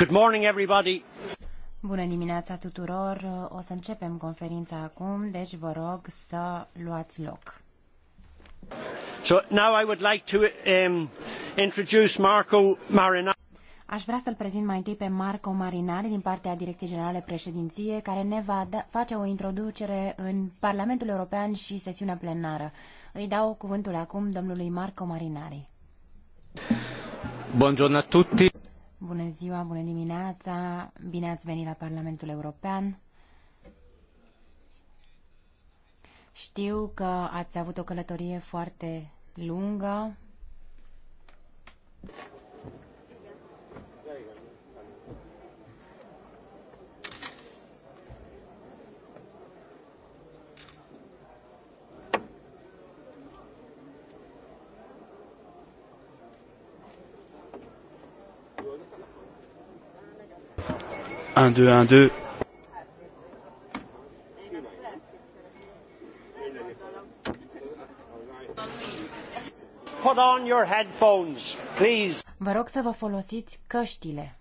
Good morning, everybody. Bună dimineața tuturor! O să începem conferința acum, deci vă rog să luați loc. So now I would like to um, introduce Marco Marinari. Aș vrea să-l prezint mai întâi pe Marco Marinari din partea Direcției Generale Președinție, care ne va da, face o introducere în Parlamentul European și sesiunea plenară. Îi dau cuvântul acum domnului Marco Marinari. Buongiorno a tutti. Bună ziua, bună dimineața, bine ați venit la Parlamentul European. Știu că ați avut o călătorie foarte lungă. 1, 2, 1, 2. Put on your headphones, please. Vă rog să vă folosiți căștile.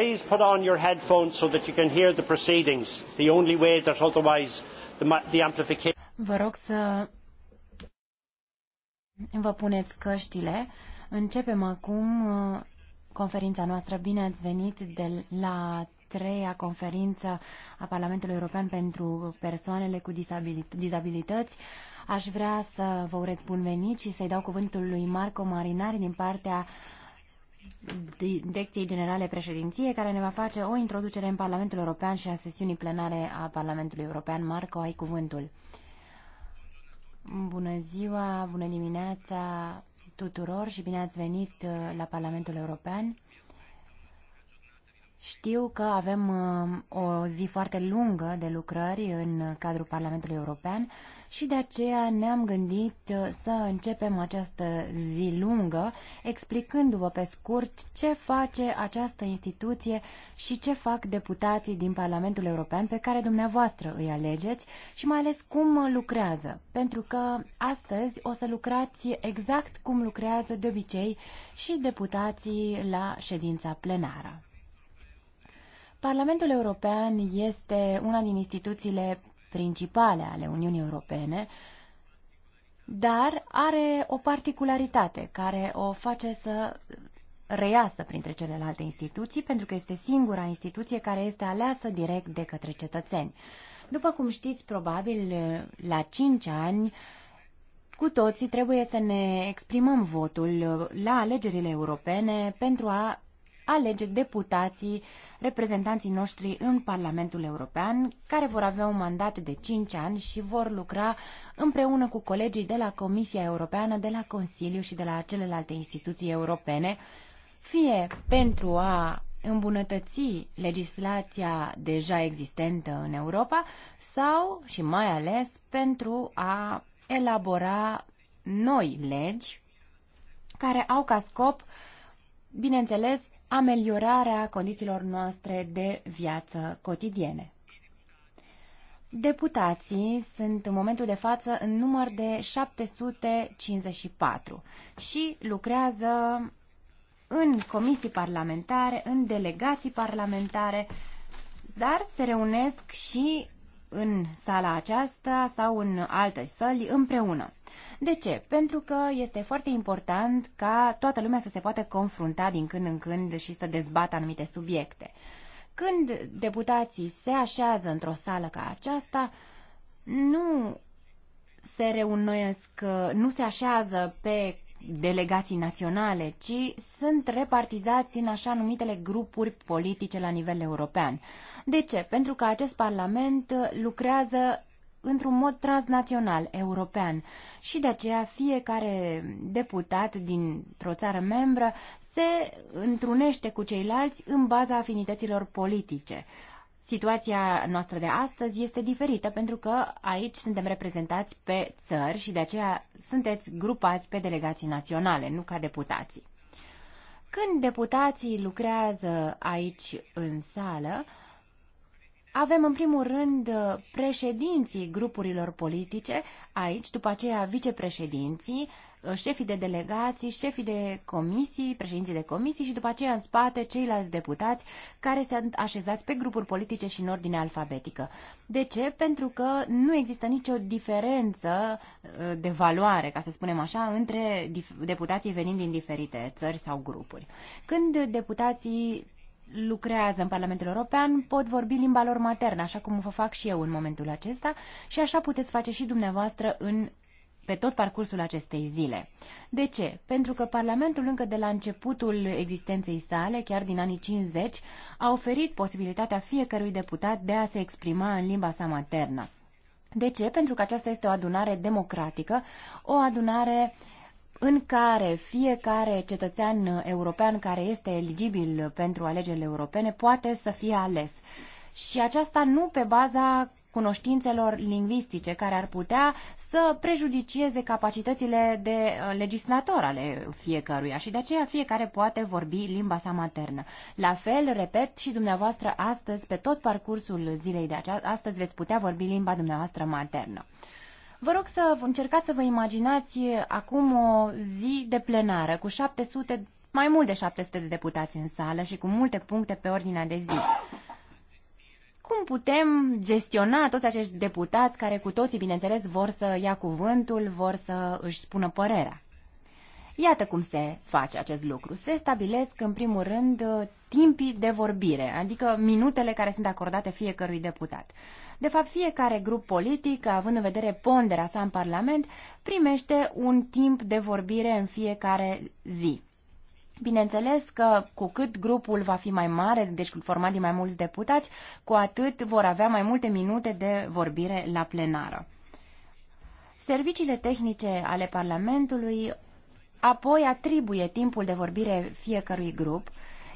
please put on your headphones so that you can hear the proceedings. It's the only way that otherwise the, the amplification... Vă rog să vă puneți căștile. Începem acum uh, conferința noastră. Bine ați venit de la treia conferință a Parlamentului European pentru persoanele cu dizabilități. Aș vrea să vă urez bun venit și să-i dau cuvântul lui Marco Marinari din partea uh, Direcției Generale Președinție, care ne va face o introducere în Parlamentul European și a sesiunii plenare a Parlamentului European. Marco, ai cuvântul. Bună ziua, bună dimineața tuturor și bine ați venit uh, la Parlamentul European. Știu că avem uh, o zi foarte lungă de lucrări în cadrul Parlamentului European și de aceea ne-am gândit uh, să începem această zi lungă explicându-vă pe scurt ce face această instituție și ce fac deputații din Parlamentul European pe care dumneavoastră îi alegeți și mai ales cum lucrează. Pentru că astăzi o să lucrați exact cum lucrează de obicei și deputații la ședința plenară. Parlamentul European este una din instituțiile principale ale Uniunii Europene, dar are o particularitate care o face să reiasă printre celelalte instituții, pentru că este singura instituție care este aleasă direct de către cetățeni. După cum știți, probabil la 5 ani, cu toții trebuie să ne exprimăm votul la alegerile europene pentru a alege deputații, reprezentanții noștri în Parlamentul European, care vor avea un mandat de 5 ani și vor lucra împreună cu colegii de la Comisia Europeană, de la Consiliu și de la celelalte instituții europene, fie pentru a îmbunătăți legislația deja existentă în Europa sau și mai ales pentru a elabora noi legi care au ca scop, bineînțeles, ameliorarea condițiilor noastre de viață cotidiene. Deputații sunt în momentul de față în număr de 754 și lucrează în comisii parlamentare, în delegații parlamentare, dar se reunesc și în sala aceasta sau în alte săli împreună. De ce? Pentru că este foarte important ca toată lumea să se poată confrunta din când în când și să dezbată anumite subiecte. Când deputații se așează într-o sală ca aceasta, nu se reunesc, nu se așează pe delegații naționale, ci sunt repartizați în așa numitele grupuri politice la nivel european. De ce? Pentru că acest Parlament lucrează într-un mod transnațional, european. Și de aceea fiecare deputat dintr-o țară membră se întrunește cu ceilalți în baza afinităților politice. Situația noastră de astăzi este diferită pentru că aici suntem reprezentați pe țări și de aceea sunteți grupați pe delegații naționale, nu ca deputații. Când deputații lucrează aici în sală, avem în primul rând președinții grupurilor politice, aici, după aceea vicepreședinții, șefii de delegații, șefii de comisii, președinții de comisii și după aceea în spate ceilalți deputați care sunt așezați pe grupuri politice și în ordine alfabetică. De ce? Pentru că nu există nicio diferență uh, de valoare, ca să spunem așa, între deputații venind din diferite țări sau grupuri. Când deputații lucrează în Parlamentul European pot vorbi limba lor maternă, așa cum vă fac și eu în momentul acesta și așa puteți face și dumneavoastră în, pe tot parcursul acestei zile. De ce? Pentru că Parlamentul încă de la începutul existenței sale, chiar din anii 50, a oferit posibilitatea fiecărui deputat de a se exprima în limba sa maternă. De ce? Pentru că aceasta este o adunare democratică, o adunare în care fiecare cetățean european care este eligibil pentru alegerile europene poate să fie ales. Și aceasta nu pe baza cunoștințelor lingvistice care ar putea să prejudicieze capacitățile de uh, legislator ale fiecăruia și de aceea fiecare poate vorbi limba sa maternă. La fel, repet și dumneavoastră astăzi, pe tot parcursul zilei de astăzi veți putea vorbi limba dumneavoastră maternă. Vă rog să încercați să vă imaginați acum o zi de plenară cu 700, mai mult de 700 de deputați în sală și cu multe puncte pe ordinea de zi. Cum putem gestiona toți acești deputați care cu toții, bineînțeles, vor să ia cuvântul, vor să își spună părerea? Iată cum se face acest lucru. Se stabilesc, în primul rând, uh, timpii de vorbire, adică minutele care sunt acordate fiecărui deputat. De fapt, fiecare grup politic, având în vedere ponderea sa în Parlament, primește un timp de vorbire în fiecare zi. Bineînțeles că cu cât grupul va fi mai mare, deci format din mai mulți deputați, cu atât vor avea mai multe minute de vorbire la plenară. Serviciile tehnice ale Parlamentului apoi atribuie timpul de vorbire fiecărui grup,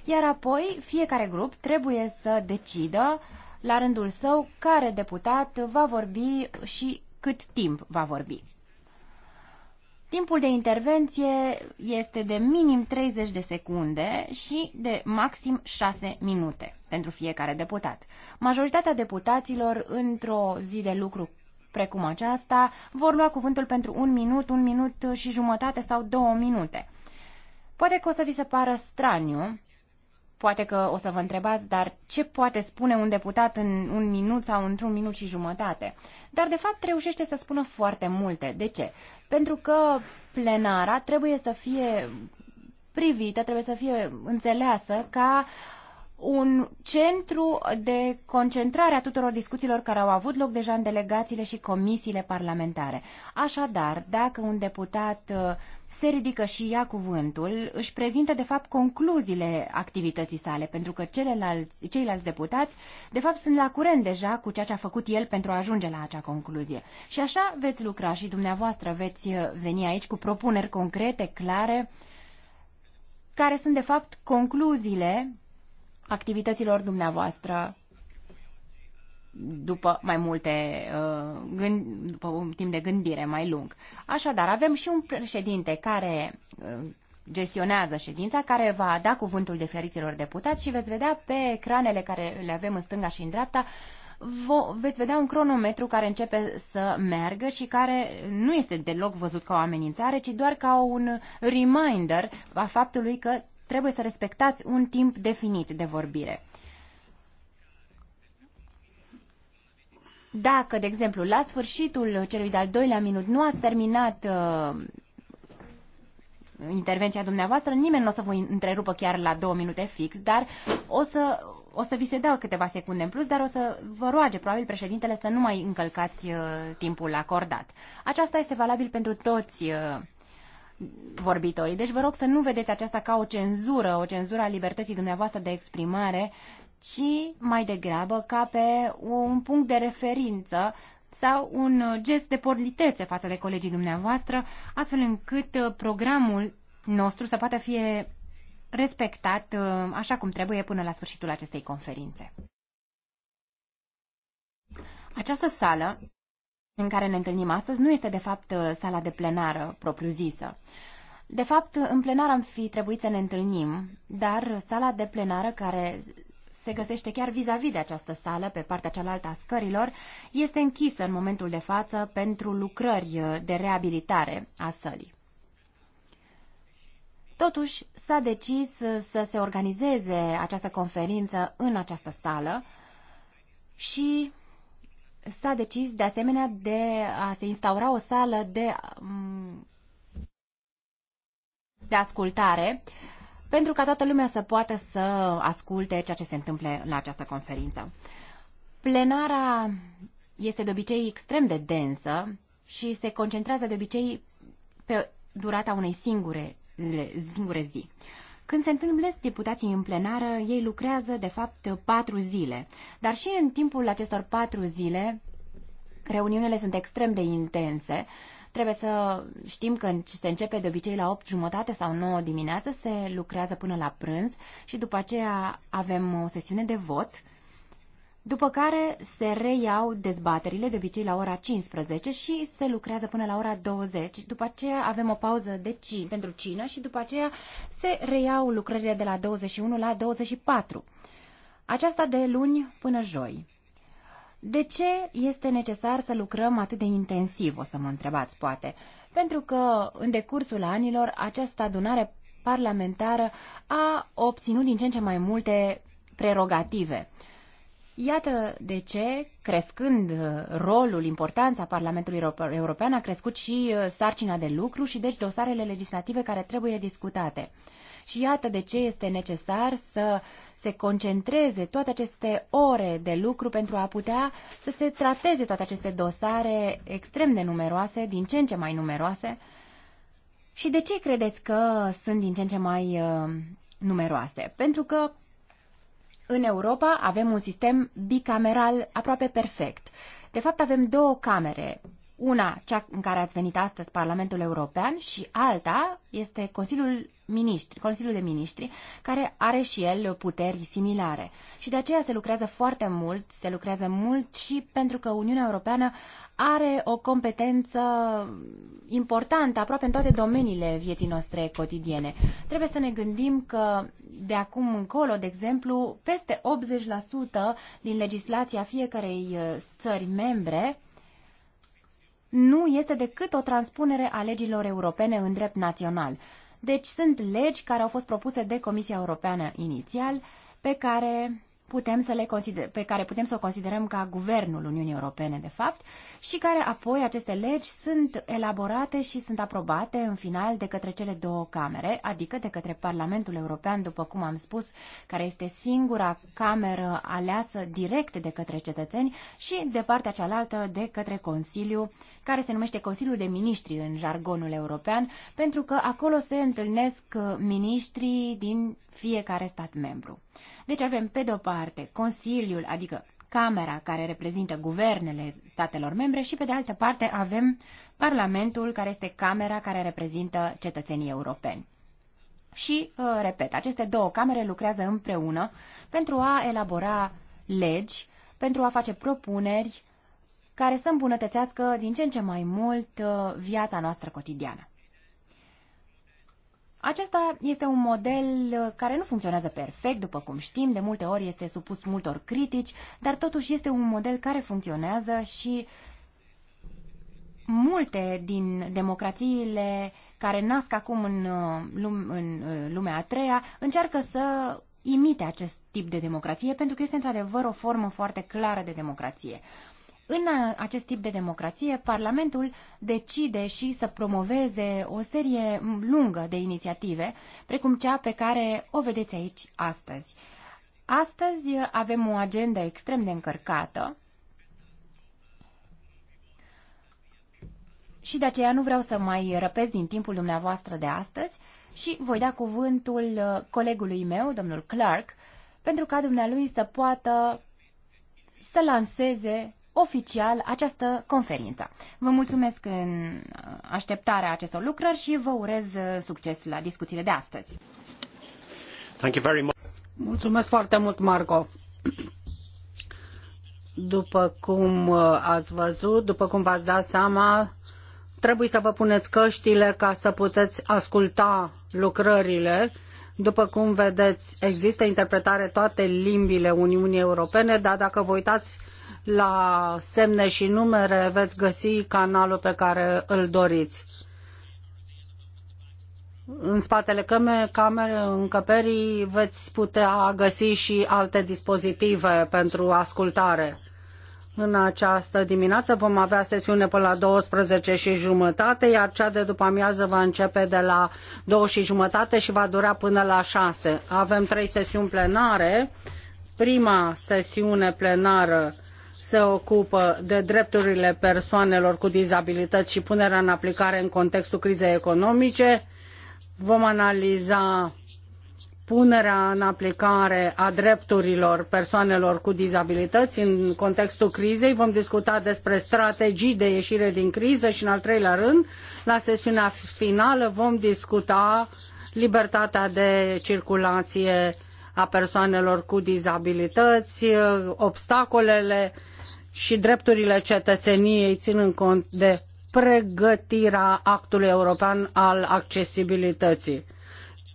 iar apoi fiecare grup trebuie să decidă la rândul său care deputat va vorbi și cât timp va vorbi. Timpul de intervenție este de minim 30 de secunde și de maxim 6 minute pentru fiecare deputat. Majoritatea deputaților într-o zi de lucru precum aceasta vor lua cuvântul pentru un minut, un minut și jumătate sau două minute. Poate că o să vi se pară straniu, poate că o să vă întrebați, dar ce poate spune un deputat în un minut sau într-un minut și jumătate? Dar, de fapt, reușește să spună foarte multe. De ce? Pentru că plenara trebuie să fie privită, trebuie să fie înțeleasă ca uh, un centru de concentrare a tuturor discuțiilor care au avut loc deja în delegațiile și comisiile parlamentare. Așadar, dacă un deputat uh, se ridică și ia cuvântul, își prezintă de fapt concluziile activității sale, pentru că celelalți, ceilalți deputați de fapt sunt la curent deja cu ceea ce a făcut el pentru a ajunge la acea concluzie. Și așa veți lucra și dumneavoastră veți uh, veni aici cu propuneri concrete, clare, care sunt de fapt concluziile activităților dumneavoastră după mai multe uh, gând, după un timp de gândire mai lung. Așadar, avem și un președinte care uh, gestionează ședința, care va da cuvântul diferiților deputați și veți vedea pe ecranele care le avem în stânga și în dreapta vo, veți vedea un cronometru care începe să meargă și care nu este deloc văzut ca o amenințare, ci doar ca un reminder a faptului că trebuie să respectați un timp definit de vorbire. Dacă, de exemplu, la sfârșitul celui de-al doilea minut nu ați terminat uh, intervenția dumneavoastră, nimeni nu o să vă întrerupă chiar la două minute fix, dar o să, o să vi se dea câteva secunde în plus, dar o să vă roage probabil președintele să nu mai încălcați uh, timpul acordat. Aceasta este valabil pentru toți uh, vorbitorii. Deci vă rog să nu vedeți aceasta ca o cenzură, o cenzură a libertății dumneavoastră de exprimare, ci mai degrabă ca pe un punct de referință sau un gest de porlitețe față de colegii dumneavoastră, astfel încât uh, programul nostru să poată fi respectat uh, așa cum trebuie până la sfârșitul acestei conferințe. Această sală în care ne întâlnim astăzi nu este de fapt uh, sala de plenară propriu-zisă. De fapt, în plenar am fi trebuit să ne întâlnim, dar sala de plenară care se găsește chiar vis-a-vis -vis de această sală, pe partea cealaltă a scărilor, este închisă în momentul de față pentru lucrări uh, de reabilitare a sălii. Totuși, s-a decis uh, să se organizeze această conferință în această sală și s-a decis de asemenea de a se instaura o sală de, mm, de ascultare pentru ca toată lumea să poată să asculte ceea ce se întâmplă la această conferință. Plenara este de obicei extrem de densă și se concentrează de obicei pe durata unei singure, singure zi. Când se întâlnesc deputații în plenară, ei lucrează, de fapt, patru zile. Dar și în timpul acestor patru zile, reuniunile sunt extrem de intense. Trebuie să știm că se începe de obicei la 8 jumătate sau 9 dimineață, se lucrează până la prânz și după aceea avem o sesiune de vot după care se reiau dezbaterile, de obicei la ora 15 și se lucrează până la ora 20. După aceea avem o pauză de cin- pentru cină și după aceea se reiau lucrările de la 21 la 24. Aceasta de luni până joi. De ce este necesar să lucrăm atât de intensiv, o să mă întrebați poate? Pentru că în decursul anilor această adunare parlamentară a obținut din ce în ce mai multe prerogative. Iată de ce, crescând uh, rolul, importanța Parlamentului European, a crescut și uh, sarcina de lucru și deci dosarele legislative care trebuie discutate. Și iată de ce este necesar să se concentreze toate aceste ore de lucru pentru a putea să se trateze toate aceste dosare extrem de numeroase, din ce în ce mai numeroase. Și de ce credeți că sunt din ce în ce mai uh, numeroase? Pentru că în Europa avem un sistem bicameral aproape perfect. De fapt, avem două camere. Una, cea în care ați venit astăzi, Parlamentul European, și alta este Consiliul, Ministri, Consiliul de Ministri, care are și el puteri similare. Și de aceea se lucrează foarte mult, se lucrează mult și pentru că Uniunea Europeană are o competență importantă aproape în toate domeniile vieții noastre cotidiene. Trebuie să ne gândim că de acum încolo, de exemplu, peste 80% din legislația fiecarei uh, țări membre nu este decât o transpunere a legilor europene în drept național. Deci sunt legi care au fost propuse de Comisia Europeană inițial, pe care putem să le consider, pe care putem să o considerăm ca guvernul Uniunii Europene, de fapt, și care apoi aceste legi sunt elaborate și sunt aprobate în final de către cele două camere, adică de către Parlamentul European, după cum am spus, care este singura cameră aleasă direct de către cetățeni și de partea cealaltă de către Consiliu, care se numește Consiliul de Ministri în jargonul european, pentru că acolo se întâlnesc ministrii din fiecare stat membru. Deci avem, pe de-o parte, parte Consiliul, adică Camera care reprezintă guvernele statelor membre și pe de altă parte avem Parlamentul care este Camera care reprezintă cetățenii europeni. Și, uh, repet, aceste două camere lucrează împreună pentru a elabora legi, pentru a face propuneri care să îmbunătățească din ce în ce mai mult uh, viața noastră cotidiană. Acesta este un model uh, care nu funcționează perfect, după cum știm, de multe ori este supus multor critici, dar totuși este un model care funcționează și multe din democrațiile care nasc acum în, uh, lume, în uh, lumea a treia încearcă să imite acest tip de democrație pentru că este într-adevăr o formă foarte clară de democrație. În acest tip de democrație, Parlamentul decide și să promoveze o serie lungă de inițiative, precum cea pe care o vedeți aici astăzi. Astăzi avem o agendă extrem de încărcată și de aceea nu vreau să mai răpesc din timpul dumneavoastră de astăzi și voi da cuvântul colegului meu, domnul Clark, pentru ca dumnealui să poată să lanseze oficial această conferință. Vă mulțumesc în așteptarea acestor lucrări și vă urez uh, succes la discuțiile de astăzi. Thank you very much. Mulțumesc foarte mult, Marco. După cum uh, ați văzut, după cum v-ați dat seama, trebuie să vă puneți căștile ca să puteți asculta lucrările după cum vedeți, există interpretare toate limbile Uniunii Europene, dar dacă vă uitați la semne și numere, veți găsi canalul pe care îl doriți. În spatele camere, încăperii veți putea găsi și alte dispozitive pentru ascultare. În această dimineață vom avea sesiune până la 12 și jumătate, iar cea de după amiază va începe de la 2 și jumătate și va dura până la 6. Avem trei sesiuni plenare. Prima sesiune plenară se ocupă de drepturile persoanelor cu dizabilități și punerea în aplicare în contextul crizei economice. Vom analiza punerea în aplicare a drepturilor persoanelor cu dizabilități în contextul crizei. Vom discuta despre strategii de ieșire din criză și, în al treilea rând, la sesiunea finală vom discuta libertatea de circulație a persoanelor cu dizabilități, obstacolele și drepturile cetățeniei, ținând cont de pregătirea actului european al accesibilității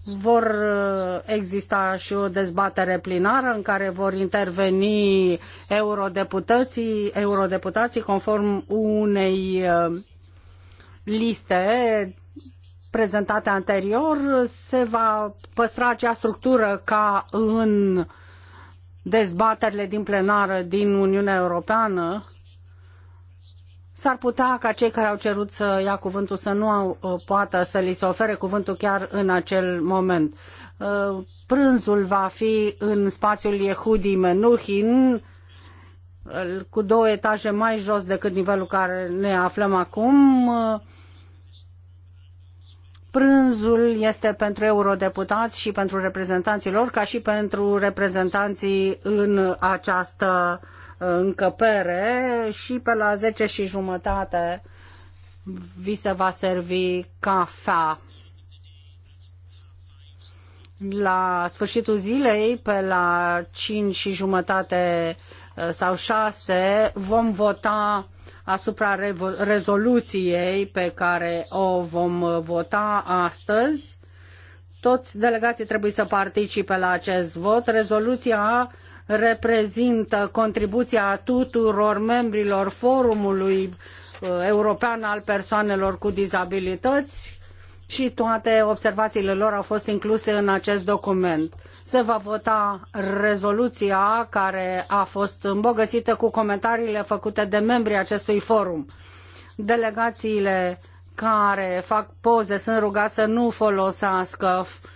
vor uh, exista și o dezbatere plenară în care vor interveni eurodeputații, eurodeputații conform unei uh, liste prezentate anterior. Se va păstra acea structură ca în dezbaterile din plenară din Uniunea Europeană S-ar putea ca cei care au cerut să ia cuvântul să nu au, uh, poată să li se ofere cuvântul chiar în acel moment. Uh, prânzul va fi în spațiul Yehudi Menuhin, uh, cu două etaje mai jos decât nivelul care ne aflăm acum. Prânzul este pentru eurodeputați și pentru reprezentanții lor, ca și pentru reprezentanții în această uh, încăpere și pe la 10 și jumătate vi se va servi cafea. La sfârșitul zilei, pe la 5 și jumătate eh, sau 6, vom vota asupra rezoluției pe care o vom eh, vota astăzi. Toți delegații trebuie să participe la acest vot. Rezoluția reprezintă contribuția tuturor membrilor forumului uh, european al persoanelor cu dizabilități și toate observațiile lor au fost incluse în acest document. Se va vota rezoluția care a fost îmbogățită cu comentariile făcute de membrii acestui forum. Delegațiile care fac poze sunt rugați să nu folosească uh,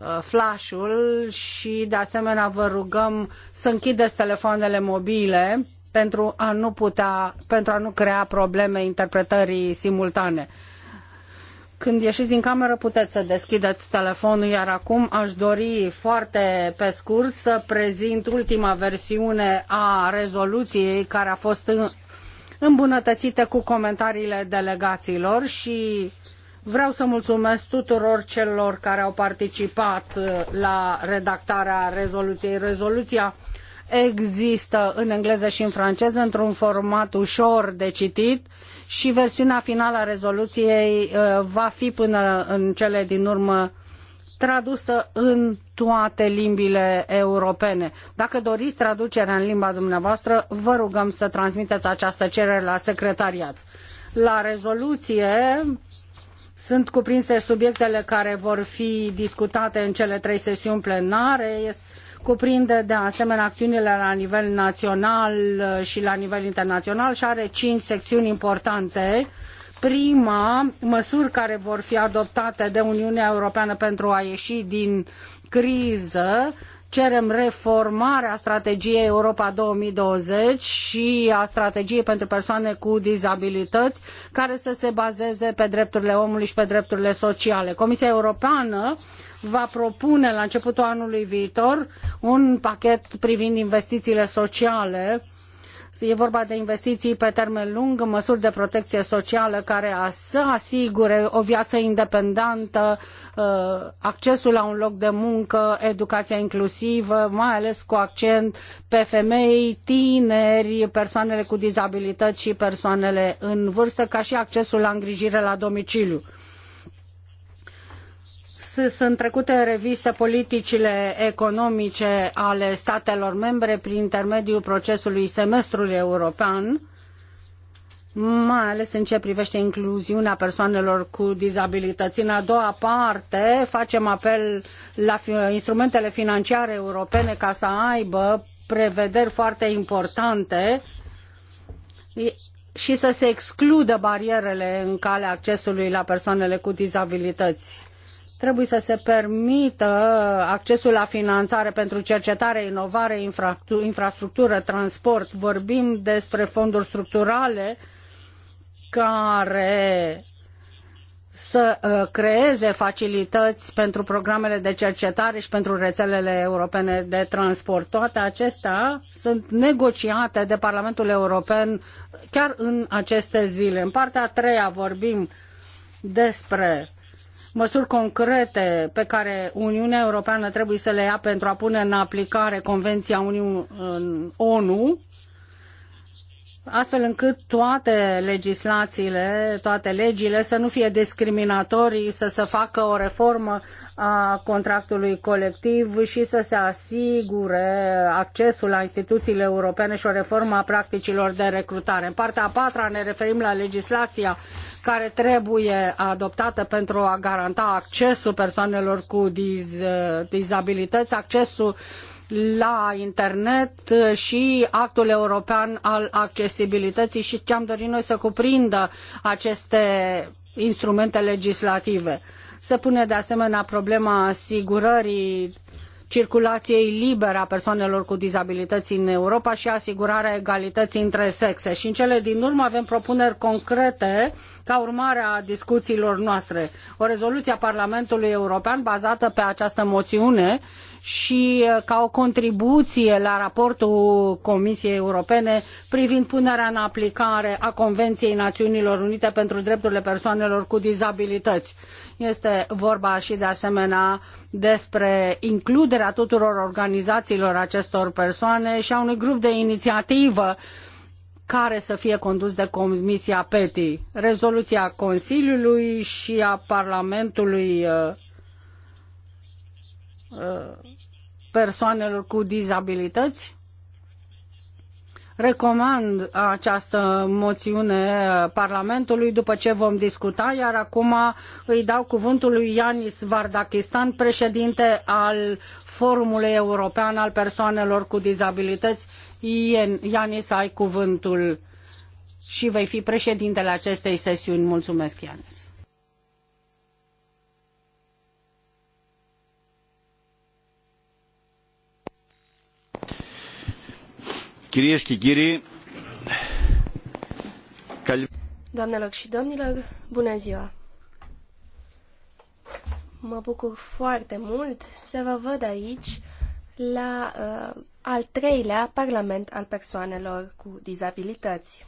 Uh, flashul și de asemenea vă rugăm să închideți telefoanele mobile pentru a nu putea, pentru a nu crea probleme interpretării simultane. Când ieșiți din cameră puteți să deschideți telefonul, iar acum aș dori foarte pe scurt să prezint ultima versiune a rezoluției care a fost îmbunătățită cu comentariile delegațiilor și Vreau să mulțumesc tuturor celor care au participat uh, la redactarea rezoluției. Rezoluția există în engleză și în franceză într-un format ușor de citit și versiunea finală a rezoluției uh, va fi până în cele din urmă tradusă în toate limbile europene. Dacă doriți traducerea în limba dumneavoastră, vă rugăm să transmiteți această cerere la secretariat. La rezoluție sunt cuprinse subiectele care vor fi discutate în cele trei sesiuni plenare. Este, cuprinde de asemenea acțiunile la nivel național uh, și la nivel internațional și are cinci secțiuni importante. Prima, măsuri care vor fi adoptate de Uniunea Europeană pentru a ieși din criză, cerem reformarea strategiei Europa 2020 și a strategiei pentru persoane cu dizabilități care să se bazeze pe drepturile omului și pe drepturile sociale. Comisia Europeană va propune la începutul anului viitor un pachet privind investițiile sociale E vorba de investiții pe termen lung, măsuri de protecție socială care să asigure o viață independentă, uh, accesul la un loc de muncă, educația inclusivă, mai ales cu accent pe femei, tineri, persoanele cu dizabilități și persoanele în vârstă, ca și accesul la îngrijire la domiciliu sunt trecute în revistă politicile economice ale statelor membre prin intermediul procesului semestrului european, mai ales în ce privește incluziunea persoanelor cu dizabilități. În a doua parte facem apel la instrumentele financiare europene ca să aibă prevederi foarte importante și să se excludă barierele în calea accesului la persoanele cu dizabilități. Trebuie să se permită accesul la finanțare pentru cercetare, inovare, infrastructură, transport. Vorbim despre fonduri structurale care să uh, creeze facilități pentru programele de cercetare și pentru rețelele europene de transport. Toate acestea sunt negociate de Parlamentul European chiar în aceste zile. În partea a treia vorbim despre măsuri concrete pe care Uniunea Europeană trebuie să le ia pentru a pune în aplicare Convenția Uniunii ONU astfel încât toate legislațiile, toate legile să nu fie discriminatorii, să se facă o reformă a contractului colectiv și să se asigure accesul la instituțiile europene și o reformă a practicilor de recrutare. În partea a patra ne referim la legislația care trebuie adoptată pentru a garanta accesul persoanelor cu diz, dizabilități, accesul la internet și actul european al accesibilității și ce am dorit noi să cuprindă aceste instrumente legislative. Se pune de asemenea problema asigurării circulației libere a persoanelor cu dizabilități în Europa și asigurarea egalității între sexe. Și în cele din urmă avem propuneri concrete ca urmare a discuțiilor noastre. O rezoluție a Parlamentului European bazată pe această moțiune și uh, ca o contribuție la raportul Comisiei Europene privind punerea în aplicare a Convenției Națiunilor Unite pentru drepturile persoanelor cu dizabilități. Este vorba și de asemenea despre includerea tuturor organizațiilor acestor persoane și a unui grup de inițiativă care să fie condus de Comisia PETI. Rezoluția Consiliului și a Parlamentului uh, persoanelor cu dizabilități. Recomand această moțiune Parlamentului după ce vom discuta, iar acum îi dau cuvântul lui Ianis Vardakistan, președinte al Forumului European al Persoanelor cu Dizabilități. Ianis, ai cuvântul și vei fi președintele acestei sesiuni. Mulțumesc, Ianis. Κυρίες Doamnelor și domnilor, bună ziua! Mă bucur foarte mult să vă văd aici la uh, al treilea Parlament al persoanelor cu dizabilități.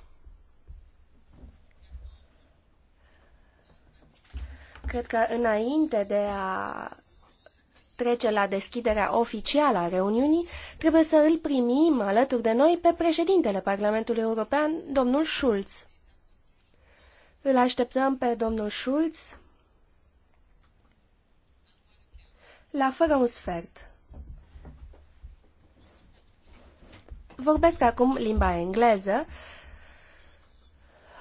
Cred că înainte de a trece la deschiderea oficială a reuniunii, trebuie să îl primim alături de noi pe președintele Parlamentului European, domnul Schulz. Îl așteptăm pe domnul Schulz la fără un sfert. Vorbesc acum limba engleză.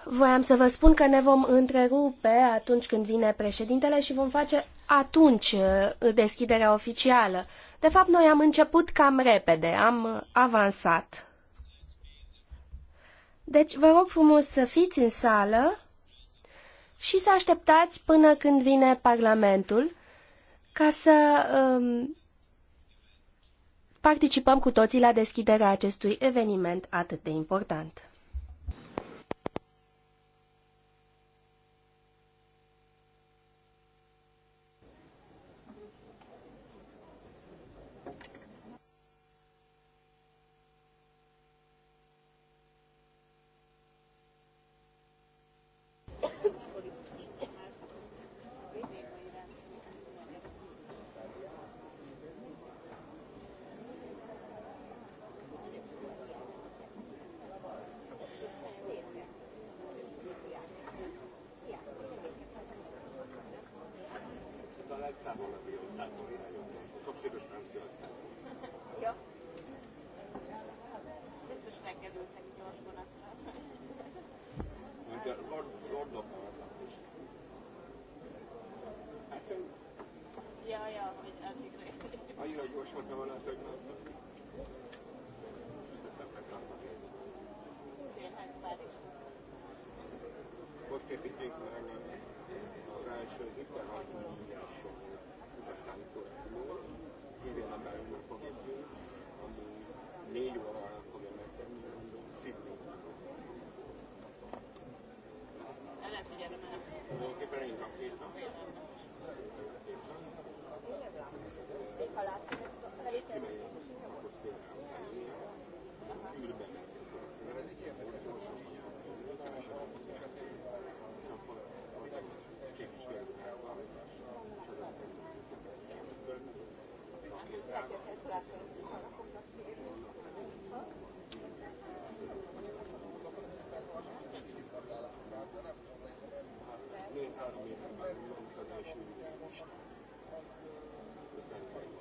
Voiam să vă spun că ne vom întrerupe atunci când vine președintele și vom face atunci uh, deschiderea oficială. De fapt, noi am început cam repede, am uh, avansat. Deci, vă rog frumos să fiți în sală și să așteptați până când vine Parlamentul ca să um, participăm cu toții la deschiderea acestui eveniment atât de important. We'll Thank you.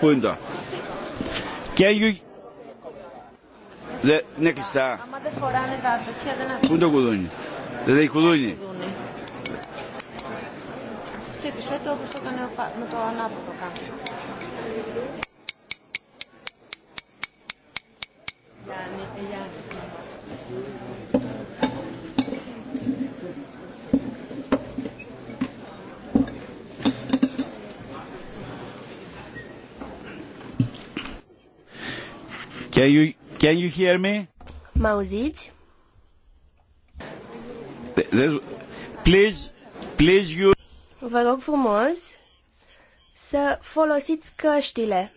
Πού είναι το. Can you... Δε, είναι κλειστά. Άμα δεν φοράνε τα τέτοια δεν ακούνε. Πού είναι το κουδούνι. Δεν έχει κουδούνι. Χτύπησε το όπως το έκανε με το ανάποδο κάτω. Can you, can you hear me? Mă auziți? Please, please you... Vă rog frumos să folosiți căștile.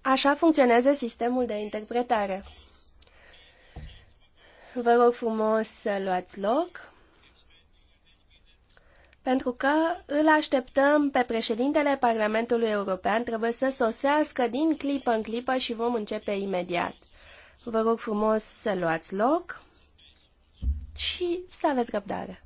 Așa funcționează sistemul de interpretare. Vă rog frumos să luați loc pentru că îl așteptăm pe președintele Parlamentului European, trebuie să sosească din clipă în clipă și vom începe imediat. Vă rog frumos să luați loc și să aveți răbdare.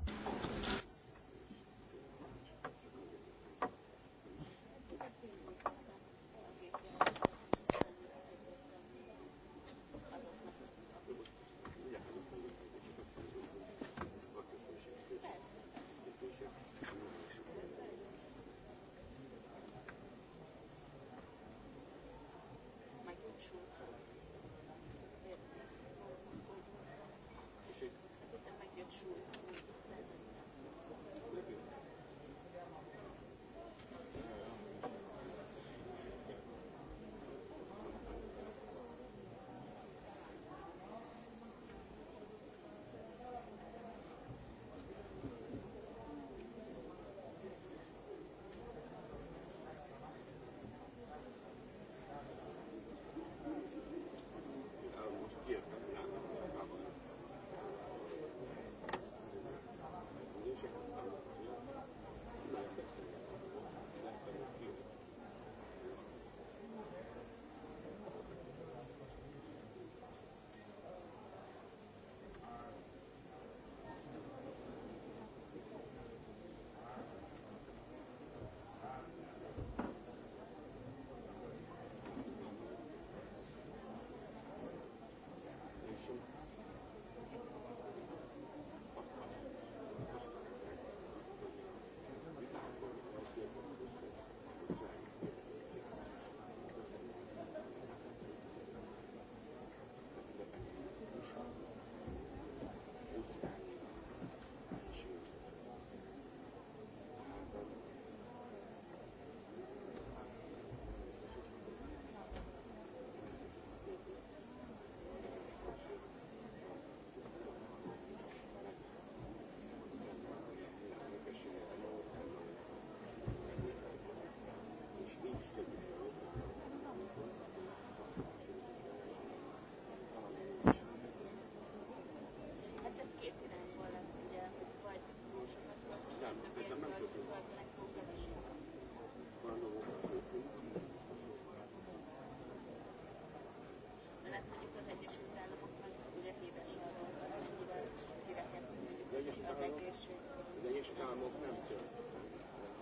de egyes államok nem történt,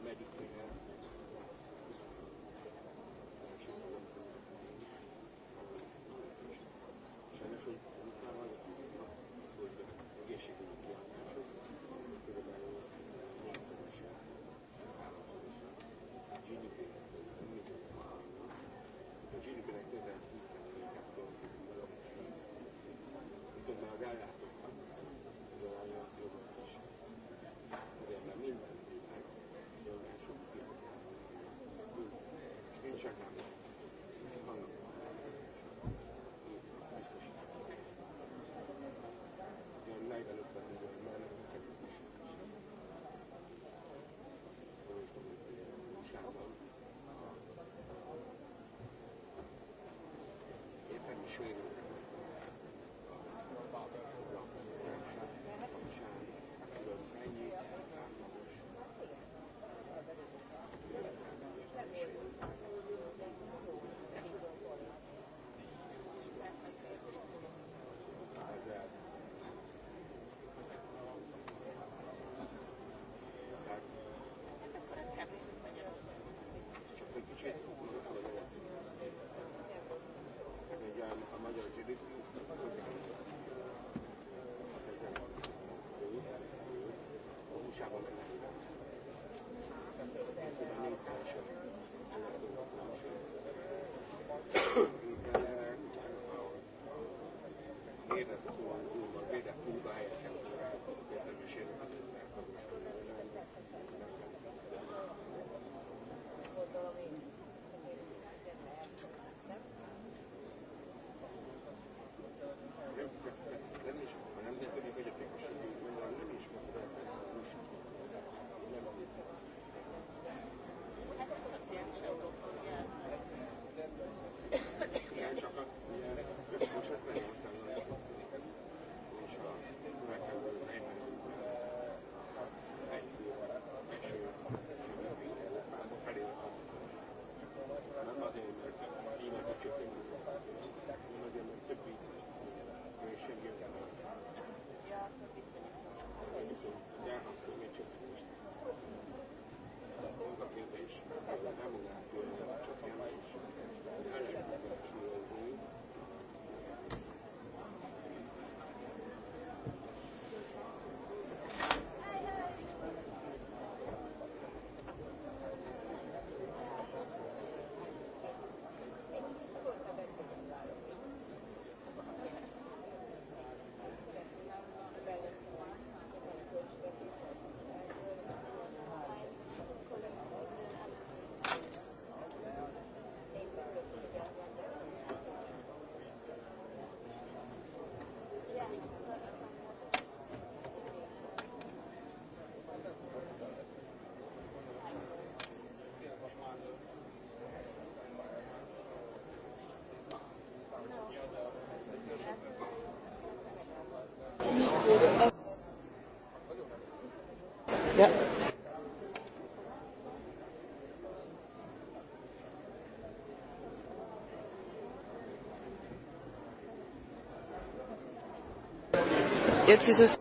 ameddig még Sajnos, hogy utána hogy egészségügyi kiállások, például népszerűség, államszerűség, GDP, a GDP-nek közel 20%-át dolgozik, miközben az ellátás training. Vede appunto è il centro, per la ricerca del Jetzt ist es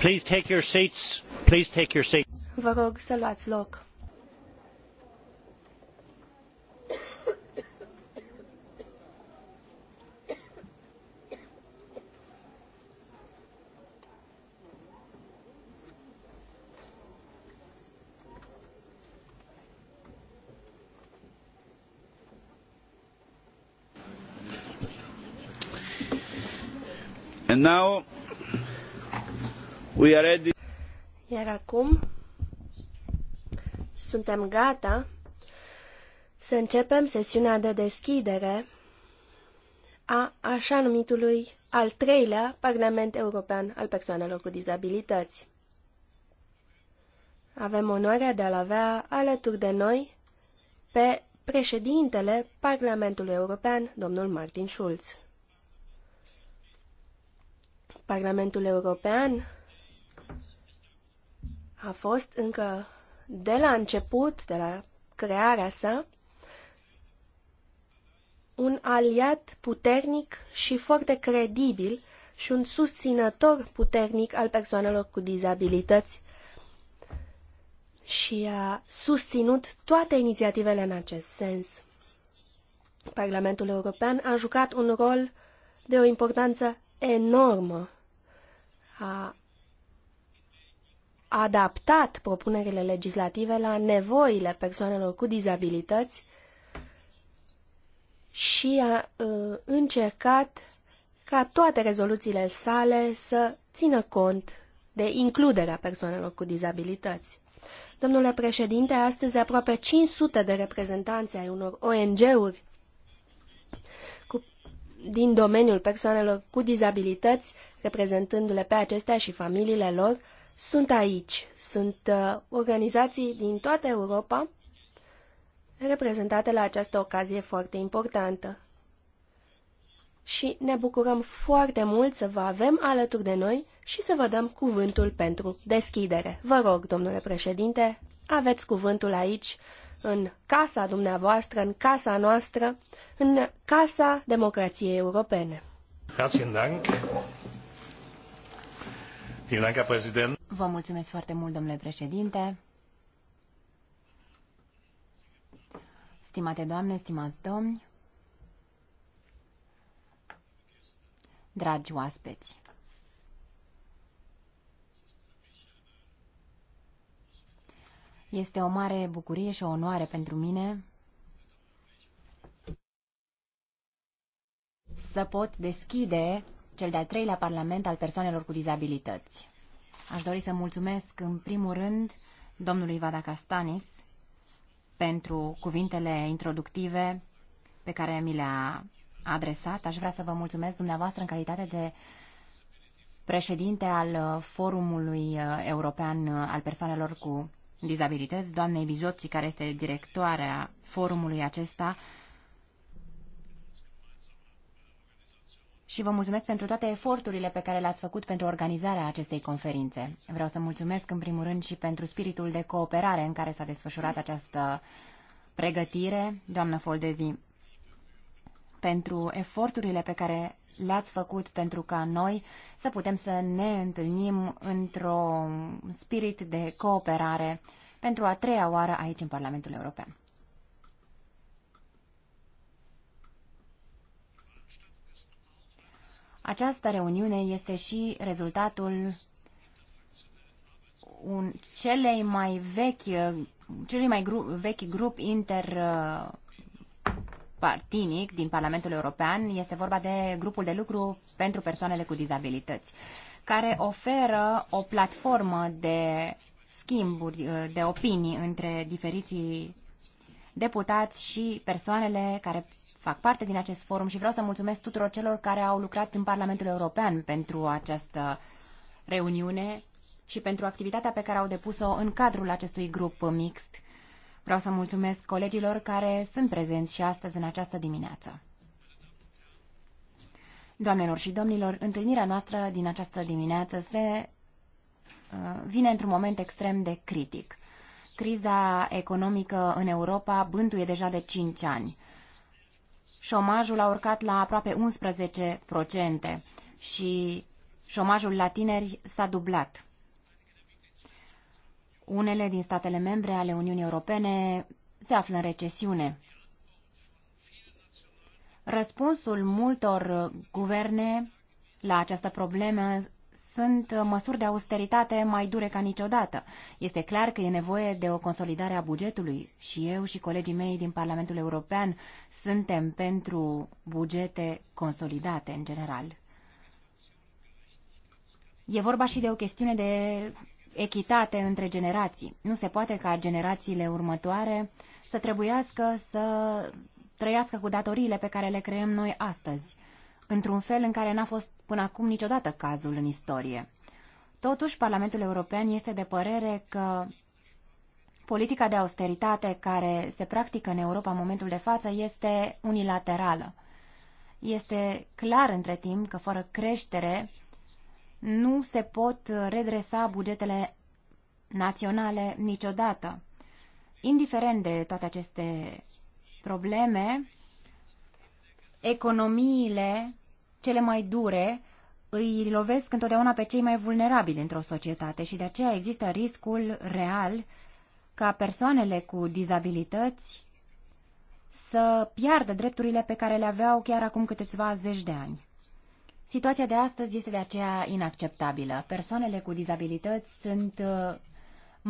Please take your seats. Please take your seats. Vă rog să luați loc. And now We are ready. Iar acum suntem gata să începem sesiunea de deschidere a așa numitului al treilea Parlament European al Persoanelor cu Dizabilități. Avem onoarea de a-l avea alături de noi pe președintele Parlamentului European, domnul Martin Schulz. Parlamentul European a fost încă de la început, de la crearea sa, un aliat puternic și foarte credibil și un susținător puternic al persoanelor cu dizabilități și a susținut toate inițiativele în acest sens. Parlamentul European a jucat un rol de o importanță enormă. A adaptat propunerile legislative la nevoile persoanelor cu dizabilități și a uh, încercat ca toate rezoluțiile sale să țină cont de includerea persoanelor cu dizabilități. Domnule președinte, astăzi aproape 500 de reprezentanți ai unor ONG-uri din domeniul persoanelor cu dizabilități, reprezentându-le pe acestea și familiile lor, sunt aici. Sunt uh, organizații din toată Europa reprezentate la această ocazie foarte importantă. Și ne bucurăm foarte mult să vă avem alături de noi și să vă dăm cuvântul pentru deschidere. Vă rog, domnule președinte, aveți cuvântul aici, în casa dumneavoastră, în casa noastră, în casa democrației europene. Mulțumesc. Vă mulțumesc foarte mult, domnule președinte. Stimate doamne, stimați domni, dragi oaspeți, este o mare bucurie și o onoare pentru mine să pot deschide cel de-al treilea Parlament al persoanelor cu dizabilități. Aș dori să mulțumesc în primul rând domnului Castanis pentru cuvintele introductive pe care mi le-a adresat. Aș vrea să vă mulțumesc dumneavoastră în calitate de președinte al Forumului European al Persoanelor cu Dizabilități, doamnei Bizoții, care este directoarea forumului acesta, și vă mulțumesc pentru toate eforturile pe care le-ați făcut pentru organizarea acestei conferințe. Vreau să mulțumesc în primul rând și pentru spiritul de cooperare în care s-a desfășurat această pregătire, doamnă Foldezi, pentru eforturile pe care le-ați făcut pentru ca noi să putem să ne întâlnim într-un spirit de cooperare pentru a treia oară aici în Parlamentul European. Această reuniune este și rezultatul un, celei mai vechi, celui mai gru, vechi grup inter partinic din Parlamentul European este vorba de grupul de lucru pentru persoanele cu dizabilități, care oferă o platformă de schimburi de opinii între diferiții deputați și persoanele care fac parte din acest forum și vreau să mulțumesc tuturor celor care au lucrat în Parlamentul European pentru această reuniune și pentru activitatea pe care au depus-o în cadrul acestui grup mixt. Vreau să mulțumesc colegilor care sunt prezenți și astăzi în această dimineață. Doamnelor și domnilor, întâlnirea noastră din această dimineață se uh, vine într-un moment extrem de critic. Criza economică în Europa bântuie deja de 5 ani șomajul a urcat la aproape 11% și șomajul la tineri s-a dublat. Unele din statele membre ale Uniunii Europene se află în recesiune. Răspunsul multor guverne la această problemă sunt măsuri de austeritate mai dure ca niciodată. Este clar că e nevoie de o consolidare a bugetului și eu și colegii mei din Parlamentul European suntem pentru bugete consolidate în general. E vorba și de o chestiune de echitate între generații. Nu se poate ca generațiile următoare să trebuiască să trăiască cu datoriile pe care le creăm noi astăzi, într-un fel în care n-a fost până acum niciodată cazul în istorie. Totuși, Parlamentul European este de părere că politica de austeritate care se practică în Europa în momentul de față este unilaterală. Este clar între timp că fără creștere nu se pot redresa bugetele naționale niciodată. Indiferent de toate aceste probleme, economiile cele mai dure îi lovesc întotdeauna pe cei mai vulnerabili într-o societate și de aceea există riscul real ca persoanele cu dizabilități să piardă drepturile pe care le aveau chiar acum câteva zeci de ani. Situația de astăzi este de aceea inacceptabilă. Persoanele cu dizabilități sunt uh,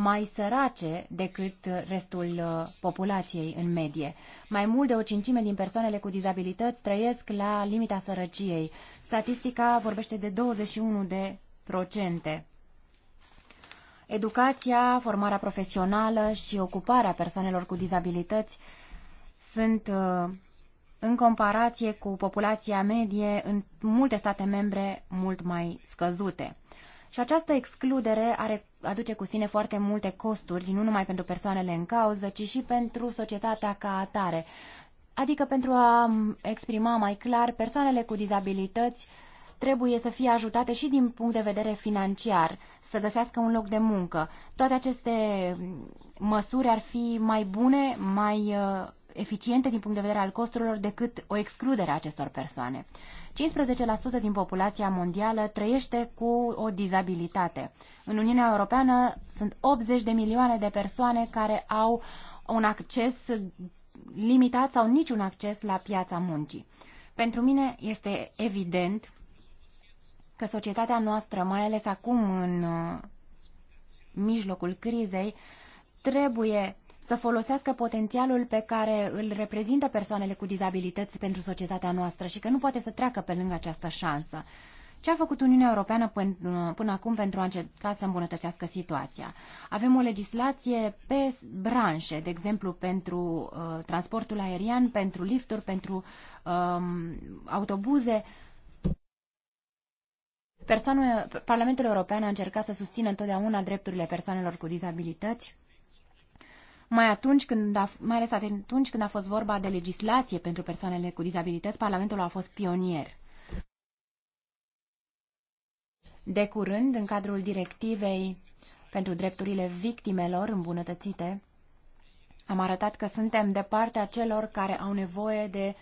mai sărace decât restul uh, populației în medie. Mai mult de o cincime din persoanele cu dizabilități trăiesc la limita sărăciei. Statistica vorbește de 21 de procente. Educația, formarea profesională și ocuparea persoanelor cu dizabilități sunt uh, în comparație cu populația medie în multe state membre mult mai scăzute. Și această excludere are, aduce cu sine foarte multe costuri, nu numai pentru persoanele în cauză, ci și pentru societatea ca atare. Adică pentru a exprima mai clar, persoanele cu dizabilități trebuie să fie ajutate și din punct de vedere financiar, să găsească un loc de muncă. Toate aceste măsuri ar fi mai bune, mai uh, eficiente din punct de vedere al costurilor decât o excludere a acestor persoane. 15% din populația mondială trăiește cu o dizabilitate. În Uniunea Europeană sunt 80 de milioane de persoane care au un acces limitat sau niciun acces la piața muncii. Pentru mine este evident că societatea noastră, mai ales acum în uh, mijlocul crizei, trebuie să folosească potențialul pe care îl reprezintă persoanele cu dizabilități pentru societatea noastră și că nu poate să treacă pe lângă această șansă. Ce a făcut Uniunea Europeană până, până acum pentru a încerca să îmbunătățească situația? Avem o legislație pe branșe, de exemplu pentru uh, transportul aerian, pentru lifturi, pentru um, autobuze. Persoanul, Parlamentul European a încercat să susțină întotdeauna drepturile persoanelor cu dizabilități mai, atunci când a, mai ales atunci când a fost vorba de legislație pentru persoanele cu dizabilități, Parlamentul a fost pionier. De curând, în cadrul directivei pentru drepturile victimelor îmbunătățite, am arătat că suntem de partea celor care au nevoie de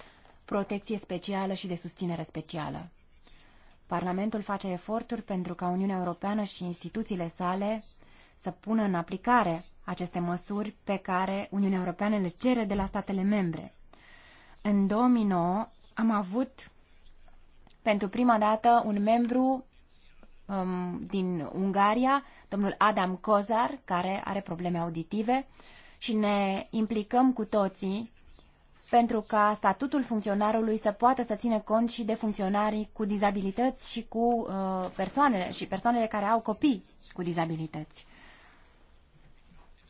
protecție specială și de susținere specială. Parlamentul face eforturi pentru ca Uniunea Europeană și instituțiile sale să pună în aplicare aceste măsuri pe care Uniunea Europeană le cere de la statele membre. În 2009 am avut pentru prima dată un membru um, din Ungaria, domnul Adam Kozar, care are probleme auditive și ne implicăm cu toții pentru ca statutul funcționarului să poată să țină cont și de funcționarii cu dizabilități și cu uh, persoanele și persoanele care au copii cu dizabilități.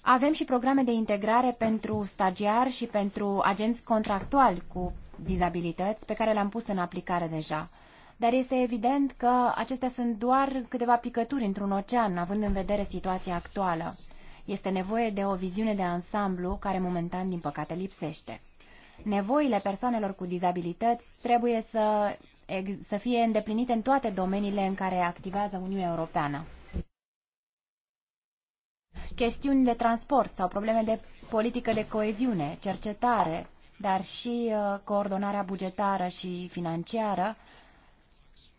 Avem și programe de integrare pentru stagiari și pentru agenți contractuali cu dizabilități pe care le-am pus în aplicare deja. Dar este evident că acestea sunt doar câteva picături într-un ocean, având în vedere situația actuală. Este nevoie de o viziune de ansamblu care momentan, din păcate, lipsește. Nevoile persoanelor cu dizabilități trebuie să, să fie îndeplinite în toate domeniile în care activează Uniunea Europeană chestiuni de transport sau probleme de politică de coeziune, cercetare, dar și uh, coordonarea bugetară și financiară,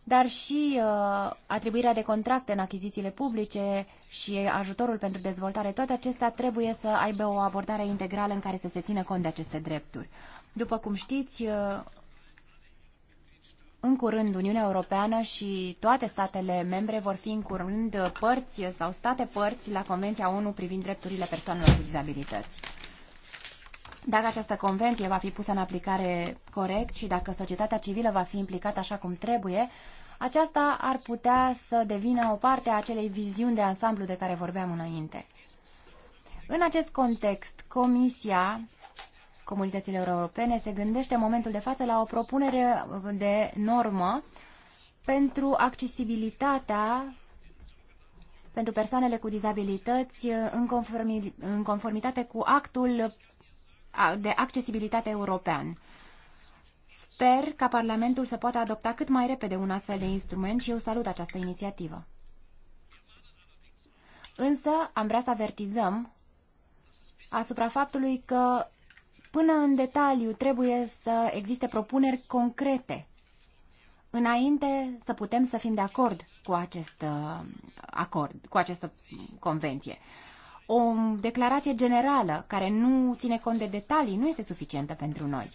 dar și uh, atribuirea de contracte în achizițiile publice și ajutorul pentru dezvoltare, toate acestea trebuie să aibă o abordare integrală în care să se țină cont de aceste drepturi. După cum știți, uh, în curând Uniunea Europeană și toate statele membre vor fi în curând părți sau state părți la Convenția ONU privind drepturile persoanelor cu dizabilități. Dacă această convenție va fi pusă în aplicare corect și dacă societatea civilă va fi implicată așa cum trebuie, aceasta ar putea să devină o parte a acelei viziuni de ansamblu de care vorbeam înainte. În acest context, Comisia comunităților europene se gândește în momentul de față la o propunere de normă pentru accesibilitatea pentru persoanele cu dizabilități în, conformi, în conformitate cu actul de accesibilitate european. Sper ca Parlamentul să poată adopta cât mai repede un astfel de instrument și eu salut această inițiativă. Însă am vrea să avertizăm asupra faptului că Până în detaliu trebuie să existe propuneri concrete înainte să putem să fim de acord cu acest uh, acord, cu această convenție. O declarație generală care nu ține cont de detalii nu este suficientă pentru noi.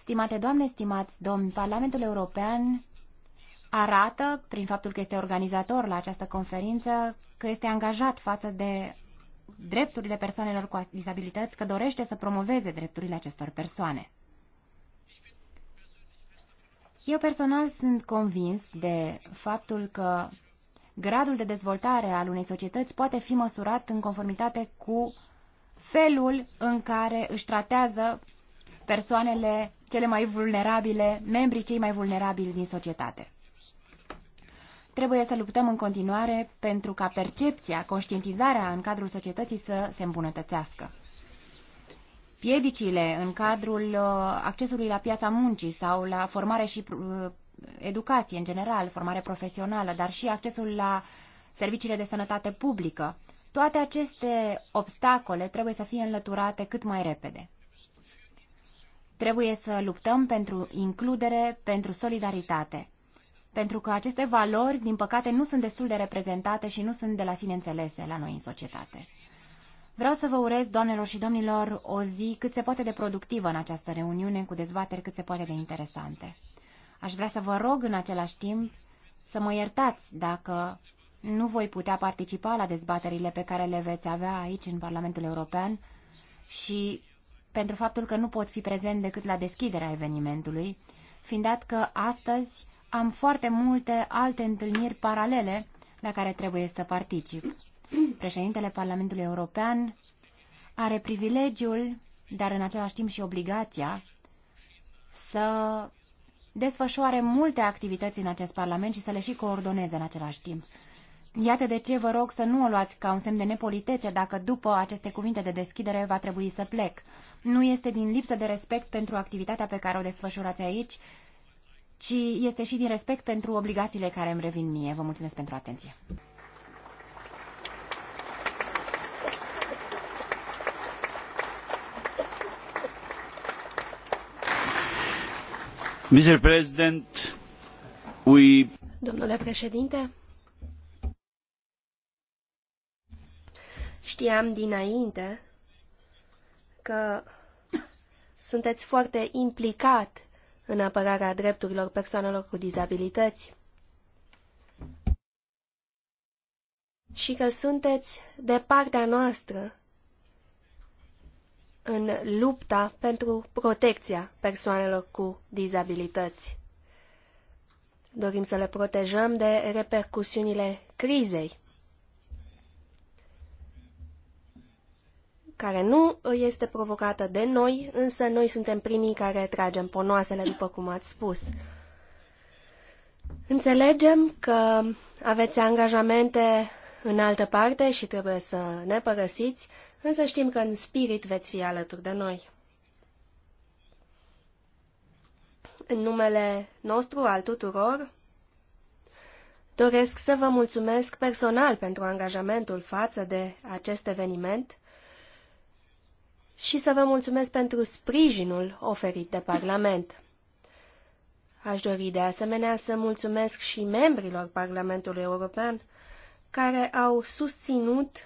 Stimate doamne, stimați domni, Parlamentul European arată, prin faptul că este organizator la această conferință, că este angajat față de drepturile persoanelor cu dizabilități, că dorește să promoveze drepturile acestor persoane. Eu personal sunt convins de faptul că gradul de dezvoltare al unei societăți poate fi măsurat în conformitate cu felul în care își tratează persoanele cele mai vulnerabile, membrii cei mai vulnerabili din societate. Trebuie să luptăm în continuare pentru ca percepția, conștientizarea în cadrul societății să se îmbunătățească. Piedicile în cadrul uh, accesului la piața muncii sau la formare și uh, educație în general, formare profesională, dar și accesul la serviciile de sănătate publică, toate aceste obstacole trebuie să fie înlăturate cât mai repede. Trebuie să luptăm pentru includere, pentru solidaritate pentru că aceste valori, din păcate, nu sunt destul de reprezentate și nu sunt de la sine înțelese la noi în societate. Vreau să vă urez, doamnelor și domnilor, o zi cât se poate de productivă în această reuniune, cu dezbateri cât se poate de interesante. Aș vrea să vă rog în același timp să mă iertați dacă nu voi putea participa la dezbaterile pe care le veți avea aici în Parlamentul European și pentru faptul că nu pot fi prezent decât la deschiderea evenimentului, fiind dat că astăzi am foarte multe alte întâlniri paralele la care trebuie să particip. Președintele Parlamentului European are privilegiul, dar în același timp și obligația, să desfășoare multe activități în acest Parlament și să le și coordoneze în același timp. Iată de ce vă rog să nu o luați ca un semn de nepolitețe dacă după aceste cuvinte de deschidere va trebui să plec. Nu este din lipsă de respect pentru activitatea pe care o desfășurați aici ci este și din respect pentru obligațiile care îmi revin mie. Vă mulțumesc pentru atenție. Mr. President, we... Domnule președinte, știam dinainte că sunteți foarte implicat în apărarea drepturilor persoanelor cu dizabilități și că sunteți de partea noastră în lupta pentru protecția persoanelor cu dizabilități. Dorim să le protejăm de repercusiunile crizei care nu este provocată de noi, însă noi suntem primii care tragem ponoasele, după cum ați spus. Înțelegem că aveți angajamente în altă parte și trebuie să ne părăsiți, însă știm că în spirit veți fi alături de noi. În numele nostru, al tuturor, doresc să vă mulțumesc personal pentru angajamentul față de acest eveniment și să vă mulțumesc pentru sprijinul oferit de Parlament. Aș dori de asemenea să mulțumesc și membrilor Parlamentului European care au susținut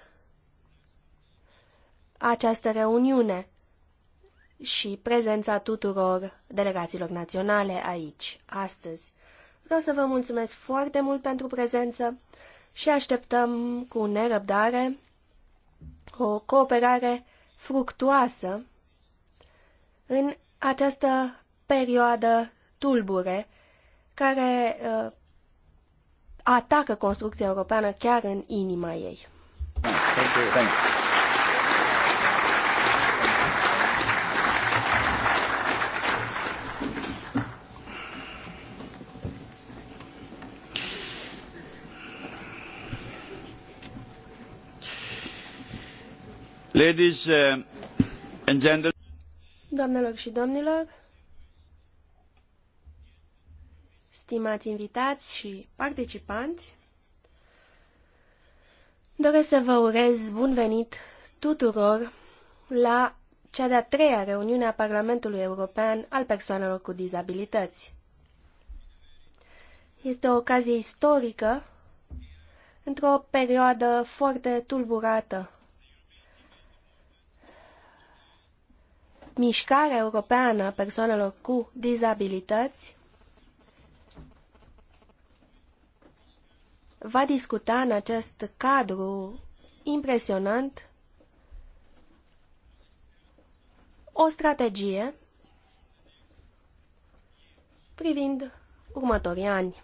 această reuniune și prezența tuturor delegațiilor naționale aici, astăzi. Vreau să vă mulțumesc foarte mult pentru prezență și așteptăm cu nerăbdare o cooperare fructuoasă în această perioadă tulbure care uh, atacă construcția europeană chiar în inima ei. Thank you. Thank you. Ladies uh, and gentlemen. Doamnelor și domnilor, stimați invitați și participanți, doresc să vă urez bun venit tuturor la cea de-a treia reuniune a Parlamentului European al persoanelor cu dizabilități. Este o ocazie istorică într-o perioadă foarte tulburată Mișcarea europeană a persoanelor cu dizabilități va discuta în acest cadru impresionant o strategie privind următorii ani.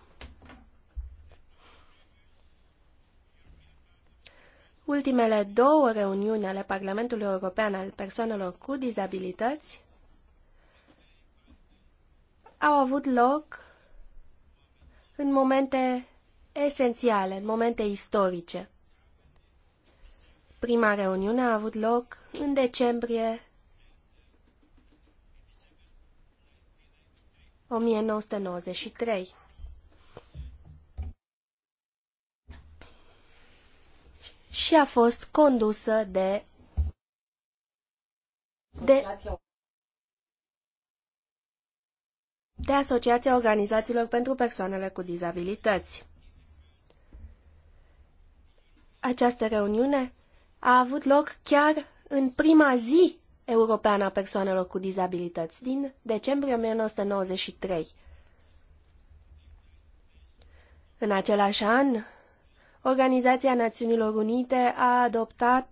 Ultimele două reuniuni ale Parlamentului European al persoanelor cu dizabilități au avut loc în momente esențiale, în momente istorice. Prima reuniune a avut loc în decembrie 1993. și a fost condusă de de, de Asociația Organizațiilor pentru Persoanele cu Dizabilități. Această reuniune a avut loc chiar în prima zi europeană a persoanelor cu dizabilități, din decembrie 1993. În același an, Organizația Națiunilor Unite a adoptat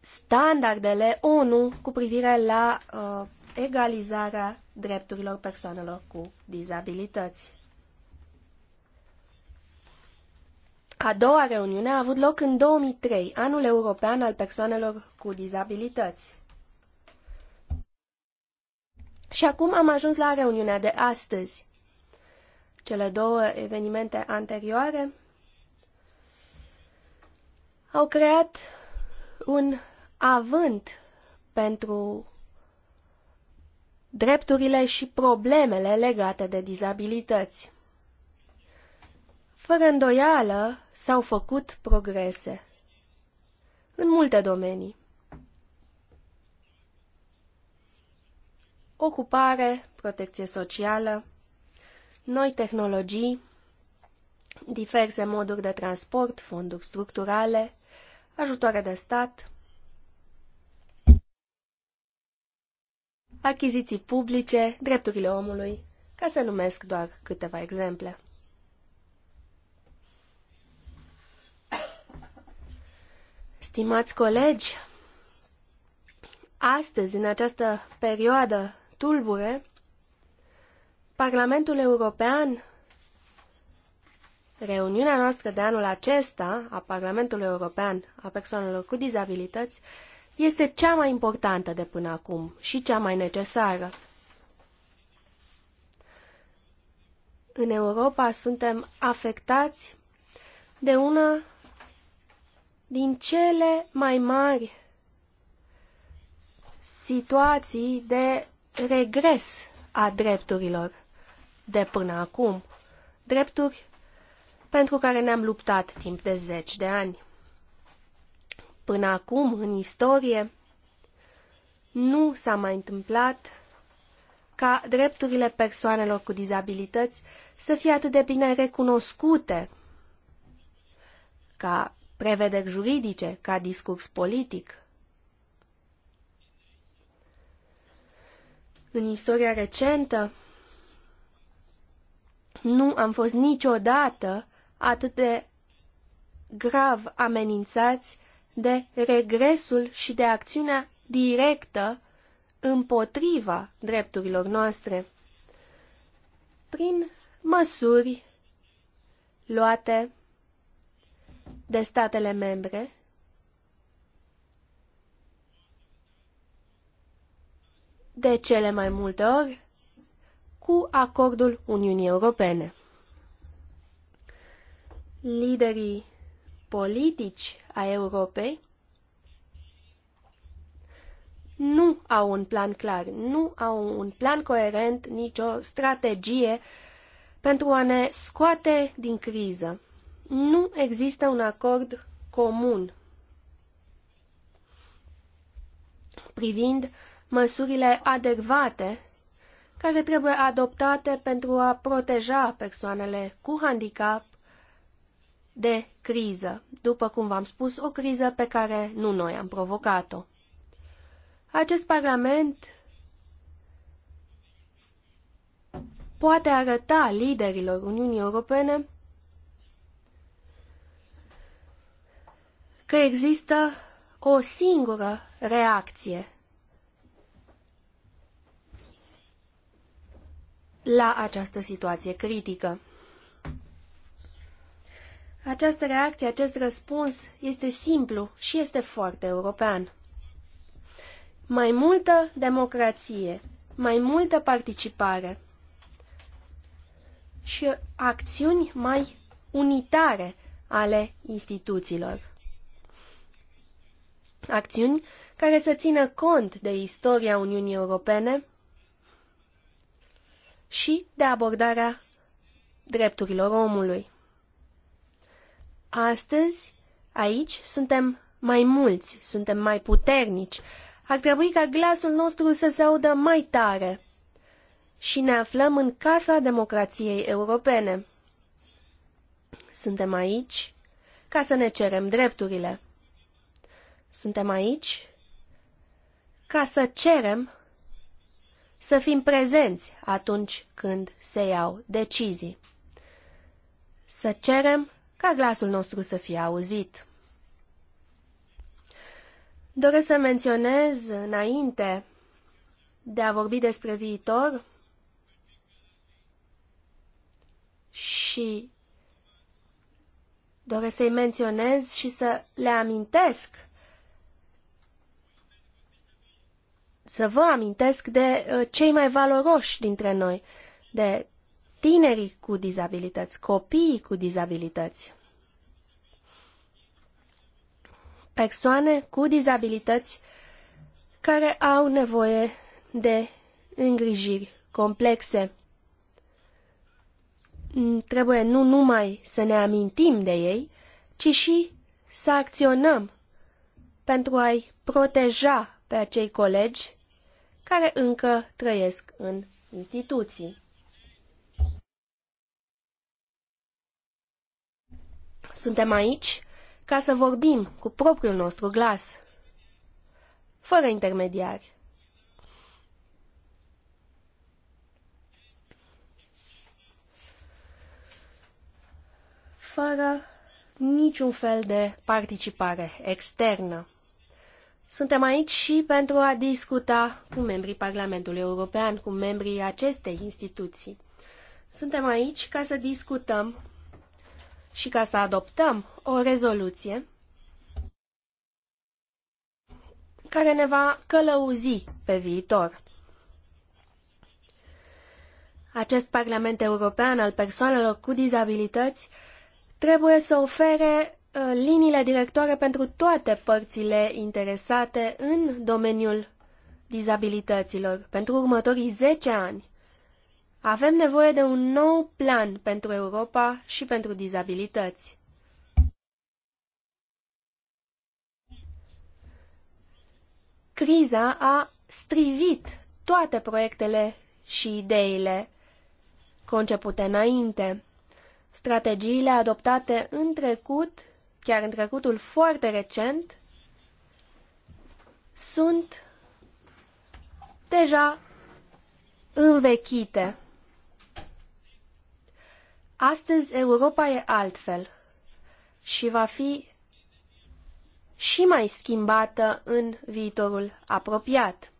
standardele ONU cu privire la uh, egalizarea drepturilor persoanelor cu dizabilități. A doua reuniune a avut loc în 2003, anul european al persoanelor cu dizabilități. Și acum am ajuns la reuniunea de astăzi cele două evenimente anterioare, au creat un avânt pentru drepturile și problemele legate de dizabilități. Fără îndoială, s-au făcut progrese în multe domenii. Ocupare, protecție socială, noi tehnologii, diverse moduri de transport, fonduri structurale, ajutoare de stat, achiziții publice, drepturile omului, ca să numesc doar câteva exemple. Stimați colegi, astăzi, în această perioadă tulbure, Parlamentul European, reuniunea noastră de anul acesta a Parlamentului European a persoanelor cu dizabilități, este cea mai importantă de până acum și cea mai necesară. În Europa suntem afectați de una din cele mai mari situații de regres a drepturilor de până acum, drepturi pentru care ne-am luptat timp de zeci de ani. Până acum, în istorie, nu s-a mai întâmplat ca drepturile persoanelor cu dizabilități să fie atât de bine recunoscute ca prevederi juridice, ca discurs politic. În istoria recentă, nu am fost niciodată atât de grav amenințați de regresul și de acțiunea directă împotriva drepturilor noastre. Prin măsuri luate de statele membre de cele mai multe ori cu acordul Uniunii Europene. Liderii politici a Europei nu au un plan clar, nu au un plan coerent, nicio strategie pentru a ne scoate din criză. Nu există un acord comun privind măsurile adecvate care trebuie adoptate pentru a proteja persoanele cu handicap de criză, după cum v-am spus, o criză pe care nu noi am provocat-o. Acest Parlament poate arăta liderilor Uniunii Europene că există o singură reacție la această situație critică. Această reacție, acest răspuns este simplu și este foarte european. Mai multă democrație, mai multă participare și acțiuni mai unitare ale instituțiilor. Acțiuni care să țină cont de istoria Uniunii Europene și de abordarea drepturilor omului. Astăzi, aici, suntem mai mulți, suntem mai puternici. Ar trebui ca glasul nostru să se audă mai tare. Și ne aflăm în Casa Democrației Europene. Suntem aici ca să ne cerem drepturile. Suntem aici ca să cerem să fim prezenți atunci când se iau decizii. Să cerem ca glasul nostru să fie auzit. Doresc să menționez înainte de a vorbi despre viitor și doresc să-i menționez și să le amintesc să vă amintesc de uh, cei mai valoroși dintre noi, de tinerii cu dizabilități, copiii cu dizabilități. Persoane cu dizabilități care au nevoie de îngrijiri complexe. Mm, trebuie nu numai să ne amintim de ei, ci și să acționăm pentru a-i proteja pe acei colegi care încă trăiesc în instituții. Suntem aici ca să vorbim cu propriul nostru glas, fără intermediari. Fără niciun fel de participare externă. Suntem aici și pentru a discuta cu membrii Parlamentului European, cu membrii acestei instituții. Suntem aici ca să discutăm și ca să adoptăm o rezoluție care ne va călăuzi pe viitor. Acest Parlament European al persoanelor cu dizabilități trebuie să ofere Uh, liniile directoare pentru toate părțile interesate în domeniul dizabilităților pentru următorii 10 ani. Avem nevoie de un nou plan pentru Europa și pentru dizabilități. Criza a strivit toate proiectele și ideile concepute înainte. Strategiile adoptate în trecut chiar în trecutul foarte recent, sunt deja învechite. Astăzi Europa e altfel și va fi și mai schimbată în viitorul apropiat.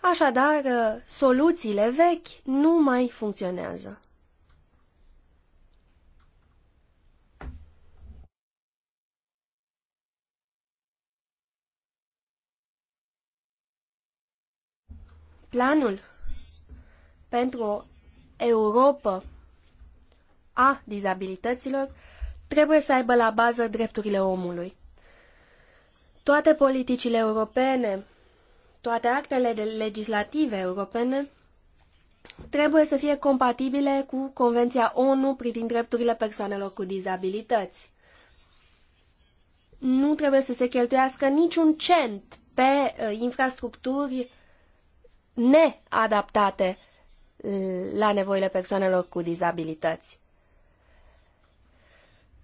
Așadar, soluțiile vechi nu mai funcționează. Planul pentru o Europa a dizabilităților trebuie să aibă la bază drepturile omului. Toate politicile europene, toate actele legislative europene trebuie să fie compatibile cu Convenția ONU privind drepturile persoanelor cu dizabilități. Nu trebuie să se cheltuiască niciun cent pe uh, infrastructuri neadaptate la nevoile persoanelor cu dizabilități.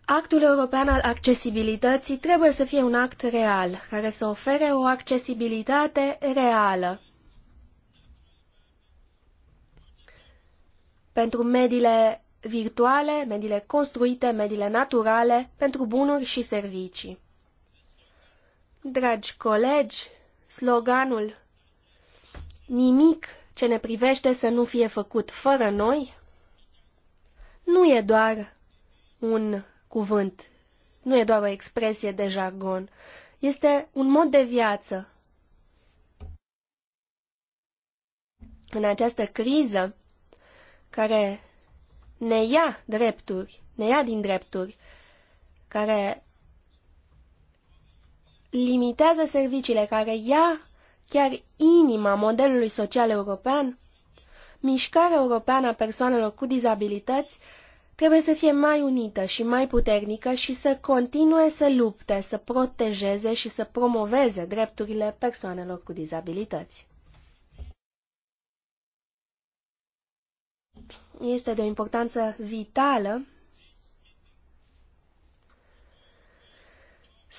Actul european al accesibilității trebuie să fie un act real, care să ofere o accesibilitate reală pentru mediile virtuale, mediile construite, mediile naturale, pentru bunuri și servicii. Dragi colegi, sloganul nimic ce ne privește să nu fie făcut fără noi, nu e doar un cuvânt, nu e doar o expresie de jargon, este un mod de viață. În această criză care ne ia drepturi, ne ia din drepturi, care limitează serviciile, care ia chiar inima modelului social european, mișcarea europeană a persoanelor cu dizabilități trebuie să fie mai unită și mai puternică și să continue să lupte, să protejeze și să promoveze drepturile persoanelor cu dizabilități. Este de o importanță vitală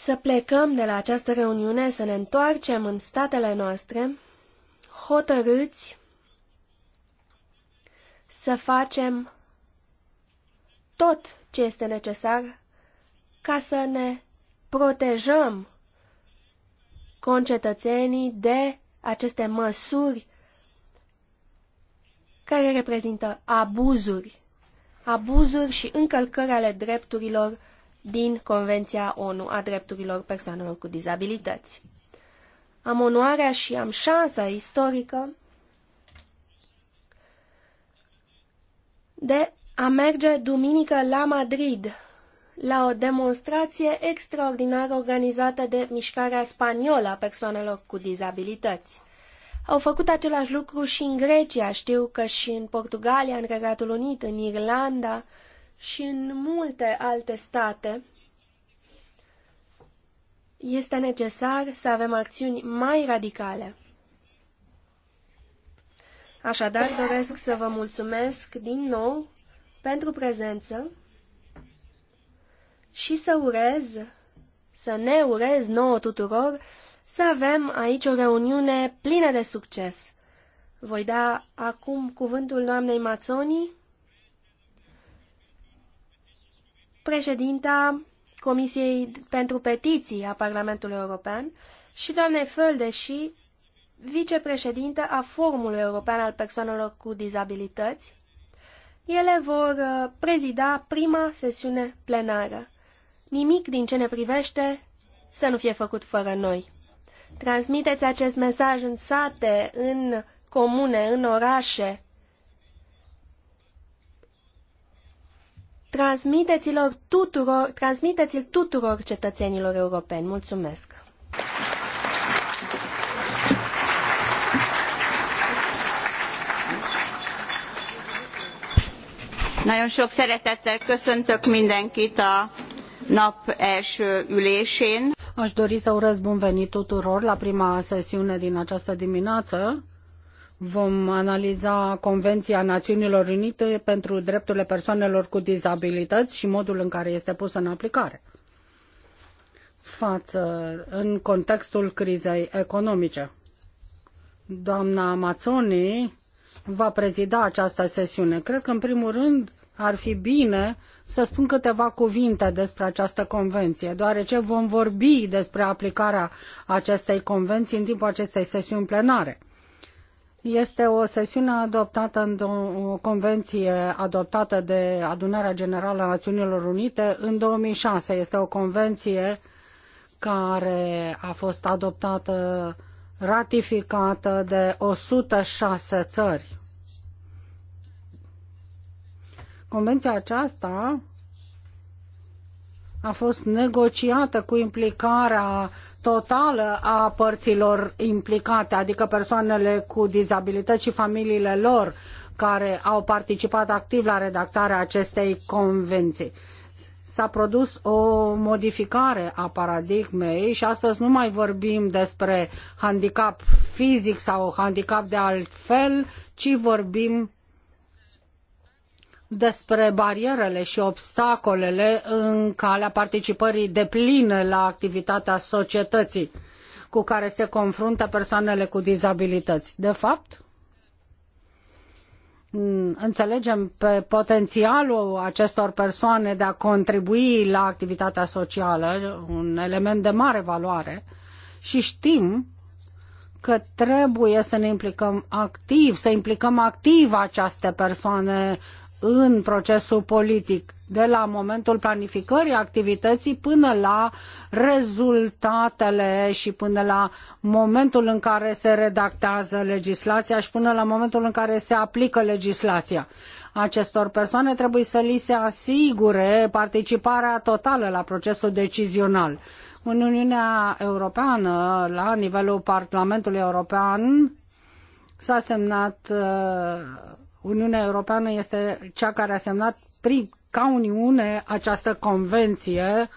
să plecăm de la această reuniune, să ne întoarcem în statele noastre, hotărâți să facem tot ce este necesar ca să ne protejăm concetățenii de aceste măsuri care reprezintă abuzuri, abuzuri și încălcări ale drepturilor din Convenția ONU a drepturilor persoanelor cu dizabilități. Am onoarea și am șansa istorică de a merge duminică la Madrid, la o demonstrație extraordinară organizată de Mișcarea Spaniolă a Persoanelor cu Dizabilități. Au făcut același lucru și în Grecia, știu că și în Portugalia, în Regatul Unit, în Irlanda, și în multe alte state este necesar să avem acțiuni mai radicale. Așadar, doresc să vă mulțumesc din nou pentru prezență și să urez, să ne urez nouă tuturor, să avem aici o reuniune plină de succes. Voi da acum cuvântul doamnei Mazzoni președinta Comisiei pentru Petiții a Parlamentului European și doamnei Földe și vicepreședintă a Forumului European al Persoanelor cu Dizabilități. Ele vor uh, prezida prima sesiune plenară. Nimic din ce ne privește să nu fie făcut fără noi. Transmiteți acest mesaj în sate, în comune, în orașe, Transmiteți-l tuturor, transmiteți tuturor cetățenilor europeni. Mulțumesc! Nagyon sok szeretettel köszöntök mindenkit a nap első ülésén. Aș dori să urez bun venit tuturor la prima sesiune din această dimineață Vom analiza Convenția Națiunilor Unite pentru drepturile persoanelor cu dizabilități și modul în care este pusă în aplicare față în contextul crizei economice. Doamna Mazzoni va prezida această sesiune. Cred că, în primul rând, ar fi bine să spun câteva cuvinte despre această convenție, deoarece vom vorbi despre aplicarea acestei convenții în timpul acestei sesiuni plenare. Este o sesiune adoptată în o convenție adoptată de Adunarea Generală a Națiunilor Unite în 2006. Este o convenție care a fost adoptată, ratificată de 106 țări. Convenția aceasta a fost negociată cu implicarea totală a părților implicate, adică persoanele cu dizabilități și familiile lor care au participat activ la redactarea acestei convenții. S-a produs o modificare a paradigmei și astăzi nu mai vorbim despre handicap fizic sau handicap de altfel, ci vorbim despre barierele și obstacolele în calea participării depline la activitatea societății cu care se confruntă persoanele cu dizabilități. De fapt, mm, înțelegem pe potențialul acestor persoane de a contribui la activitatea socială, un element de mare valoare, și știm că trebuie să ne implicăm activ, să implicăm activ aceste persoane în procesul politic, de la momentul planificării activității până la rezultatele și până la momentul în care se redactează legislația și până la momentul în care se aplică legislația. Acestor persoane trebuie să li se asigure participarea totală la procesul decizional. În Uniunea Europeană, la nivelul Parlamentului European, s-a semnat uh, Uniunea Europeană este cea care a semnat prin, ca Uniune această convenție.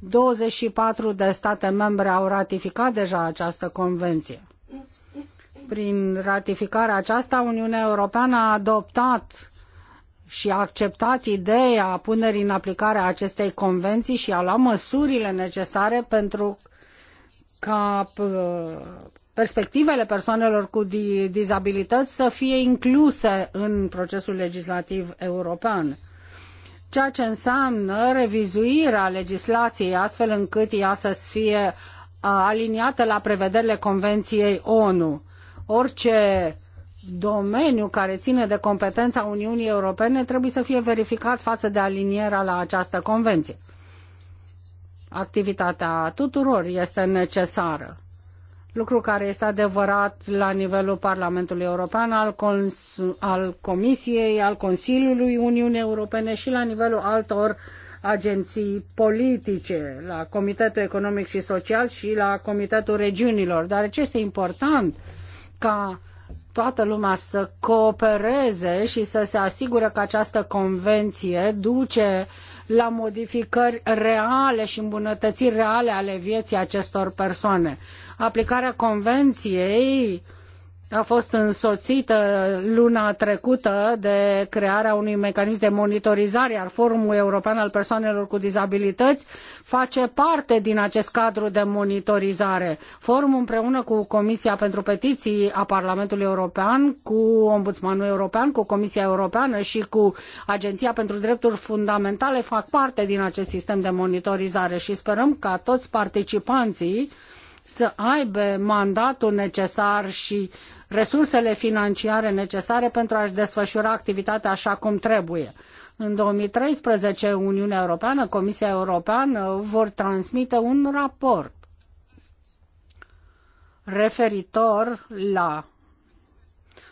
24 de state membre au ratificat deja această convenție. Prin ratificarea aceasta, Uniunea Europeană a adoptat și a acceptat ideea punerii în aplicare a acestei convenții și a luat măsurile necesare pentru ca uh, perspectivele persoanelor cu dizabilități să fie incluse în procesul legislativ european ceea ce înseamnă revizuirea legislației astfel încât ea să fie aliniată la prevederile Convenției ONU. Orice domeniu care ține de competența Uniunii Europene trebuie să fie verificat față de alinierea la această convenție. Activitatea tuturor este necesară lucru care este adevărat la nivelul Parlamentului European, al, Cons al Comisiei, al Consiliului Uniunii Europene și la nivelul altor agenții politice, la Comitetul Economic și Social și la Comitetul Regiunilor. Dar ce este important ca toată lumea să coopereze și să se asigure că această convenție duce la modificări reale și îmbunătățiri reale ale vieții acestor persoane. Aplicarea convenției uh, a fost însoțită luna trecută de crearea unui mecanism de monitorizare, iar Forumul European al Persoanelor cu Dizabilități face parte din acest cadru de monitorizare. Forumul împreună cu Comisia pentru Petiții a Parlamentului European, cu Ombudsmanul European, cu Comisia Europeană și cu Agenția pentru Drepturi Fundamentale fac parte din acest sistem de monitorizare și sperăm ca toți participanții să aibă mandatul necesar și resursele financiare necesare pentru a-și desfășura activitatea așa cum trebuie. În 2013, Uniunea Europeană, Comisia Europeană vor transmite un raport referitor la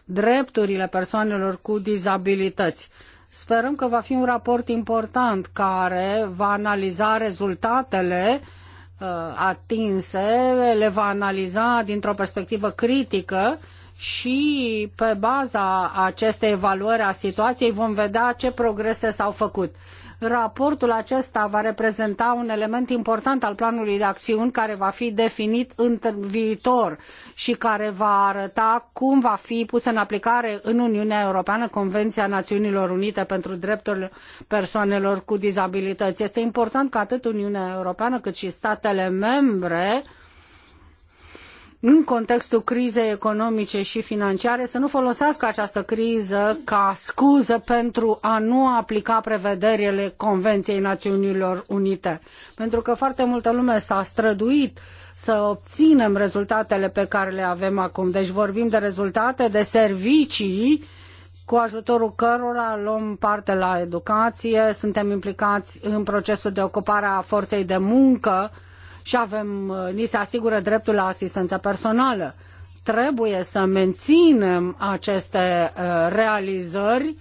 drepturile persoanelor cu dizabilități. Sperăm că va fi un raport important care va analiza rezultatele uh, atinse, le va analiza dintr-o perspectivă critică și pe baza acestei evaluări a situației vom vedea ce progrese s-au făcut. Raportul acesta va reprezenta un element important al planului de acțiuni care va fi definit în viitor și care va arăta cum va fi pusă în aplicare în Uniunea Europeană Convenția Națiunilor Unite pentru drepturile persoanelor cu dizabilități. Este important ca atât Uniunea Europeană cât și statele membre în contextul crizei economice și financiare, să nu folosească această criză ca scuză pentru a nu aplica prevederile Convenției Națiunilor Unite. Pentru că foarte multă lume s-a străduit să obținem rezultatele pe care le avem acum. Deci vorbim de rezultate, de servicii cu ajutorul cărora luăm parte la educație, suntem implicați în procesul de ocupare a forței de muncă, și avem, uh, ni se asigură dreptul la asistență personală. Trebuie să menținem aceste uh, realizări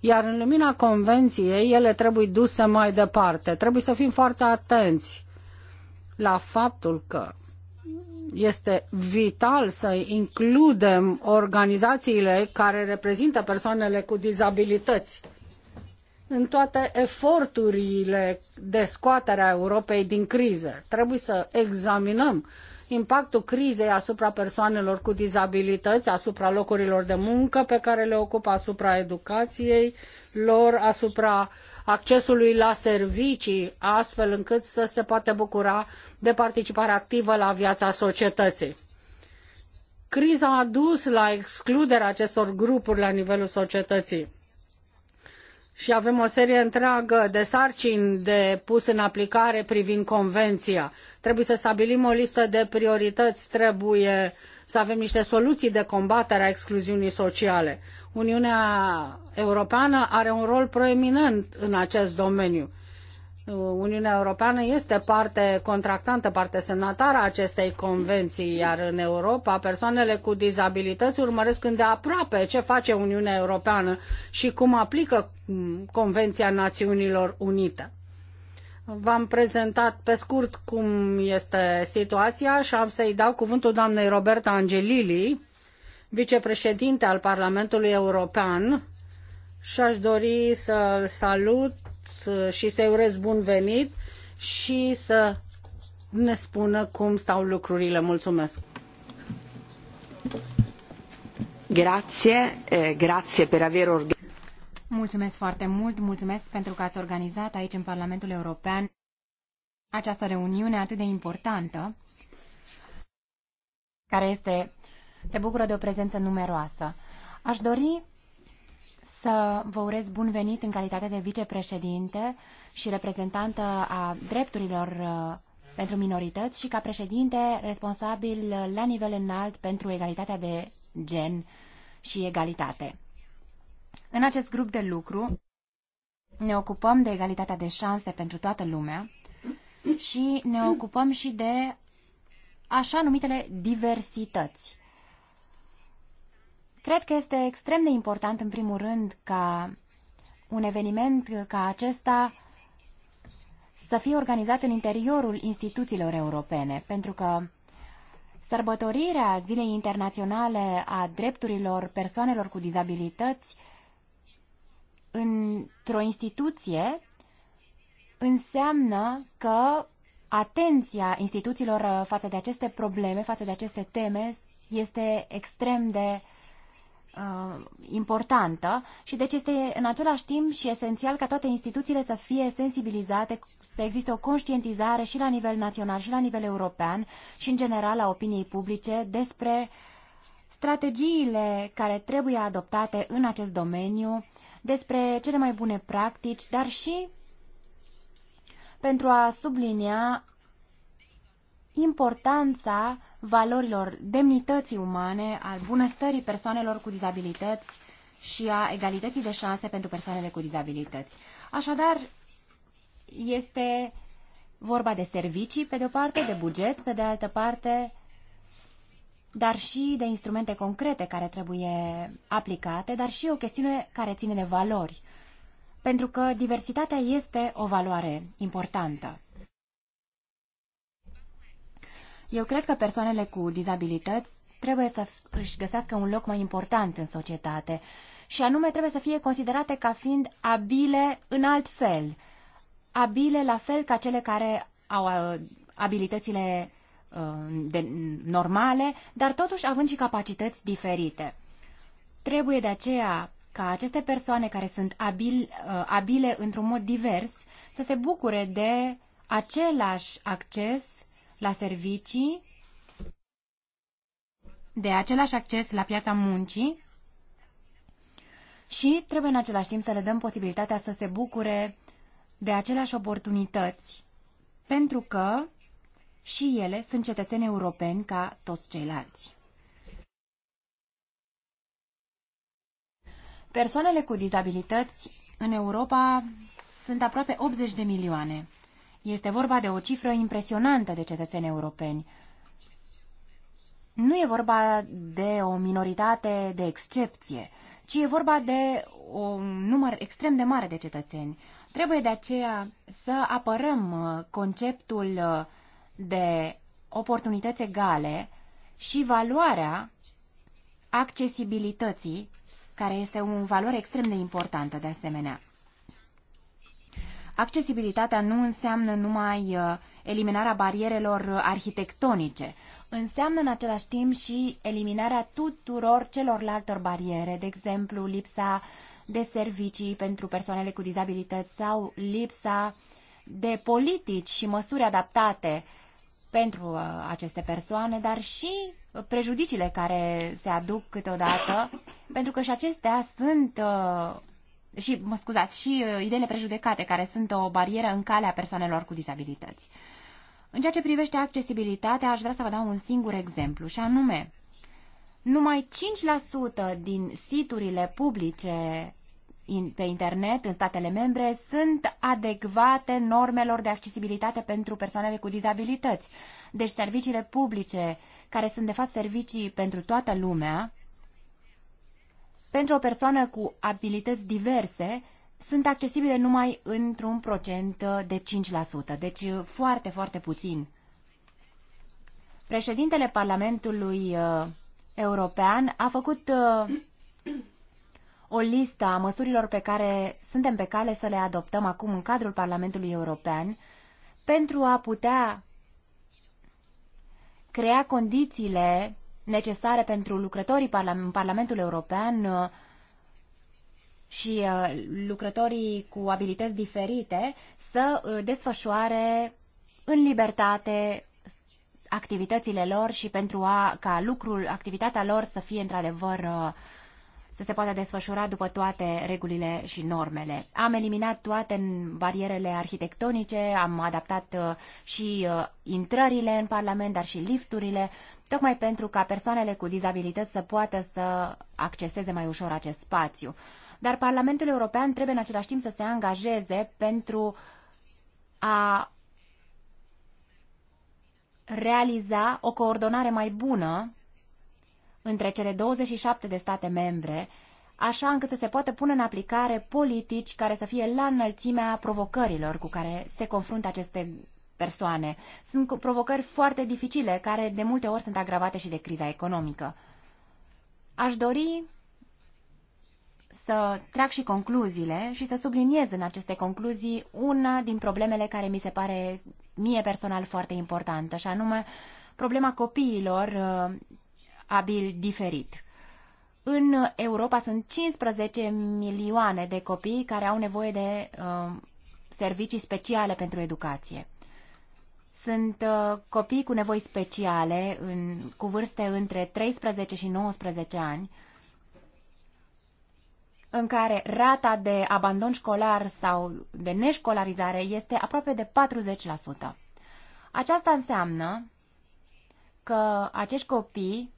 iar în lumina convenției ele trebuie duse mai departe. Trebuie să fim foarte atenți la faptul că este vital să includem organizațiile care reprezintă persoanele cu dizabilități în toate eforturile de scoatere a Europei din criză. Trebuie să examinăm impactul crizei asupra persoanelor cu dizabilități, asupra locurilor de muncă pe care le ocupă, asupra educației lor, asupra accesului la servicii, astfel încât să se poată bucura de participare activă la viața societății. Criza a dus la excluderea acestor grupuri la nivelul societății și avem o serie întreagă de sarcini de pus în aplicare privind convenția. Trebuie să stabilim o listă de priorități, trebuie să avem niște soluții de combatere a excluziunii sociale. Uniunea Europeană are un rol proeminent în acest domeniu Uniunea Europeană este parte contractantă, parte semnatară a acestei convenții, iar în Europa persoanele cu dizabilități urmăresc îndeaproape ce face Uniunea Europeană și cum aplică mm, Convenția Națiunilor Unite. V-am prezentat pe scurt cum este situația și am să-i dau cuvântul doamnei Roberta Angelili, vicepreședinte al Parlamentului European, și aș dori să salut și să-i urez bun venit și să ne spună cum stau lucrurile. Mulțumesc! Grazie, eh, grazie per aver Mulțumesc foarte mult, mulțumesc pentru că ați organizat aici în Parlamentul European această reuniune atât de importantă, care este, se bucură de o prezență numeroasă. Aș dori să vă urez bun venit în calitate de vicepreședinte și reprezentantă a drepturilor uh, pentru minorități și ca președinte responsabil la nivel înalt pentru egalitatea de gen și egalitate. În acest grup de lucru ne ocupăm de egalitatea de șanse pentru toată lumea și ne ocupăm și de așa numitele diversități. Cred că este extrem de important, în primul rând, ca un eveniment ca acesta să fie organizat în interiorul instituțiilor europene, pentru că sărbătorirea Zilei Internaționale a Drepturilor Persoanelor cu Dizabilități într-o instituție înseamnă că atenția instituțiilor față de aceste probleme, față de aceste teme, este extrem de uh, uh, importantă și deci este în același timp și esențial ca toate instituțiile să fie sensibilizate, să existe o conștientizare și la nivel național și la nivel european și în general a opiniei publice despre strategiile care trebuie adoptate în acest domeniu, despre cele mai bune practici, dar și pentru a sublinia importanța valorilor demnității umane, al bunăstării persoanelor cu dizabilități și a egalității de șanse pentru persoanele cu dizabilități. Așadar, este vorba de servicii, pe de o parte, de buget, pe de altă parte, dar și de instrumente concrete care trebuie aplicate, dar și o chestiune care ține de valori. Pentru că diversitatea este o valoare importantă. Eu cred că persoanele cu dizabilități trebuie să își găsească un loc mai important în societate și anume trebuie să fie considerate ca fiind abile în alt fel, abile la fel ca cele care au uh, abilitățile uh, de, normale, dar totuși având și capacități diferite. Trebuie de aceea ca aceste persoane care sunt abil, uh, abile într-un mod divers să se bucure de același acces la servicii, de același acces la piața muncii și trebuie în același timp să le dăm posibilitatea să se bucure de aceleași oportunități, pentru că și ele sunt cetățeni europeni ca toți ceilalți. Persoanele cu dizabilități în Europa sunt aproape 80 de milioane. Este vorba de o cifră impresionantă de cetățeni europeni. Nu e vorba de o minoritate de excepție, ci e vorba de un număr extrem de mare de cetățeni. Trebuie de aceea să apărăm uh, conceptul uh, de oportunități egale și valoarea accesibilității, care este o valoare extrem de importantă de asemenea. Accesibilitatea nu înseamnă numai uh, eliminarea barierelor arhitectonice, înseamnă în același timp și eliminarea tuturor celorlalte bariere, de exemplu lipsa de servicii pentru persoanele cu dizabilități sau lipsa de politici și măsuri adaptate pentru uh, aceste persoane, dar și prejudiciile care se aduc câteodată, pentru că și acestea sunt uh, și, mă scuzați, și uh, ideile prejudecate care sunt o barieră în calea persoanelor cu dizabilități. În ceea ce privește accesibilitatea, aș vrea să vă dau un singur exemplu, și anume, numai 5% din siturile publice pe internet în statele membre sunt adecvate normelor de accesibilitate pentru persoanele cu dizabilități. Deci serviciile publice, care sunt de fapt servicii pentru toată lumea, pentru o persoană cu abilități diverse sunt accesibile numai într-un procent uh, de 5%, deci uh, foarte, foarte puțin. Președintele Parlamentului uh, European a făcut o listă a măsurilor pe care suntem pe cale să le adoptăm acum în cadrul Parlamentului European pentru a putea crea condițiile necesare pentru lucrătorii în Parlamentul European uh, și uh, lucrătorii cu abilități diferite să uh, desfășoare în libertate activitățile lor și pentru a, ca lucrul, activitatea lor să fie într-adevăr să se poată desfășura după toate regulile și normele. Am eliminat toate barierele arhitectonice, am adaptat uh, și uh, intrările în Parlament, dar și lifturile, tocmai pentru ca persoanele cu dizabilități să poată să acceseze mai ușor acest spațiu. Dar Parlamentul European trebuie în același timp să se angajeze pentru a realiza o coordonare mai bună între cele 27 de state membre, așa încât să se poată pune în aplicare politici care să fie la înălțimea provocărilor cu care se confruntă aceste persoane. Sunt provocări foarte dificile, care de multe ori sunt agravate și de criza economică. Aș dori să trag și concluziile și să subliniez în aceste concluzii una din problemele care mi se pare mie personal foarte importantă, și anume problema copiilor abil diferit. În Europa sunt 15 milioane de copii care au nevoie de uh, servicii speciale pentru educație. Sunt uh, copii cu nevoi speciale, în, cu vârste între 13 și 19 ani, în care rata de abandon școlar sau de neșcolarizare este aproape de 40%. Aceasta înseamnă că acești copii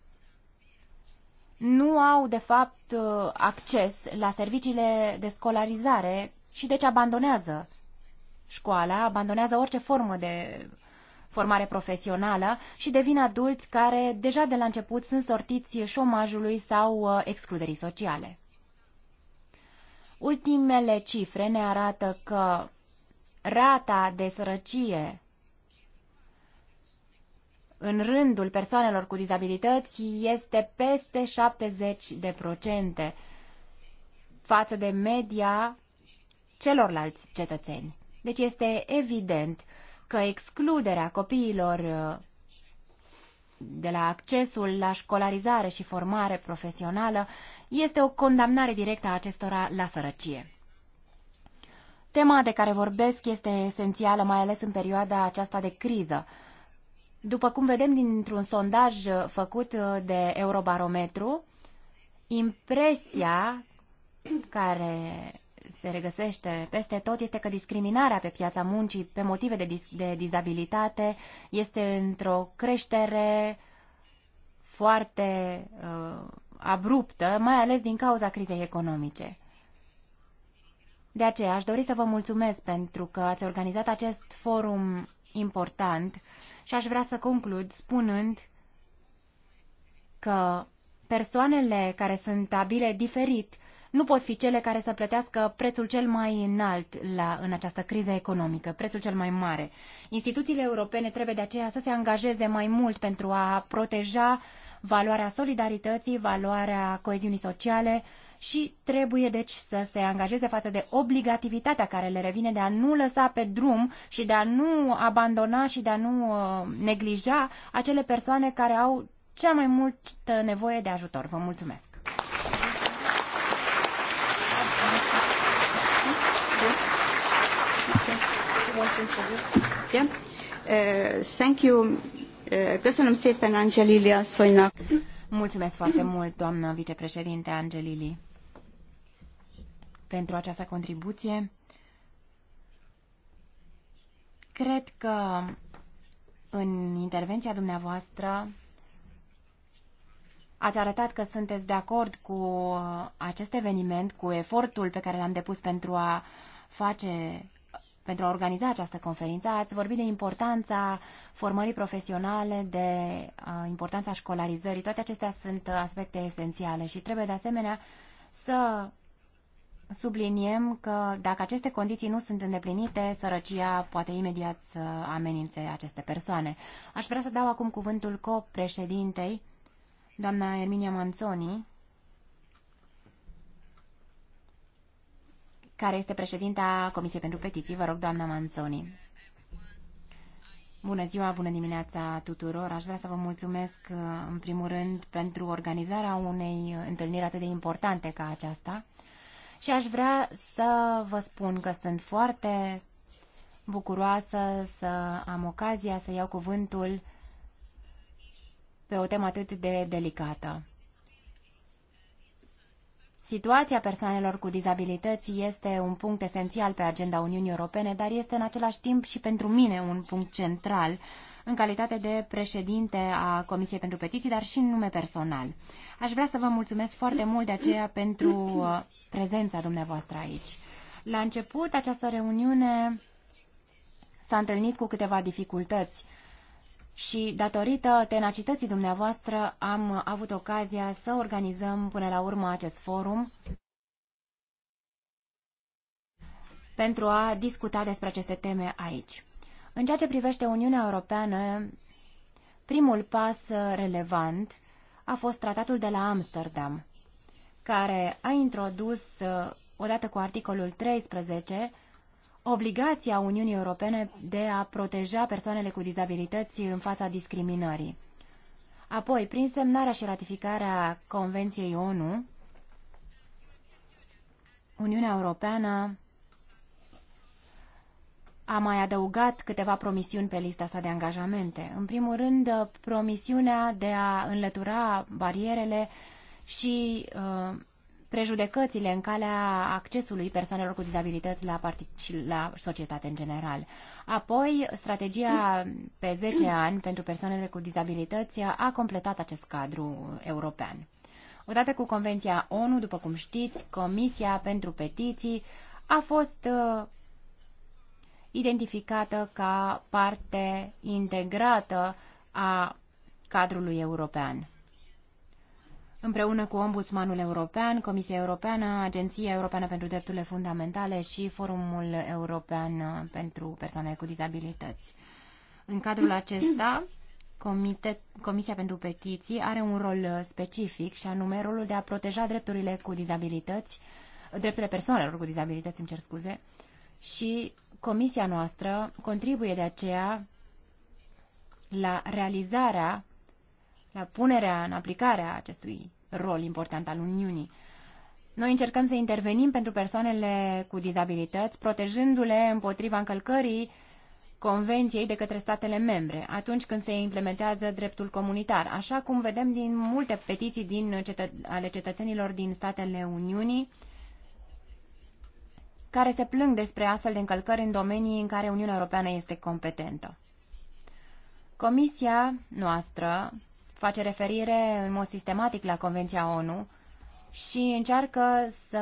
nu au, de fapt, uh, acces la serviciile de scolarizare și deci abandonează școala, abandonează orice formă de formare profesională și devin adulți care deja de la început sunt sortiți șomajului sau uh, excluderii sociale. Ultimele cifre ne arată că rata de sărăcie în rândul persoanelor cu dizabilități este peste 70 de procente față de media celorlalți cetățeni. Deci este evident că excluderea copiilor uh, de la accesul la școlarizare și formare profesională este o condamnare directă a acestora la sărăcie. Tema de care vorbesc este esențială, mai ales în perioada aceasta de criză. După cum vedem dintr-un sondaj făcut uh, de Eurobarometru, impresia care se regăsește peste tot este că discriminarea pe piața muncii pe motive de, dis- de dizabilitate este într-o creștere foarte uh, abruptă, mai ales din cauza crizei economice. De aceea aș dori să vă mulțumesc pentru că ați organizat acest forum important și aș vrea să conclud spunând că persoanele care sunt abile diferit nu pot fi cele care să plătească prețul cel mai înalt la, în această criză economică, prețul cel mai mare. Instituțiile europene trebuie de aceea să se angajeze mai mult pentru a proteja valoarea solidarității, valoarea coeziunii sociale, uh, și trebuie deci să se angajeze față de obligativitatea care le revine de a nu lăsa pe drum și de a nu abandona și de a nu uh, neglija acele persoane care au cea mai multă nevoie de ajutor. Vă mulțumesc! Uh, uh, mulțumesc foarte mult, doamnă vicepreședinte Angelili pentru această contribuție. Cred că în intervenția dumneavoastră ați arătat că sunteți de acord cu acest eveniment, cu efortul pe care l-am depus pentru a face pentru a organiza această conferință. Ați vorbit de importanța formării profesionale, de uh, importanța școlarizării. Toate acestea sunt aspecte esențiale și trebuie de asemenea să subliniem că dacă aceste condiții nu sunt îndeplinite, sărăcia poate imediat să amenințe aceste persoane. Aș vrea să dau acum cuvântul co-președintei, doamna Erminia Manzoni, care este președinta Comisiei pentru Petiții. Vă rog, doamna Manzoni. Bună ziua, bună dimineața tuturor. Aș vrea să vă mulțumesc în primul rând pentru organizarea unei întâlniri atât de importante ca aceasta și aș vrea să vă spun că sunt foarte bucuroasă să am ocazia să iau cuvântul pe o temă atât de delicată. Situația persoanelor cu dizabilități este un punct esențial pe agenda Uniunii Europene, dar este în același timp și pentru mine un punct central în calitate de președinte a Comisiei pentru Petiții, dar și în nume personal. Aș vrea să vă mulțumesc foarte mult de aceea pentru uh, prezența dumneavoastră aici. La început, această reuniune s-a întâlnit cu câteva dificultăți și datorită tenacității dumneavoastră am avut ocazia să organizăm până la urmă acest forum pentru a discuta despre aceste teme aici. În ceea ce privește Uniunea Europeană, primul pas uh, relevant a fost tratatul de la Amsterdam, care a introdus, uh, odată cu articolul 13, obligația Uniunii Europene de a proteja persoanele cu dizabilități în fața discriminării. Apoi, prin semnarea și ratificarea Convenției ONU, Uniunea Europeană a mai adăugat câteva promisiuni pe lista sa de angajamente. În primul rând, promisiunea de a înlătura barierele și uh, prejudecățile în calea accesului persoanelor cu dizabilități la, partic- la societate în general. Apoi, strategia pe 10 ani pentru persoanele cu dizabilități a completat acest cadru european. Odată cu Convenția ONU, după cum știți, Comisia pentru Petiții a fost uh, identificată ca parte integrată a cadrului european. Împreună cu Ombudsmanul European, Comisia Europeană, Agenția Europeană pentru Drepturile Fundamentale și Forumul European pentru Persoane cu Dizabilități. În cadrul acesta, Comite, Comisia pentru Petiții are un rol specific și anume rolul de a proteja drepturile cu dizabilități, drepturile persoanelor cu dizabilități, îmi cer scuze, și Comisia noastră contribuie de aceea la realizarea, la punerea în aplicare a acestui rol important al Uniunii. Noi încercăm să intervenim pentru persoanele cu dizabilități, protejându-le împotriva încălcării Convenției de către statele membre, atunci când se implementează dreptul comunitar, așa cum vedem din multe petiții din cetă- ale cetățenilor din statele Uniunii, uh, care se plâng despre astfel de încălcări în domenii în care Uniunea Europeană este competentă. Comisia noastră face referire în mod sistematic la Convenția ONU și încearcă să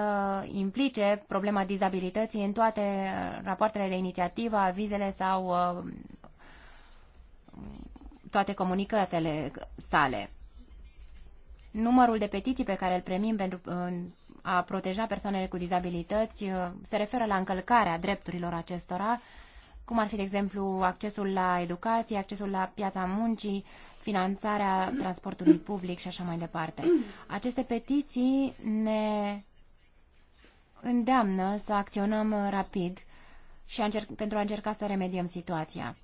implice problema dizabilității în toate uh, rapoartele de inițiativă, avizele sau uh, toate comunicatele sale. Numărul de petiții pe care îl primim pentru, a proteja persoanele cu dizabilități uh, se referă la încălcarea drepturilor acestora, cum ar fi, de exemplu, accesul la educație, accesul la piața muncii, finanțarea transportului public și așa mai departe. Aceste petiții ne îndeamnă să acționăm rapid și a încerc, pentru a încerca să remediem situația.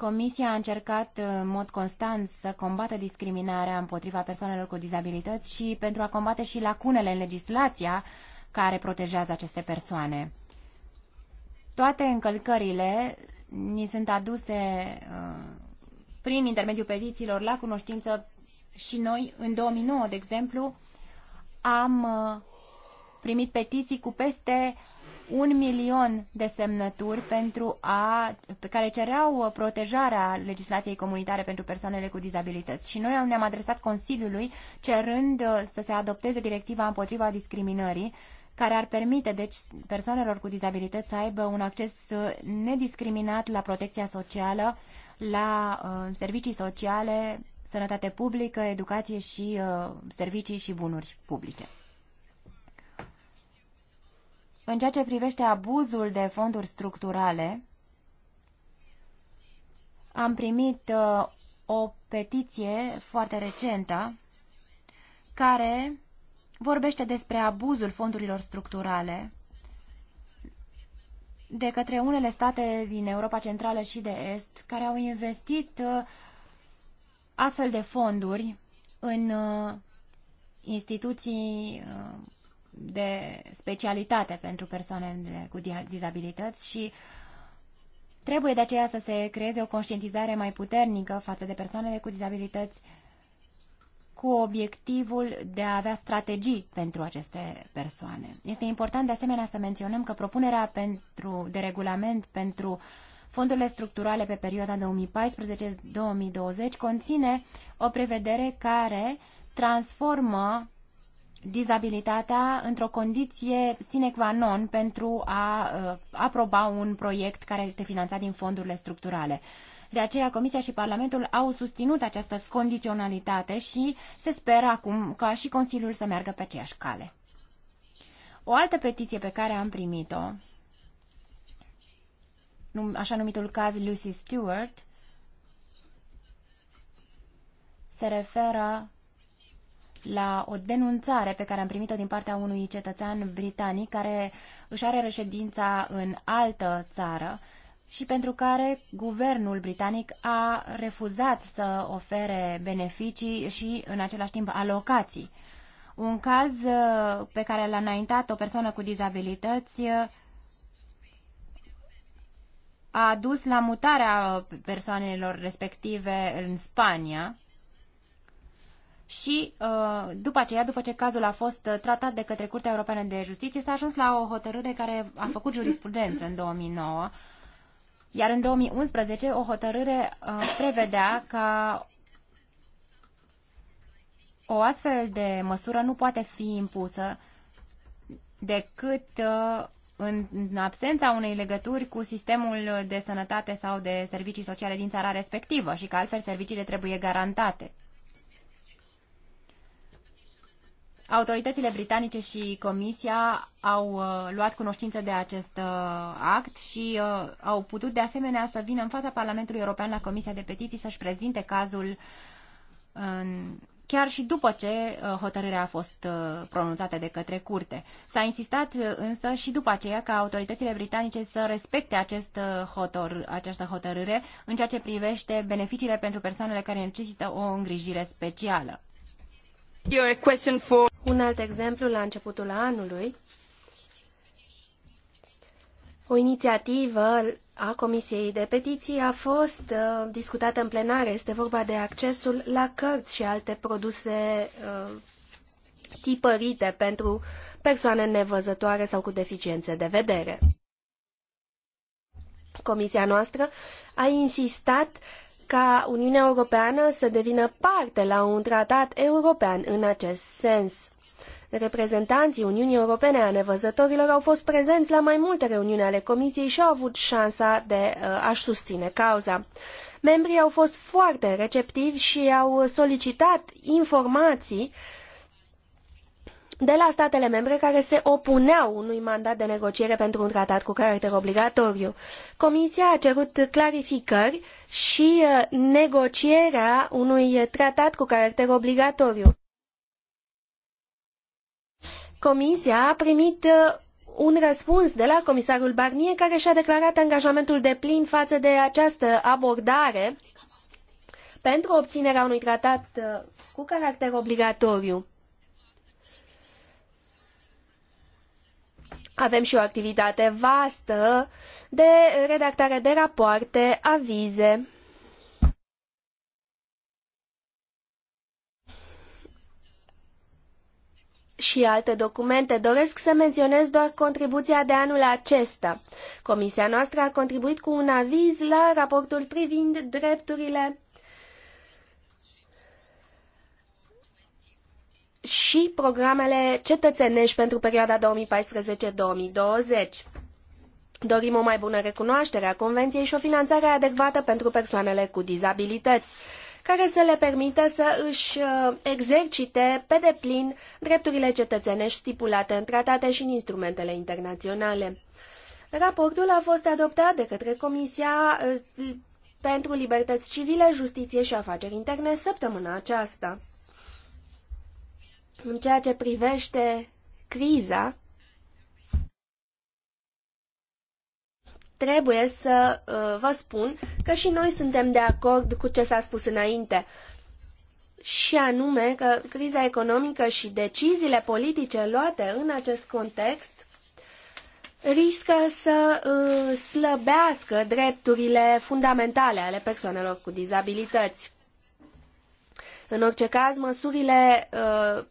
Comisia a încercat în mod constant să combată discriminarea împotriva persoanelor cu dizabilități și pentru a combate și lacunele în legislația care protejează aceste persoane. Toate încălcările ni sunt aduse uh, prin intermediul petițiilor la cunoștință și noi, în 2009, de exemplu, am uh, primit petiții cu peste un milion de semnături pentru a, pe care cereau uh, protejarea legislației comunitare pentru persoanele cu dizabilități. Și noi ne-am adresat Consiliului cerând uh, să se adopteze directiva împotriva discriminării, care ar permite deci persoanelor cu dizabilități să aibă un acces uh, nediscriminat la protecția socială, la uh, servicii sociale, sănătate publică, educație și uh, servicii și bunuri publice. În ceea ce privește abuzul de fonduri structurale, am primit uh, o petiție foarte recentă care vorbește despre abuzul fondurilor structurale de către unele state din Europa Centrală și de Est care au investit uh, astfel de fonduri în uh, instituții uh, de specialitate pentru persoanele cu dizabilități și trebuie de aceea să se creeze o conștientizare mai puternică față de persoanele cu dizabilități cu obiectivul de a avea strategii pentru aceste persoane. Este important de asemenea să menționăm că propunerea pentru, de regulament pentru fondurile structurale pe perioada 2014-2020 conține o prevedere care transformă dizabilitatea într-o condiție sine qua non pentru a uh, aproba un proiect care este finanțat din fondurile structurale. De aceea Comisia și Parlamentul au susținut această condiționalitate și se speră acum ca și Consiliul să meargă pe aceeași cale. O altă petiție pe care am primit-o, așa numitul caz Lucy Stewart, se referă la o denunțare pe care am primit-o din partea unui cetățean britanic care își are reședința în altă țară și pentru care guvernul britanic a refuzat să ofere beneficii și în același timp alocații. Un caz uh, pe care l-a înaintat o persoană cu dizabilități uh, a dus la mutarea persoanelor respective în Spania, și uh, după aceea, după ce cazul a fost uh, tratat de către Curtea Europeană de Justiție, s-a ajuns la o hotărâre care a făcut jurisprudență în 2009, iar în 2011 o hotărâre uh, prevedea ca o astfel de măsură nu poate fi impusă decât în absența unei legături cu sistemul de sănătate sau de servicii sociale din țara respectivă și că altfel serviciile trebuie garantate. Autoritățile britanice și Comisia au uh, luat cunoștință de acest uh, act și uh, au putut de asemenea să vină în fața Parlamentului European la Comisia de Petiții să-și prezinte cazul chiar și după ce uh, hotărârea a fost uh, pronunțată de către curte. S-a insistat uh, însă și după aceea ca autoritățile britanice să respecte acest hotor, această hotărâre în ceea ce privește beneficiile pentru persoanele care necesită o îngrijire specială. Un alt exemplu la începutul anului, o inițiativă a Comisiei de Petiții a fost uh, discutată în plenare. Este vorba de accesul la cărți și alte produse uh, tipărite pentru persoane nevăzătoare sau cu deficiențe de vedere. Comisia noastră a insistat ca Uniunea Europeană să devină parte la un tratat european în acest sens. Reprezentanții Uniunii Europene a nevăzătorilor au fost prezenți la mai multe reuniuni ale Comisiei și au avut șansa de uh, a-și susține cauza. Membrii au fost foarte receptivi și au solicitat informații uh, de la statele membre care se opuneau unui mandat de negociere pentru un tratat cu caracter obligatoriu. Comisia a cerut clarificări și uh, negocierea unui tratat cu caracter obligatoriu. Comisia a primit uh, un răspuns de la comisarul Barnier care și-a declarat angajamentul deplin față de această abordare pentru obținerea unui tratat uh, cu caracter obligatoriu. Avem și o activitate vastă de redactare de rapoarte, avize. și alte documente, doresc să menționez doar contribuția de anul acesta. Comisia noastră a contribuit cu un aviz la raportul privind drepturile și programele cetățenești pentru perioada 2014-2020. Dorim o mai bună recunoaștere a Convenției și o finanțare adecvată pentru persoanele cu dizabilități, care să le permită să își uh, exercite pe deplin drepturile cetățenești stipulate în tratate și în instrumentele internaționale. Raportul a fost adoptat de către Comisia uh, pentru Libertăți Civile, Justiție și Afaceri Interne săptămâna aceasta. În ceea ce privește criza, trebuie să uh, vă spun că și noi suntem de acord cu ce s-a spus înainte. Și anume că criza economică și deciziile politice luate în acest context riscă să uh, slăbească drepturile fundamentale ale persoanelor cu dizabilități. În orice caz, măsurile uh,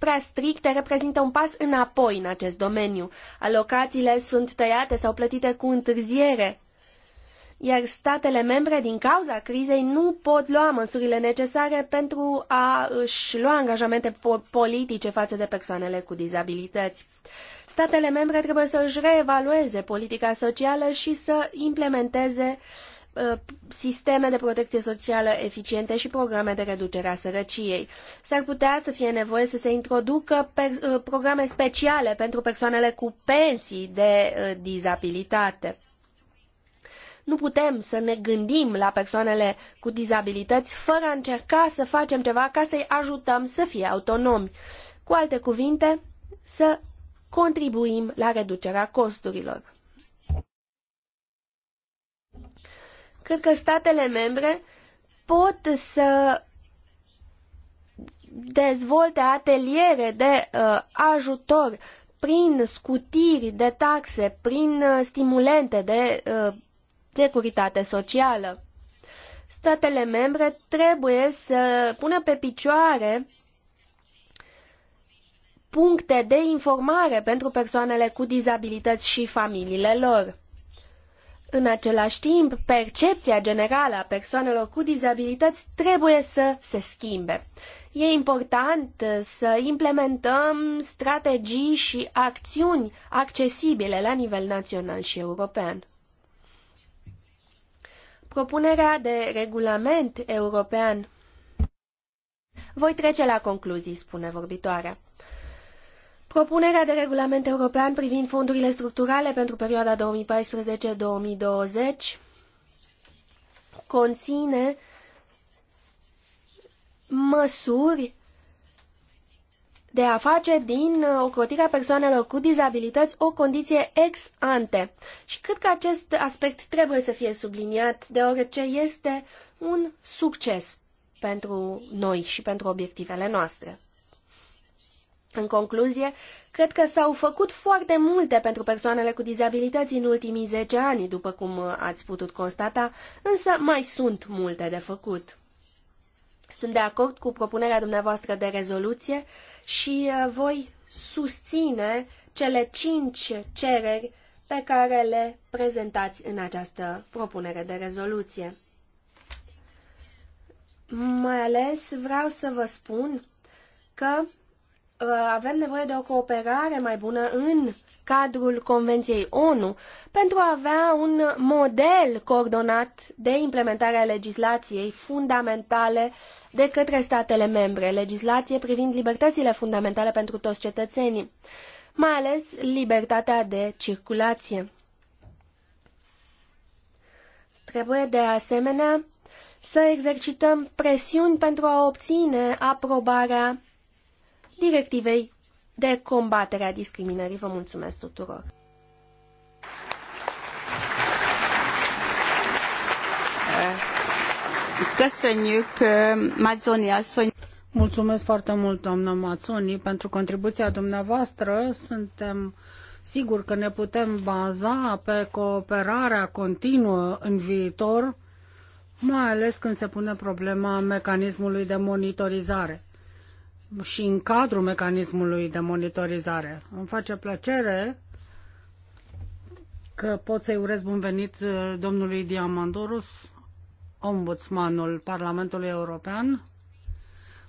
prea stricte reprezintă un pas înapoi în acest domeniu. Alocațiile sunt tăiate sau plătite cu întârziere, iar statele membre, din cauza crizei, nu pot lua măsurile necesare pentru a își lua angajamente politice față de persoanele cu dizabilități. Statele membre trebuie să își reevalueze politica socială și să implementeze uh, Uh, sisteme de protecție socială eficiente și programe de reducere a sărăciei. S-ar putea să fie nevoie să se introducă uh, programe speciale pentru persoanele cu pensii de uh, dizabilitate. Nu putem să ne gândim la persoanele cu dizabilități fără a încerca să facem ceva ca să-i ajutăm să fie autonomi. Cu alte cuvinte, să contribuim la reducerea costurilor. Cred că statele membre pot să dezvolte ateliere de uh, ajutor prin scutiri de taxe, prin uh, stimulente de uh, securitate socială. Statele membre trebuie să pună pe picioare puncte de informare pentru persoanele cu dizabilități și familiile lor. În același timp, percepția generală a persoanelor cu dizabilități trebuie să se schimbe. E important uh, să implementăm strategii și acțiuni accesibile la nivel național și european. Propunerea de regulament european. Voi trece la concluzii, spune vorbitoarea. Propunerea de regulament european privind fondurile structurale pentru perioada 2014-2020 conține măsuri de a face din ocrotirea persoanelor cu dizabilități o condiție ex ante. Și cred că acest aspect trebuie să fie subliniat, deoarece este un succes pentru noi și pentru obiectivele noastre. În concluzie, cred că s-au făcut foarte multe pentru persoanele cu dizabilități în ultimii 10 ani, după cum ați putut constata, însă mai sunt multe de făcut. Sunt de acord cu propunerea dumneavoastră de rezoluție și uh, voi susține cele cinci cereri pe care le prezentați în această propunere de rezoluție. Mai ales vreau să vă spun că Uh, avem nevoie de o cooperare mai bună în cadrul Convenției ONU pentru a avea un model coordonat de implementare a legislației fundamentale de către statele membre, legislație privind libertățile fundamentale pentru toți cetățenii, mai ales libertatea de circulație. Trebuie de asemenea să exercităm presiuni pentru a obține aprobarea directivei de combatere a discriminării. Vă mulțumesc tuturor! Uh, mulțumesc foarte mult, doamnă Mazzoni, pentru contribuția dumneavoastră. Suntem siguri că ne putem baza pe cooperarea continuă în viitor, mai ales când se pune problema mecanismului de monitorizare și în cadrul mecanismului de monitorizare. Îmi face plăcere că pot să-i urez bun venit uh, domnului Diamandorus, ombudsmanul Parlamentului European.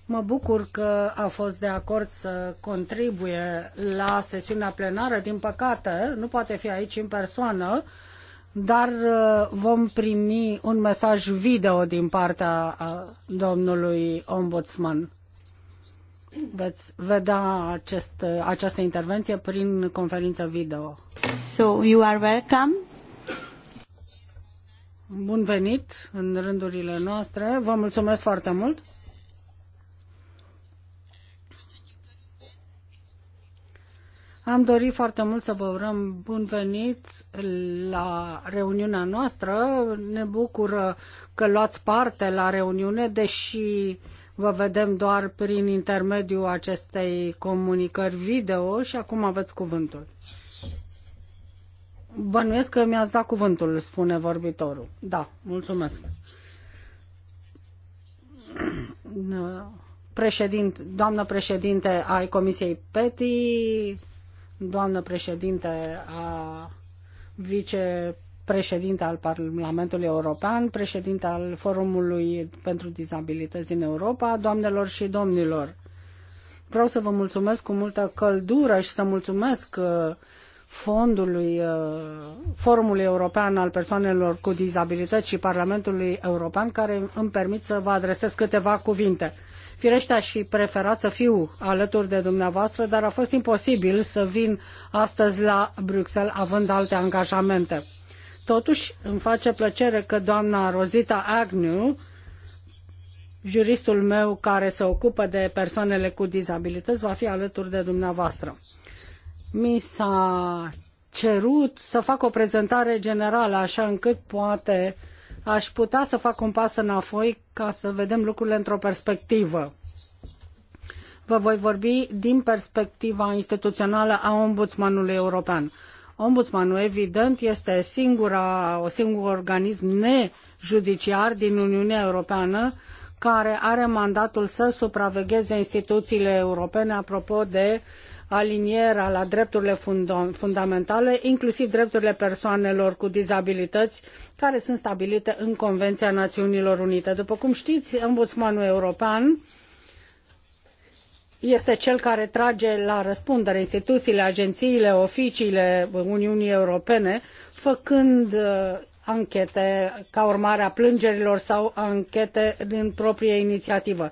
Mă bucur că a fost de acord să contribuie la sesiunea plenară. Din păcate, nu poate fi aici în persoană, dar uh, vom primi un mesaj video din partea uh, domnului ombudsman. Veți vedea acest, această intervenție prin conferință video. So you are welcome. Bun venit în rândurile noastre. Vă mulțumesc foarte mult. Am dorit foarte mult să vă urăm bun venit la reuniunea noastră. Ne bucură că luați parte la reuniune, deși Vă vedem doar prin intermediul acestei comunicări video și acum aveți cuvântul. Bănuiesc că mi-ați dat cuvântul, spune vorbitorul. Da, mulțumesc. Președinte, doamnă președinte ai Comisiei PETI, doamnă președinte a vice președinte al Parlamentului European, președinte al Forumului pentru Dizabilități în Europa, doamnelor și domnilor. Vreau să vă mulțumesc cu multă căldură și să mulțumesc uh, fondului, uh, Forumului European al Persoanelor cu Dizabilități și Parlamentului European, care îmi permit să vă adresez câteva cuvinte. Firește aș fi preferat să fiu alături de dumneavoastră, dar a fost imposibil să vin astăzi la Bruxelles având alte angajamente. Totuși, îmi face plăcere că doamna Rosita Agnew, juristul meu care se ocupă de persoanele cu dizabilități, va fi alături de dumneavoastră. Mi s-a cerut să fac o prezentare generală, așa încât poate aș putea să fac un pas înapoi ca să vedem lucrurile într-o perspectivă. Vă voi vorbi din perspectiva instituțională a Ombudsmanului European. Ombudsmanul, evident, este singura, o singur organism nejudiciar din Uniunea Europeană care are mandatul să supravegheze instituțiile europene apropo de alinierea la drepturile fundamentale, inclusiv drepturile persoanelor cu dizabilități, care sunt stabilite în Convenția Națiunilor Unite. După cum știți, Ombudsmanul European este cel care trage la răspundere instituțiile, agențiile, oficiile Uniunii Europene, făcând uh, anchete ca urmare a plângerilor sau anchete din proprie inițiativă.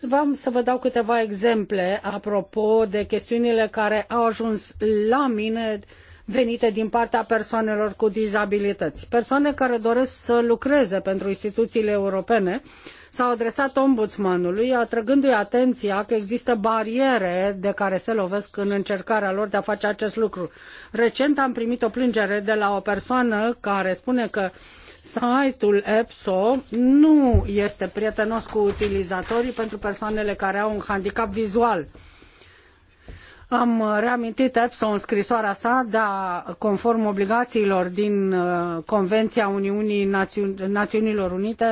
Vreau să vă dau câteva exemple apropo de chestiunile care au ajuns la mine venite din partea persoanelor cu dizabilități. Persoane care doresc să lucreze pentru instituțiile europene, uh, s-au adresat ombudsmanului, atrăgându-i atenția că există bariere de care se lovesc în încercarea lor de a face acest lucru. Recent am primit o plângere de la o persoană care spune că site-ul EPSO nu este prietenos cu utilizatorii pentru persoanele care au un handicap vizual. Am reamintit EPSO în scrisoarea sa, dar conform obligațiilor din uh, Convenția Uniunii Națiunilor Unite,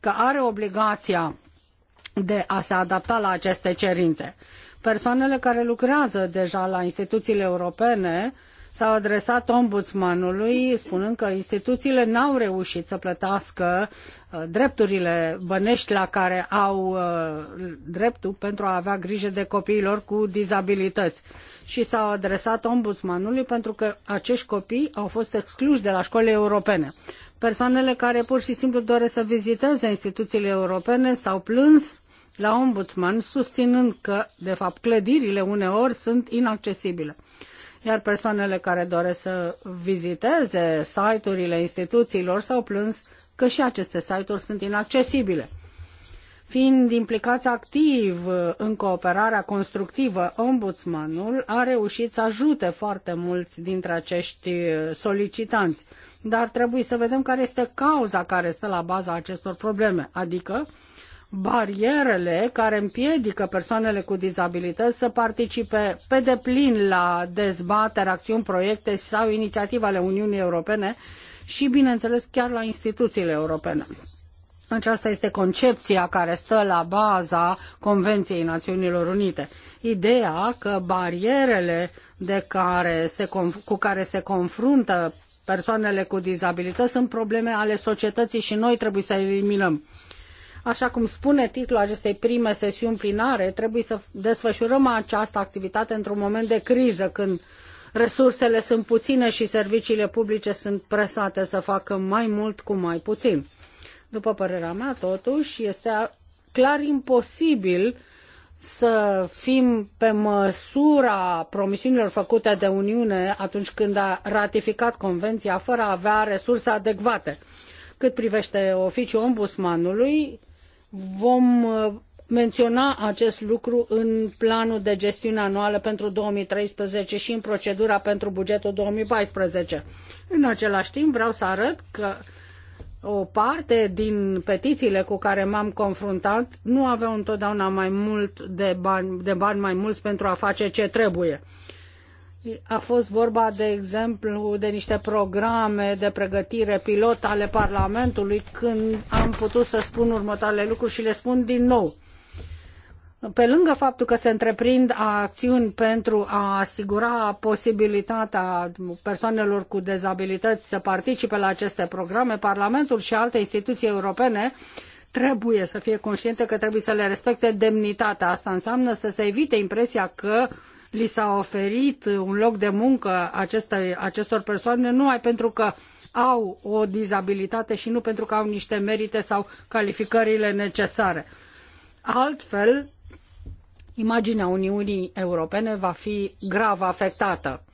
că are obligația de a se adapta la aceste cerințe. Persoanele care lucrează deja la instituțiile europene s-au adresat ombudsmanului spunând că instituțiile n-au reușit să plătească uh, drepturile bănești la care au uh, dreptul pentru a avea grijă de copiilor cu dizabilități. Și s-au adresat ombudsmanului pentru că acești copii au fost excluși de la școlile europene persoanele care pur și simplu doresc să viziteze instituțiile europene s-au plâns la ombudsman, susținând că, de fapt, clădirile uneori sunt inaccesibile. Iar persoanele care doresc să viziteze site-urile instituțiilor s-au plâns că și aceste site-uri sunt inaccesibile. Fiind implicat activ în cooperarea constructivă, ombudsmanul a reușit să ajute foarte mulți dintre acești solicitanți dar trebuie să vedem care este cauza care stă la baza acestor probleme, adică barierele care împiedică persoanele cu dizabilități să participe pe deplin la dezbateri, acțiuni, proiecte sau inițiative ale Uniunii Europene și, bineînțeles, chiar la instituțiile europene. Aceasta este concepția care stă la baza Convenției Națiunilor Unite. Ideea că barierele de care se, cu care se confruntă persoanele cu dizabilități sunt probleme ale societății și noi trebuie să eliminăm. Așa cum spune titlul acestei prime sesiuni plinare, trebuie să desfășurăm această activitate într-un moment de criză, când resursele sunt puține și serviciile publice sunt presate să facă mai mult cu mai puțin. După părerea mea, totuși, este clar imposibil să fim pe măsura promisiunilor făcute de Uniune atunci când a ratificat convenția fără a avea resurse adecvate. Cât privește oficiul ombudsmanului, vom uh, menționa acest lucru în planul de gestiune anuală pentru 2013 și în procedura pentru bugetul 2014. În același timp vreau să arăt că o parte din petițiile cu care m-am confruntat nu aveau întotdeauna mai mult de bani, de bani mai mulți pentru a face ce trebuie. A fost vorba, de exemplu, de niște programe de pregătire pilot ale Parlamentului când am putut să spun următoarele lucruri și le spun din nou pe lângă faptul că se întreprind acțiuni pentru a asigura posibilitatea persoanelor cu dezabilități să participe la aceste programe, Parlamentul și alte instituții europene trebuie să fie conștiente că trebuie să le respecte demnitatea. Asta înseamnă să se evite impresia că li s-a oferit un loc de muncă acestor persoane numai pentru că au o dizabilitate și nu pentru că au niște merite sau calificările necesare. Altfel, imaginea Uniunii Europene va fi grav afectată.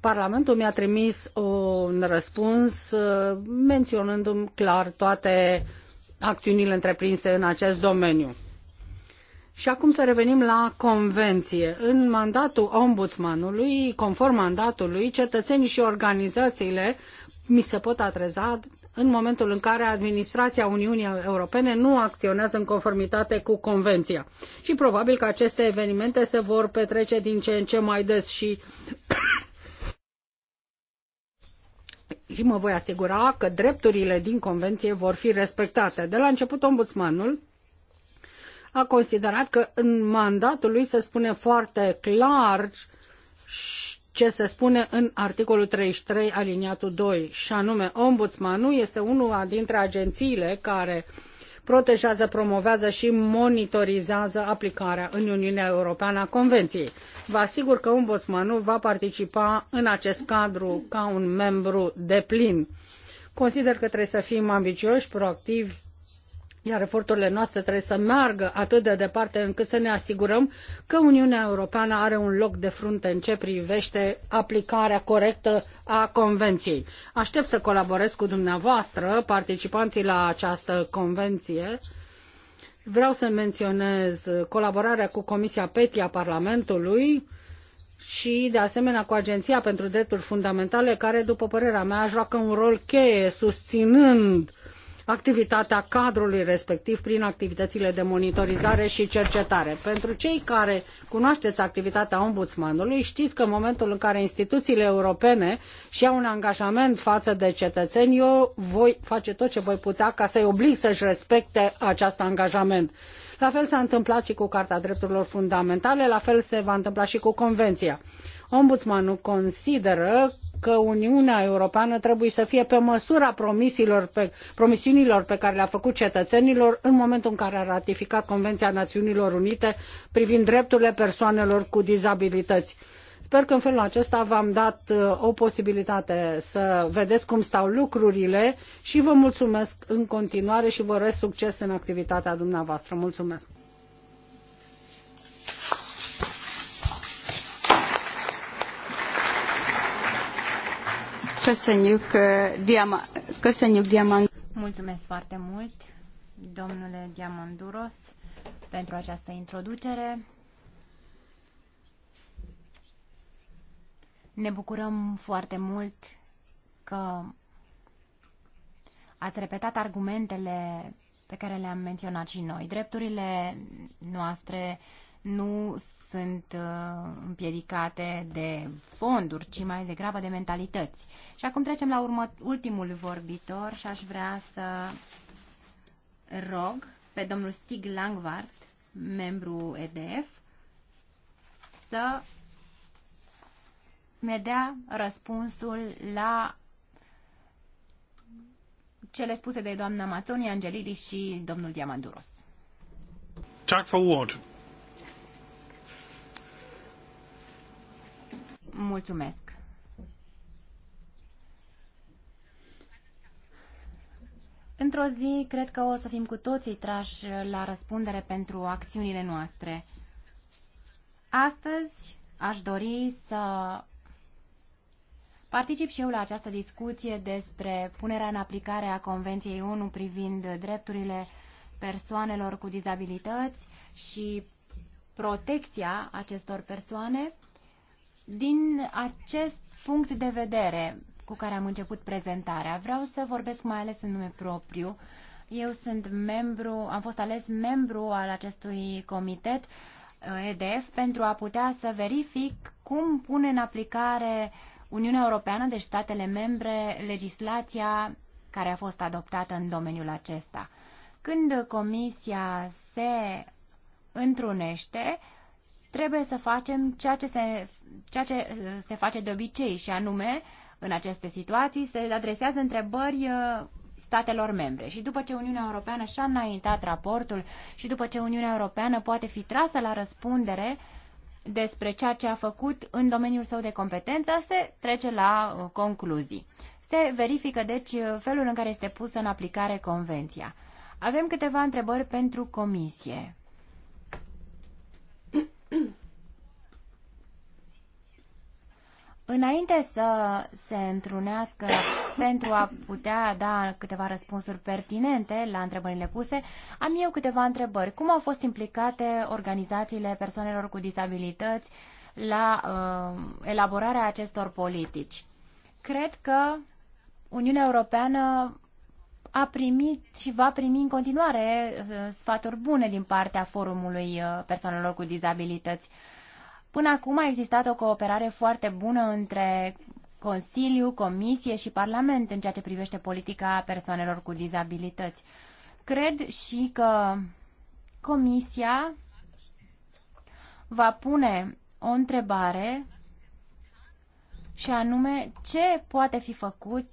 Parlamentul mi-a trimis un răspuns uh, menționându-mi clar toate acțiunile întreprinse în acest domeniu. Și acum să revenim la convenție. În mandatul ombudsmanului, conform mandatului, cetățenii și organizațiile mi se pot adresa, în momentul în care administrația Uniunii Europene nu acționează în conformitate cu Convenția. Și probabil că aceste evenimente se vor petrece din ce în ce mai des și și mă voi asigura că drepturile din convenție vor fi respectate. De la început, ombudsmanul a considerat că în mandatul lui se spune foarte clar ce se spune în articolul 33 aliniatul 2 și anume ombudsmanul este una dintre agențiile care protejează, promovează și monitorizează aplicarea în Uniunea Europeană a Convenției. Vă asigur că ombudsmanul va participa în acest cadru ca un membru deplin. Consider că trebuie să fim ambițioși, proactivi iar eforturile noastre trebuie să meargă atât de departe încât să ne asigurăm că Uniunea Europeană are un loc de frunte în ce privește aplicarea corectă a Convenției. Aștept să colaborez cu dumneavoastră, participanții la această convenție. Vreau să menționez colaborarea cu Comisia PETI a Parlamentului, și, de asemenea, cu Agenția pentru Drepturi Fundamentale, care, după părerea mea, joacă un rol cheie susținând activitatea cadrului respectiv prin activitățile de monitorizare și cercetare. Pentru cei care cunoașteți activitatea ombudsmanului, știți că în momentul în care instituțiile europene și au un angajament față de cetățeni, eu voi face tot ce voi putea ca să-i oblig să-și respecte acest angajament. La fel s-a întâmplat și cu Carta Drepturilor Fundamentale, la fel se va întâmpla și cu Convenția. Ombudsmanul consideră că Uniunea Europeană trebuie să fie pe măsura promisiilor pe, promisiunilor pe care le-a făcut cetățenilor în momentul în care a ratificat Convenția Națiunilor Unite privind drepturile persoanelor cu dizabilități. Sper că în felul acesta v-am dat uh, o posibilitate să vedeți cum stau lucrurile și vă mulțumesc în continuare și vă urez succes în activitatea dumneavoastră. Mulțumesc! Diama, Mulțumesc foarte mult, domnule Diamanduros, pentru această introducere. Ne bucurăm foarte mult că ați repetat argumentele pe care le-am menționat și noi. Drepturile noastre nu sunt uh, împiedicate de fonduri, ci mai degrabă de mentalități. Și acum trecem la urmă, ultimul vorbitor și aș vrea să rog pe domnul Stig Langvart, membru EDF, să ne dea răspunsul la cele spuse de doamna Mazzoni, Angelili și domnul Diamanduros. Tak for ordet. Mulțumesc. Într-o zi, cred că o să fim cu toții trași la răspundere pentru acțiunile noastre. Astăzi aș dori să particip și eu la această discuție despre punerea în aplicare a Convenției ONU privind drepturile persoanelor cu dizabilități și protecția acestor persoane din acest punct de vedere cu care am început prezentarea, vreau să vorbesc mai ales în nume propriu. Eu sunt membru, am fost ales membru al acestui comitet uh, EDF pentru a putea să verific cum pune în aplicare Uniunea Europeană, deci statele membre, legislația care a fost adoptată în domeniul acesta. Când Comisia se întrunește, trebuie să facem ceea ce se, ceea ce uh, se face de obicei și anume, în aceste situații, se adresează întrebări uh, statelor membre. Și după ce Uniunea Europeană și-a înaintat raportul și după ce Uniunea Europeană poate fi trasă la răspundere despre ceea ce a făcut în domeniul său de competență, se trece la uh, concluzii. Se verifică, deci, felul în care este pusă în aplicare convenția. Avem câteva întrebări pentru comisie. Înainte să se întrunească pentru a putea da câteva răspunsuri pertinente la întrebările puse, am eu câteva întrebări. Cum au fost implicate organizațiile persoanelor cu disabilități la uh, elaborarea acestor politici? Cred că Uniunea Europeană a primit și va primi în continuare uh, sfaturi bune din partea Forumului uh, Persoanelor cu Dizabilități. Până acum a existat o cooperare foarte bună între Consiliu, Comisie și Parlament în ceea ce privește politica persoanelor cu dizabilități. Cred și că Comisia va pune o întrebare și anume ce poate fi făcut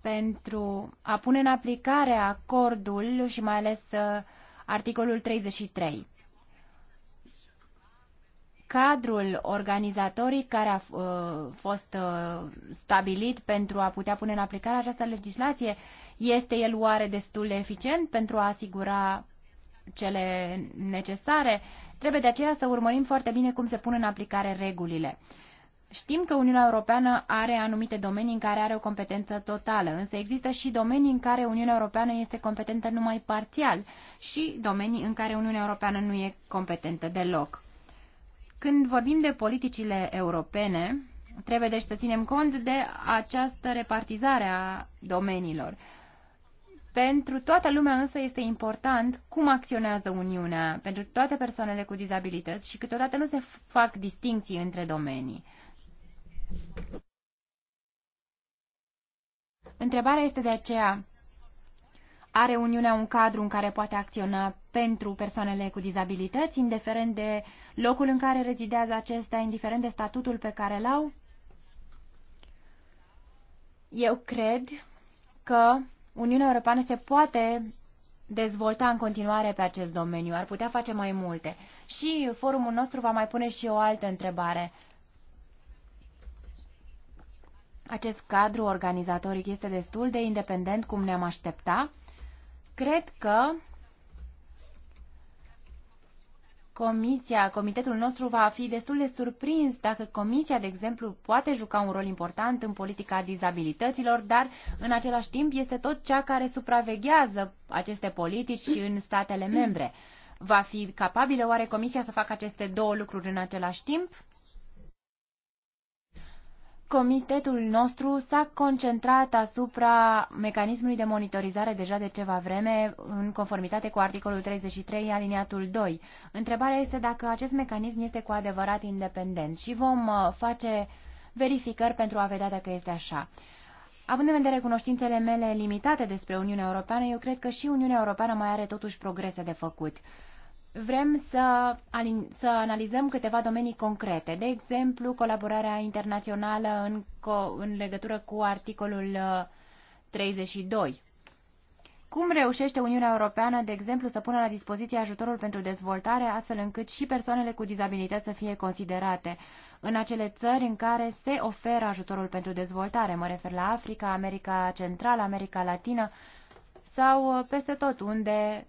pentru a pune în aplicare acordul și mai ales uh, articolul 33. Cadrul organizatoric care a uh, fost uh, stabilit pentru a putea pune în aplicare această legislație, este el oare destul de eficient pentru a asigura cele necesare? Trebuie de aceea să urmărim foarte bine cum se pun în aplicare regulile. Știm că Uniunea Europeană are anumite domenii în care are o competență totală, însă există și domenii în care Uniunea Europeană este competentă numai parțial și domenii în care Uniunea Europeană nu e competentă deloc. Când vorbim de politicile europene, trebuie deci să ținem cont de această repartizare a domeniilor. Pentru toată lumea însă este important cum acționează Uniunea pentru toate persoanele cu dizabilități și câteodată nu se fac distinții între domenii. Întrebarea este de aceea, are Uniunea un cadru în care poate acționa pentru persoanele cu dizabilități, indiferent de locul în care rezidează acestea, indiferent de statutul pe care îl au? Eu cred că Uniunea Europeană se poate dezvolta în continuare pe acest domeniu, ar putea face mai multe. Și forumul nostru va mai pune și o altă întrebare. Acest cadru organizatoric este destul de independent cum ne-am aștepta. Cred că Comisia, comitetul nostru va fi destul de surprins dacă Comisia, de exemplu, poate juca un rol important în politica dizabilităților, dar în același timp este tot cea care supraveghează aceste politici în statele membre. Va fi capabilă oare Comisia să facă aceste două lucruri în același timp? Comitetul nostru s-a concentrat asupra mecanismului de monitorizare deja de ceva vreme în conformitate cu articolul 33 aliniatul 2. Întrebarea este dacă acest mecanism este cu adevărat independent și vom uh, face verificări pentru a vedea dacă este așa. Având în vedere cunoștințele mele limitate despre Uniunea Europeană, eu cred că și Uniunea Europeană mai are totuși progrese de făcut. Vrem să, să analizăm câteva domenii concrete, de exemplu, colaborarea internațională în, co, în legătură cu articolul 32. Uh, Cum reușește Uniunea Europeană, de exemplu, să pună la dispoziție ajutorul pentru dezvoltare, astfel încât și persoanele cu dizabilități să fie considerate în acele țări în care se oferă ajutorul pentru dezvoltare? Mă refer la Africa, America Centrală, America Latină sau uh, peste tot unde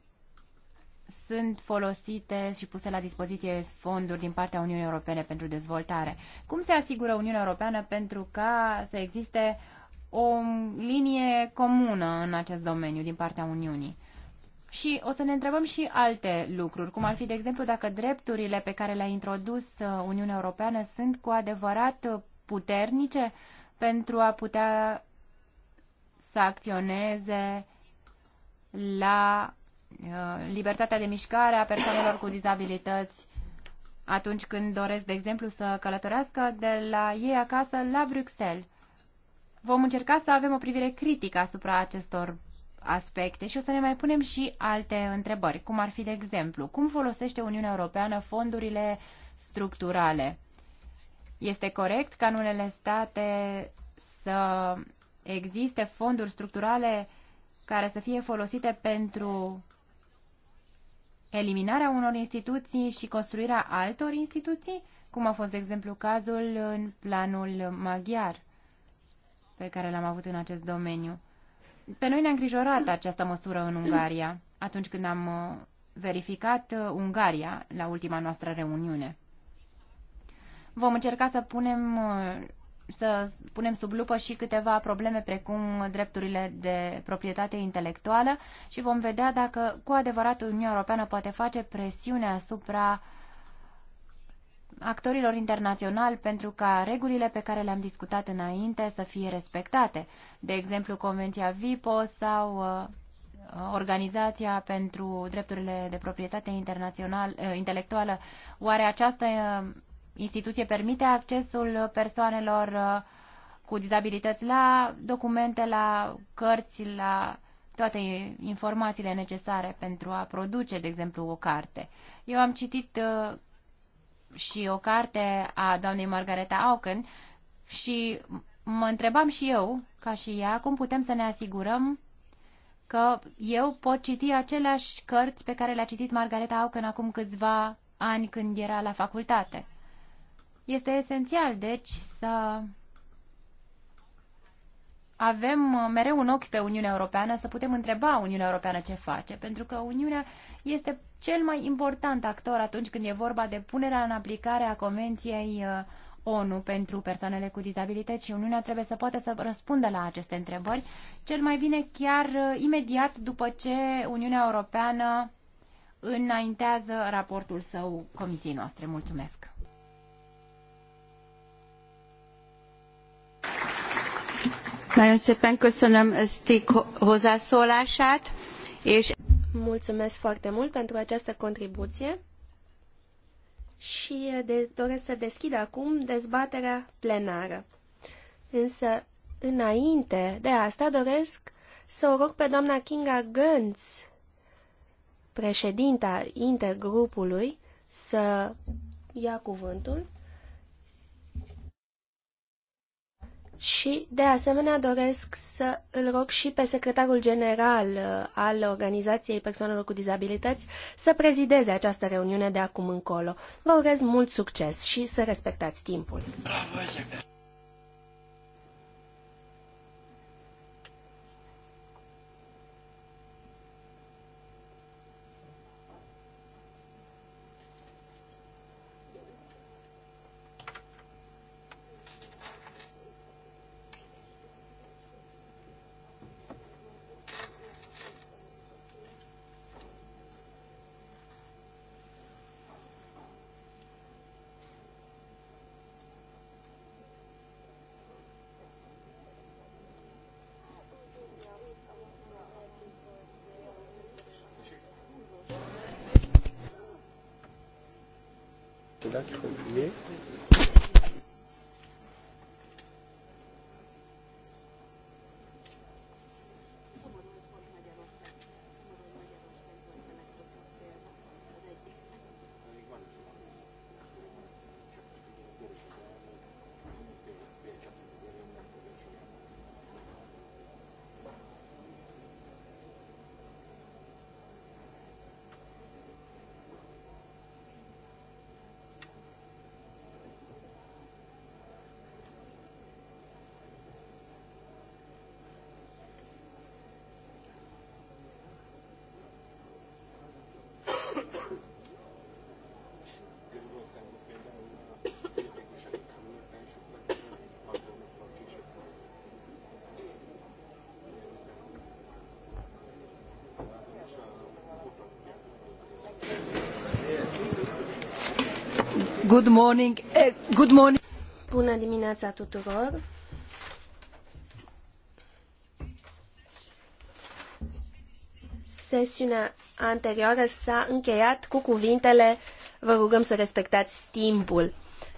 sunt folosite și puse la dispoziție fonduri din partea Uniunii Europene pentru dezvoltare. Cum se asigură Uniunea Europeană pentru ca să existe o linie comună în acest domeniu din partea Uniunii? Și o să ne întrebăm și alte lucruri, cum ar fi, de exemplu, dacă drepturile pe care le-a introdus uh, Uniunea Europeană sunt cu adevărat puternice pentru a putea să acționeze la Uh, libertatea de mișcare a persoanelor cu dizabilități atunci când doresc, de exemplu, să călătorească de la ei acasă la Bruxelles. Vom încerca să avem o privire critică asupra acestor aspecte și o să ne mai punem și alte întrebări, cum ar fi, de exemplu, cum folosește Uniunea Europeană fondurile structurale? Este corect ca în unele state să existe fonduri structurale care să fie folosite pentru eliminarea unor instituții și construirea altor instituții, cum a fost, de exemplu, cazul în planul maghiar pe care l-am avut în acest domeniu. Pe noi ne-a îngrijorat această măsură în Ungaria, atunci când am uh, verificat uh, Ungaria la ultima noastră reuniune. Vom încerca să punem uh, să punem sub lupă și câteva probleme precum drepturile de proprietate intelectuală și vom vedea dacă cu adevărat Uniunea Europeană poate face presiune asupra actorilor internaționali pentru ca regulile pe care le-am discutat înainte să fie respectate, de exemplu Convenția VIPO sau uh, uh, Organizația pentru Drepturile de Proprietate Internațional, uh, Intelectuală. Oare această instituție permite accesul persoanelor uh, cu dizabilități la documente, la cărți, la toate informațiile necesare pentru a produce, de exemplu, o carte. Eu am citit uh, și o carte a doamnei Margareta Auken și mă întrebam și eu, ca și ea, cum putem să ne asigurăm că eu pot citi aceleași cărți pe care le-a citit Margareta Auken acum câțiva ani când era la facultate. Este esențial, deci, să avem mereu un ochi pe Uniunea Europeană, să putem întreba Uniunea Europeană ce face, pentru că Uniunea este cel mai important actor atunci când e vorba de punerea în aplicare a Convenției uh, ONU pentru persoanele cu dizabilități și Uniunea trebuie să poată să răspundă la aceste întrebări, cel mai bine chiar uh, imediat după ce Uniunea Europeană înaintează raportul său comisiei noastre. Mulțumesc! Nagyon szépen köszönöm Stig hozzászólását, és... Mulțumesc foarte mult pentru această contribuție și eh, de, doresc să deschid acum dezbaterea plenară. Însă, înainte de asta, doresc să o rog pe doamna Kinga Gânț, președinta intergrupului, să ia cuvântul. și, de asemenea, doresc să îl rog și pe secretarul general uh, al Organizației Persoanelor cu Dizabilități să prezideze această reuniune de acum încolo. Vă urez mult succes și să respectați timpul. Bravo, C'est là qu'il faut appuyer. Good morning. Eh, good morning. Bună dimineața tuturor. Sesiunea anterioară s-a încheiat cu cuvintele vă rugăm să respectați timpul.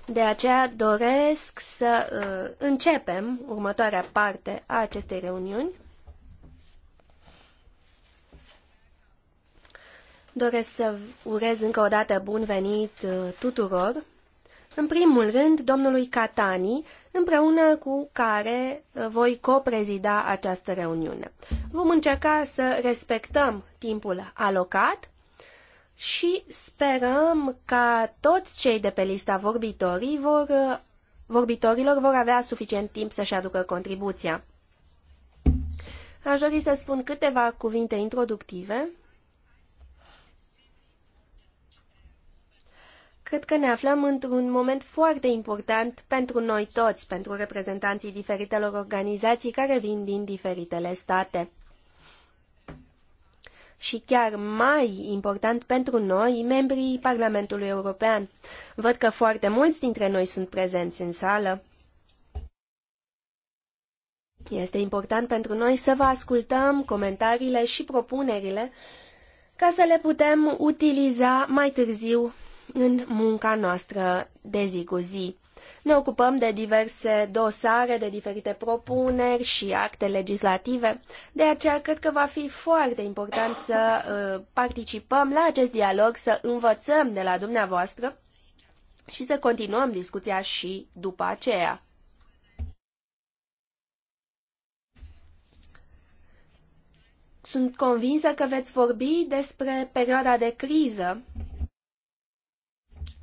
De aceea doresc să uh, începem următoarea parte a acestei reuniuni. Doresc să urez încă o dată bun venit uh, tuturor. În primul rând, domnului Catani, împreună cu care uh, voi coprezida această reuniune. Vom încerca să respectăm timpul alocat și sperăm ca toți cei de pe lista vorbitorii vor, uh, vorbitorilor vor avea suficient timp să-și aducă contribuția. Aș dori să spun câteva cuvinte introductive Cred că ne aflăm într-un moment foarte important pentru noi toți, pentru reprezentanții diferitelor organizații care vin din diferitele state. Și chiar mai important pentru noi, membrii Parlamentului European. Văd că foarte mulți dintre noi sunt prezenți în sală. Este important pentru noi să vă ascultăm comentariile și propunerile ca să le putem utiliza mai târziu în munca noastră de zi cu zi. Ne ocupăm de diverse dosare, de diferite propuneri și acte legislative, de aceea cred că va fi foarte important să uh, participăm la acest dialog, să învățăm de la dumneavoastră și să continuăm discuția și după aceea. Sunt convinsă că veți vorbi despre perioada de criză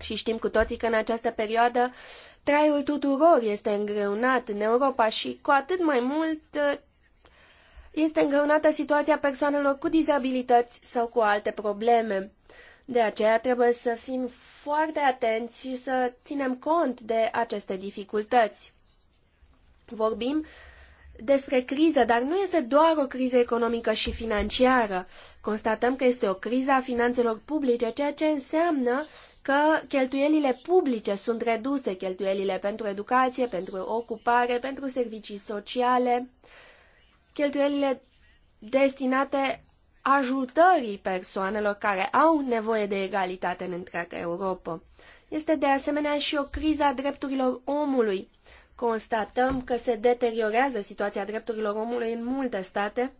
și știm cu toții că în această perioadă traiul tuturor este îngreunat în Europa și cu atât mai mult uh, este îngreunată situația persoanelor cu dizabilități sau cu alte probleme. De aceea trebuie să fim foarte atenți și să ținem cont de aceste dificultăți. Vorbim despre criză, dar nu este doar o criză economică și financiară. Constatăm că este o criză a finanțelor publice, ceea ce înseamnă că cheltuielile publice sunt reduse, cheltuielile pentru educație, pentru ocupare, pentru servicii sociale, cheltuielile destinate ajutării persoanelor care au nevoie de egalitate în întreaga Europa. Este de asemenea și o criză a drepturilor omului. Constatăm că se deteriorează situația drepturilor omului în multe state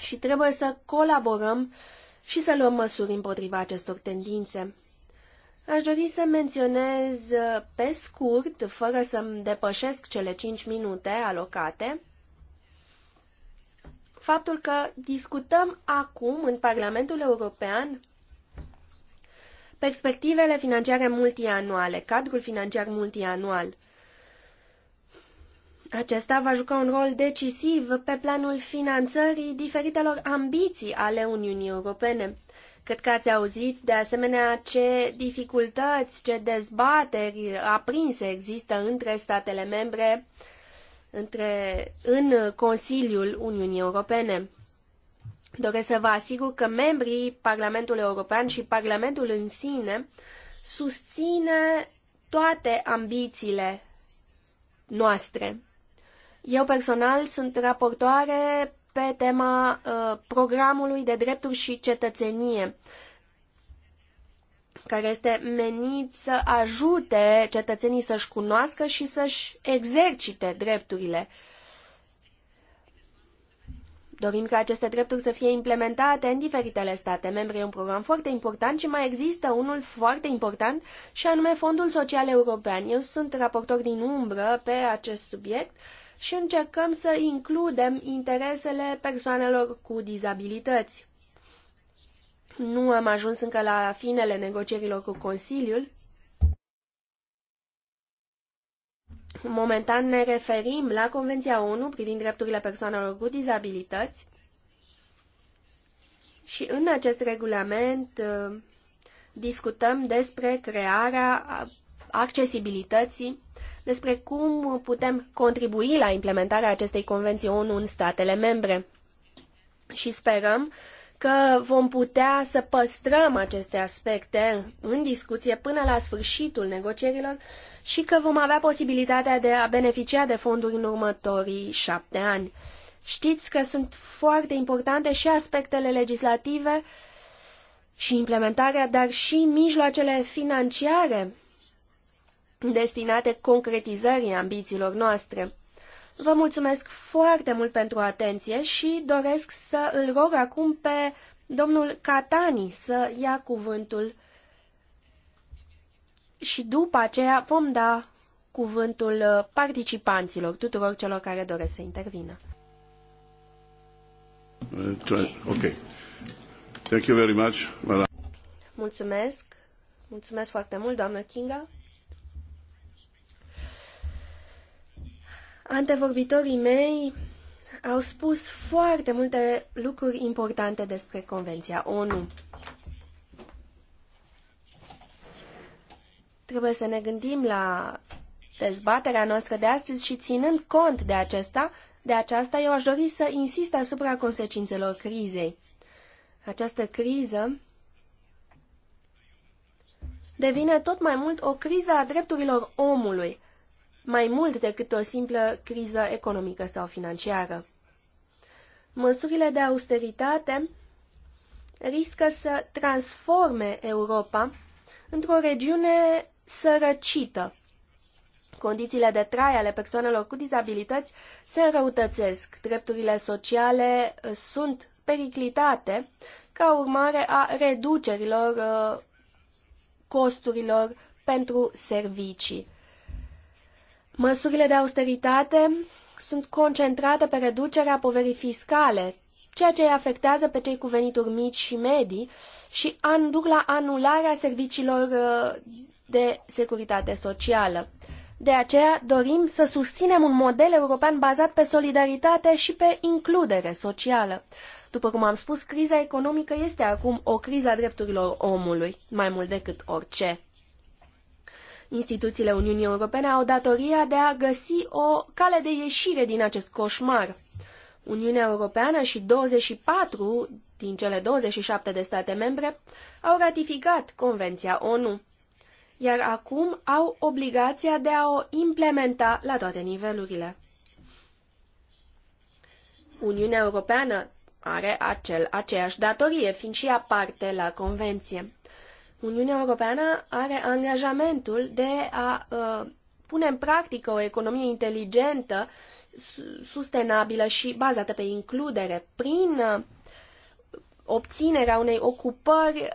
și trebuie să colaborăm și să luăm măsuri împotriva acestor tendințe. Aș dori să menționez uh, pe scurt, fără să-mi depășesc cele 5 minute alocate, faptul că discutăm acum în Parlamentul European perspectivele financiare multianuale, cadrul financiar multianual – acesta va juca un rol decisiv pe planul finanțării diferitelor ambiții ale Uniunii Europene. Cred că ați auzit de asemenea ce dificultăți, ce dezbateri aprinse există între statele membre între, în Consiliul Uniunii Europene. Doresc să vă asigur că membrii Parlamentului European și Parlamentul în sine susține toate ambițiile noastre. Eu personal sunt raportoare pe tema uh, programului de drepturi și cetățenie, care este menit să ajute cetățenii să-și cunoască și să-și exercite drepturile. Dorim ca aceste drepturi să fie implementate în diferitele state membre. E un program foarte important și mai există unul foarte important și anume Fondul Social European. Eu sunt raportor din umbră pe acest subiect uh, și încercăm să includem interesele persoanelor cu dizabilități. Nu am ajuns încă la finele negocierilor cu Consiliul. Momentan ne referim la Convenția ONU privind drepturile persoanelor cu dizabilități și în acest regulament uh, discutăm despre crearea accesibilității, despre cum putem contribui la implementarea acestei convenții ONU în statele membre. Și sperăm că vom putea să păstrăm aceste aspecte în discuție până la sfârșitul negocierilor și că vom avea posibilitatea de a beneficia de fonduri în următorii șapte ani. Știți că sunt foarte importante și aspectele legislative și implementarea, dar și mijloacele financiare destinate concretizării ambițiilor noastre. Vă mulțumesc foarte mult pentru atenție și doresc să îl rog acum pe domnul Catani să ia cuvântul și după aceea vom da cuvântul uh, participanților, tuturor celor care doresc să intervină. Uh, ok. Thank you very much. Mulțumesc. Mulțumesc foarte mult, doamnă Kinga. Antevorbitorii mei au spus foarte multe lucruri importante despre Convenția ONU. Trebuie să ne gândim la dezbaterea noastră de astăzi și ținând cont de acesta, de aceasta eu aș dori să insist asupra consecințelor crizei. Această criză devine tot mai mult o criză a drepturilor omului, mai mult decât o simplă criză economică sau financiară. Măsurile de austeritate riscă să transforme Europa într-o regiune sărăcită. Condițiile de trai ale persoanelor cu dizabilități se înrăutățesc, drepturile sociale uh, sunt periclitate ca urmare a reducerilor uh, costurilor pentru servicii. Măsurile de austeritate sunt concentrate pe reducerea poverii fiscale, ceea ce îi afectează pe cei cu venituri mici și medii și an, duc la anularea serviciilor uh, de securitate socială. De aceea dorim să susținem un model european bazat pe solidaritate și pe includere socială. După cum am spus, criza economică este acum o criză a drepturilor omului, mai mult decât orice. Instituțiile Uniunii Europene au datoria de a găsi o cale de ieșire din acest coșmar. Uniunea Europeană și 24 din cele 27 de state membre au ratificat Convenția ONU, iar acum au obligația de a o implementa la toate nivelurile. Uniunea Europeană are acel, aceeași datorie, fiind și ea parte la Convenție. Uniunea Europeană are angajamentul de a uh, pune în practică o economie inteligentă, sustenabilă și bazată pe includere prin uh, obținerea unei ocupări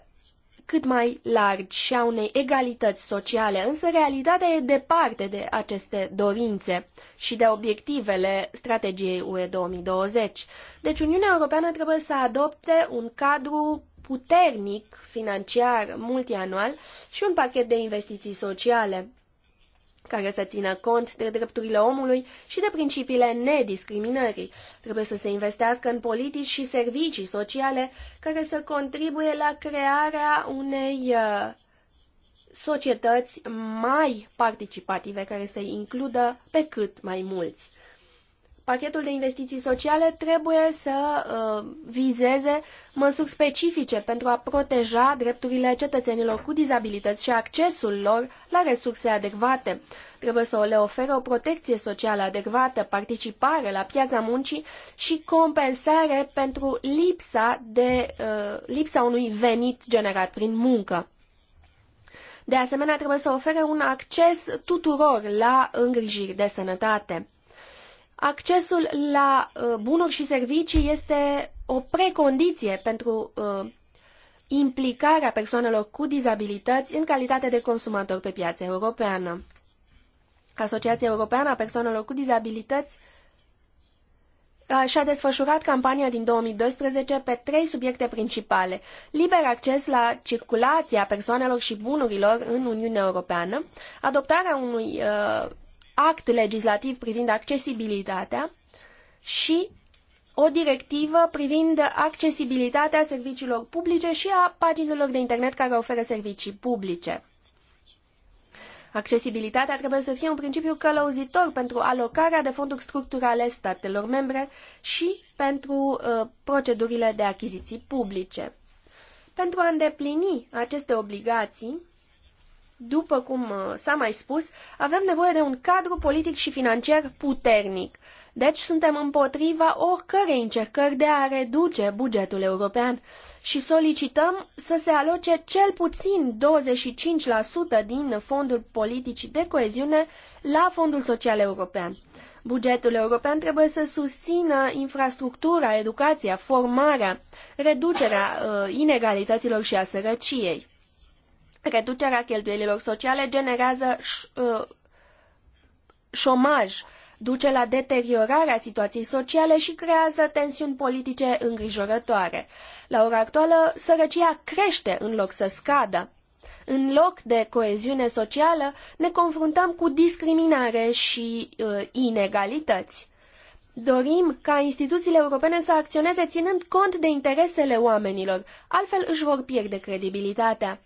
cât mai largi și a unei egalități sociale, însă realitatea e departe de aceste dorințe și de obiectivele strategiei UE 2020. Deci Uniunea Europeană trebuie să adopte un cadru puternic financiar multianual și un pachet de investiții sociale care să țină cont de drepturile omului și de principiile nediscriminării. Trebuie să se investească în politici și servicii sociale care să contribuie la crearea unei uh, societăți mai participative care să includă pe cât mai mulți pachetul de investiții sociale trebuie să uh, vizeze măsuri specifice pentru a proteja drepturile cetățenilor cu dizabilități și accesul lor la resurse adecvate. Trebuie să le ofere o protecție socială adecvată, participare la piața muncii și compensare pentru lipsa, de, uh, lipsa unui venit generat prin muncă. De asemenea, trebuie să ofere un acces tuturor la îngrijiri de sănătate accesul la uh, bunuri și servicii este o precondiție pentru uh, implicarea persoanelor cu dizabilități în calitate de consumator pe piața europeană. Asociația Europeană a Persoanelor cu Dizabilități uh, și-a desfășurat campania din 2012 pe trei subiecte principale. Liber acces la circulația persoanelor și bunurilor în Uniunea Europeană, adoptarea unui uh, act legislativ privind accesibilitatea și o directivă privind accesibilitatea serviciilor publice și a paginilor de internet care oferă servicii publice. Accesibilitatea trebuie să fie un principiu călăuzitor pentru alocarea de fonduri structurale statelor membre și pentru uh, procedurile de achiziții publice. Pentru a îndeplini aceste obligații, după cum uh, s-a mai spus, avem nevoie de un cadru politic și financiar puternic. Deci suntem împotriva oricărei încercări de a reduce bugetul european și solicităm să se aloce cel puțin 25% din fondul politicii de coeziune la Fondul Social European. Bugetul european trebuie să susțină infrastructura, educația, formarea, reducerea uh, inegalităților și a sărăciei. Reducerea cheltuielilor sociale generează uh, șomaj, duce la deteriorarea situației sociale și creează tensiuni politice îngrijorătoare. La ora actuală, sărăcia crește în loc să scadă. În loc de coeziune socială, ne confruntăm cu discriminare și uh, inegalități. Dorim ca instituțiile europene să acționeze ținând cont de interesele oamenilor, altfel își vor pierde credibilitatea.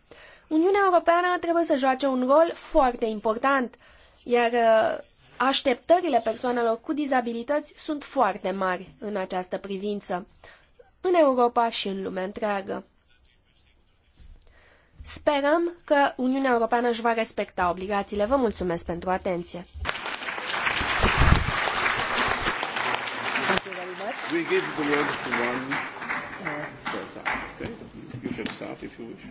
Uniunea Europeană trebuie să joace un rol foarte important, iar uh, așteptările persoanelor cu dizabilități sunt foarte mari în această privință, în Europa și în lumea întreagă. Sperăm că Uniunea Europeană își va respecta obligațiile. Vă mulțumesc pentru atenție. We give the word to one. Uh, okay. You can start if you wish.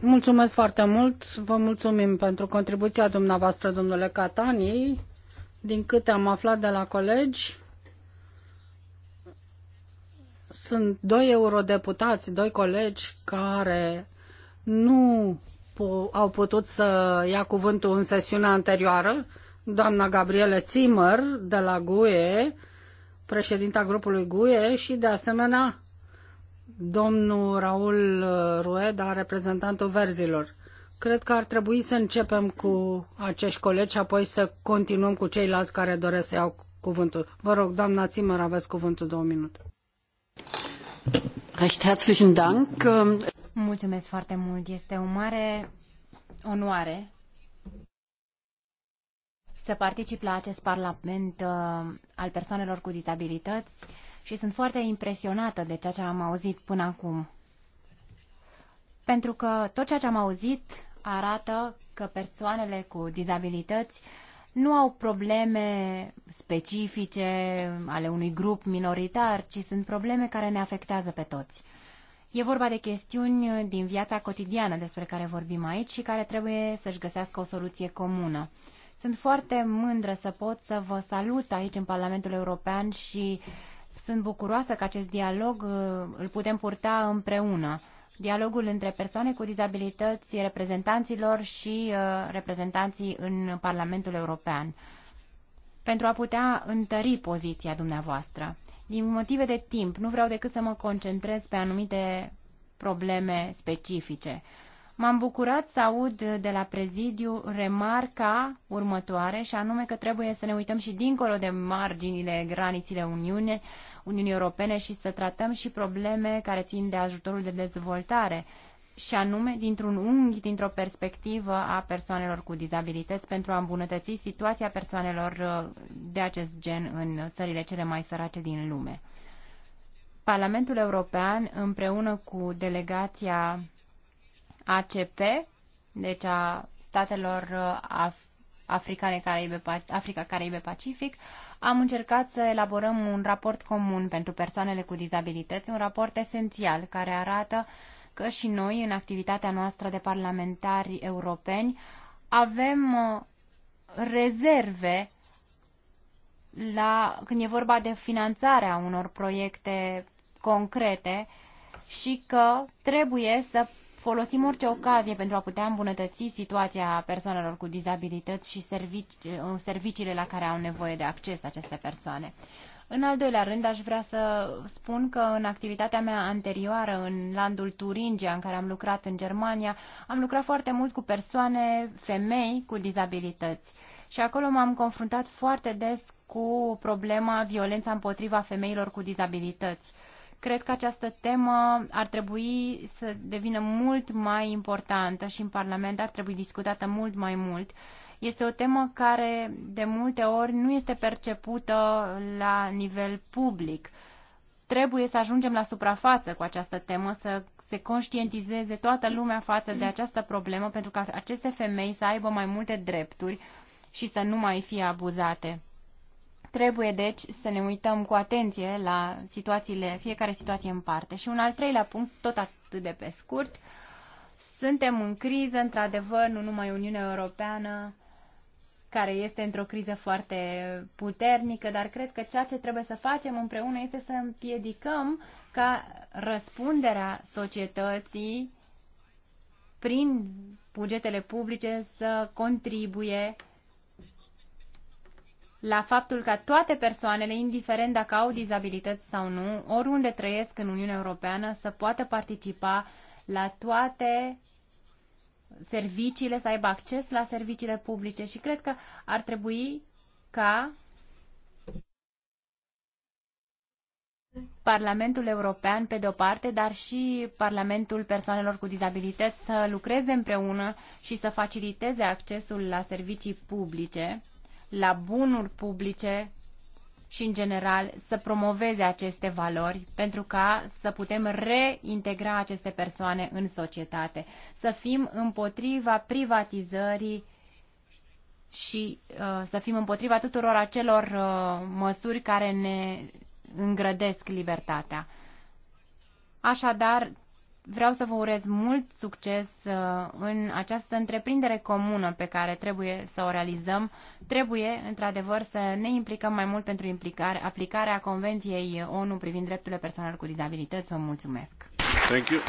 Mulțumesc foarte mult. Vă mulțumim pentru contribuția dumneavoastră, domnule Catani. Din câte am aflat de la colegi, sunt doi eurodeputați, doi colegi care nu au putut să ia cuvântul în sesiunea anterioară, doamna Gabriele Zimmer de la GUE, președinta grupului GUE și de asemenea domnul Raul uh, Rueda, reprezentantul verzilor. Cred că ar trebui să începem cu acești colegi și apoi să continuăm cu ceilalți care doresc să iau cuvântul. Vă rog, doamna Zimmer, aveți cuvântul două minute. Recht herzlichen Dank. Ähm, Mulțumesc foarte mult. Este o mare onoare să particip la acest parlament uh, al persoanelor cu dizabilități și sunt foarte impresionată de ceea ce am auzit până acum. Pentru că tot ceea ce am auzit arată că persoanele cu dizabilități nu au probleme specifice ale unui grup minoritar, ci sunt probleme care ne afectează pe toți. E vorba de chestiuni din viața cotidiană despre care vorbim aici și care trebuie să-și găsească o soluție comună. Sunt foarte mândră să pot să vă salut aici în Parlamentul European și uh, sunt bucuroasă că acest dialog uh, îl putem purta împreună. Dialogul între persoane cu dizabilități, reprezentanților și uh, reprezentanții în Parlamentul European pentru a putea întări poziția dumneavoastră. Din motive de timp, nu vreau decât să mă concentrez pe anumite probleme specifice. M-am bucurat să aud de la prezidiu remarca următoare și anume că trebuie să ne uităm și dincolo de marginile, granițile Uniune, Uniunii Europene și să tratăm și probleme care țin de ajutorul de dezvoltare și anume dintr-un unghi, dintr-o perspectivă a persoanelor cu dizabilități pentru a îmbunătăți situația persoanelor uh, de acest gen în țările cele mai sărace din lume. Parlamentul European, împreună cu delegația ACP, deci a statelor uh, af- africane Caribe, Africa Caraibe Pacific, am încercat să elaborăm un raport comun pentru persoanele cu dizabilități, un raport esențial care arată că și noi, în activitatea noastră de parlamentari europeni, avem uh, rezerve la, când e vorba de finanțarea unor proiecte concrete și că trebuie să folosim orice ocazie pentru a putea îmbunătăți situația persoanelor cu dizabilități și servici, uh, serviciile la care au nevoie de acces aceste persoane. În al doilea rând, aș vrea să spun că în activitatea mea anterioară în landul Turingia, în care am lucrat în Germania, am lucrat foarte mult cu persoane, femei cu dizabilități. Și acolo m-am confruntat foarte des cu problema violența împotriva femeilor cu dizabilități Cred că această temă ar trebui să devină mult mai importantă și în Parlament ar trebui discutată mult mai mult. Este o temă care de multe ori nu este percepută la nivel public. Trebuie să ajungem la suprafață cu această temă, să se conștientizeze toată lumea față de această problemă pentru ca aceste femei să aibă mai multe drepturi și să nu mai fie abuzate. Trebuie, deci, să ne uităm cu atenție la situațiile, fiecare situație în parte. Și un al treilea punct, tot atât de pe scurt, suntem în criză, într-adevăr, nu numai Uniunea Europeană, care este într-o criză foarte puternică, dar cred că ceea ce trebuie să facem împreună este să împiedicăm ca răspunderea societății prin bugetele publice să contribuie la faptul că toate persoanele, indiferent dacă au dizabilități sau nu, oriunde trăiesc în Uniunea Europeană, să poată participa la toate serviciile, să aibă acces la serviciile publice și cred că ar trebui ca Parlamentul European, pe de-o parte, dar și Parlamentul Persoanelor cu Dizabilități să lucreze împreună și să faciliteze accesul la servicii publice la bunuri publice și, în general, să promoveze aceste valori pentru ca să putem reintegra aceste persoane în societate, să fim împotriva privatizării și uh, să fim împotriva tuturor acelor uh, măsuri care ne îngrădesc libertatea. Așadar, Vreau să vă urez mult succes uh, în această întreprindere comună pe care trebuie să o realizăm. Trebuie, într-adevăr, să ne implicăm mai mult pentru implicare, aplicarea Convenției ONU privind drepturile persoanelor cu dizabilități. Vă mulțumesc! Thank you.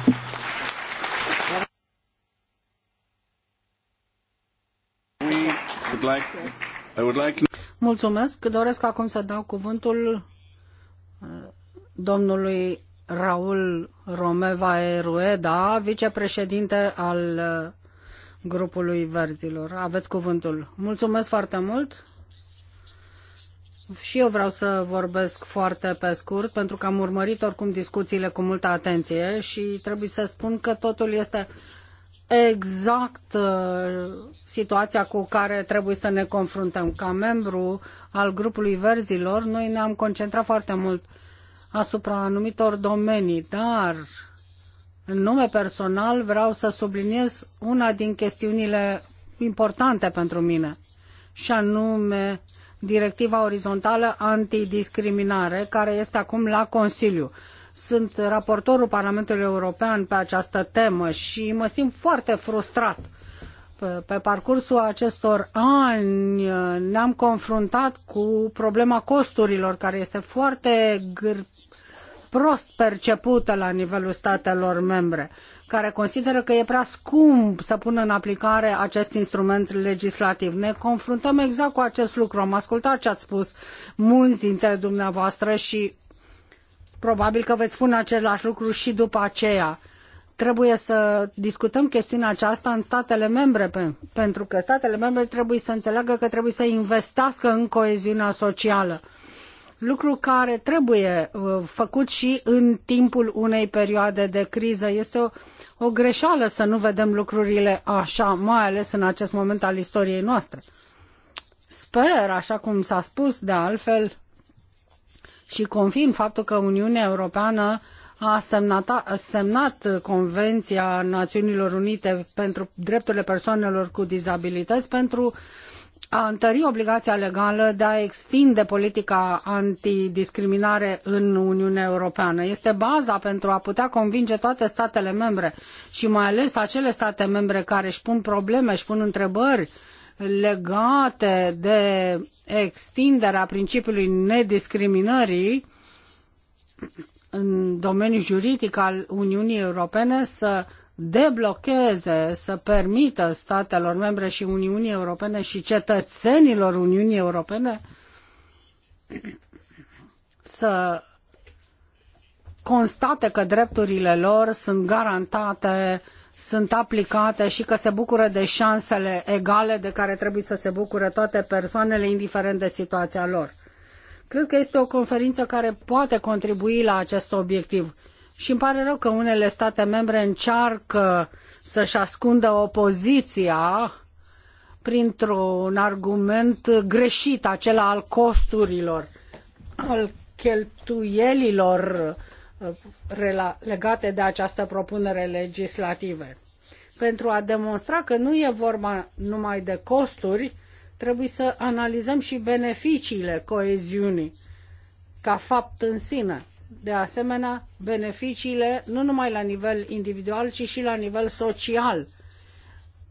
Mulțumesc. Doresc acum să dau cuvântul uh, domnului Raul Romeva Erueda, vicepreședinte al uh, grupului verzilor. Aveți cuvântul. Mulțumesc foarte mult. Și eu vreau să vorbesc foarte pe scurt, pentru că am urmărit oricum discuțiile cu multă atenție și trebuie să spun că totul este exact uh, situația cu care trebuie să ne confruntăm. Ca membru al grupului verzilor, noi ne-am concentrat foarte mult asupra anumitor domenii, dar în nume personal vreau să subliniez una din chestiunile importante pentru mine, și anume directiva orizontală antidiscriminare, care este acum la Consiliu. Sunt raportorul Parlamentului European pe această temă și mă simt foarte frustrat. Pe parcursul acestor ani ne-am confruntat cu problema costurilor, care este foarte prost percepută la nivelul statelor membre, care consideră că e prea scump să pună în aplicare acest instrument legislativ. Ne confruntăm exact cu acest lucru. Am ascultat ce ați spus mulți dintre dumneavoastră și probabil că veți spune același lucru și după aceea trebuie să discutăm chestiunea aceasta în statele membre, pe, pentru că statele membre trebuie să înțeleagă că trebuie să investească în coeziunea socială lucru care trebuie uh, făcut și în timpul unei perioade de criză. Este o, o greșeală să nu vedem lucrurile așa, mai ales în acest moment al istoriei noastre. Sper, așa cum s-a spus de altfel, și confirm faptul că Uniunea Europeană a semnat, a semnat Convenția Națiunilor Unite pentru drepturile persoanelor cu dizabilități pentru a întări obligația legală de a extinde politica antidiscriminare în Uniunea Europeană. Este baza pentru a putea convinge toate statele membre și mai ales acele state membre care își pun probleme, își pun întrebări legate de extinderea principiului nediscriminării în domeniul juridic al Uniunii Europene să deblocheze, să permită statelor membre și Uniunii Europene și cetățenilor Uniunii Europene să constate că drepturile lor sunt garantate, sunt aplicate și că se bucură de șansele egale de care trebuie să se bucure toate persoanele, indiferent de situația lor. Cred că este o conferință care poate contribui la acest obiectiv și îmi pare rău că unele state membre încearcă să-și ascundă opoziția printr-un argument greșit, acela al costurilor, al cheltuielilor uh, legate de această propunere legislativă. Pentru a demonstra că nu e vorba numai de costuri, trebuie să analizăm și beneficiile coeziunii ca fapt în sine de asemenea beneficiile nu numai la nivel individual, ci și la nivel social,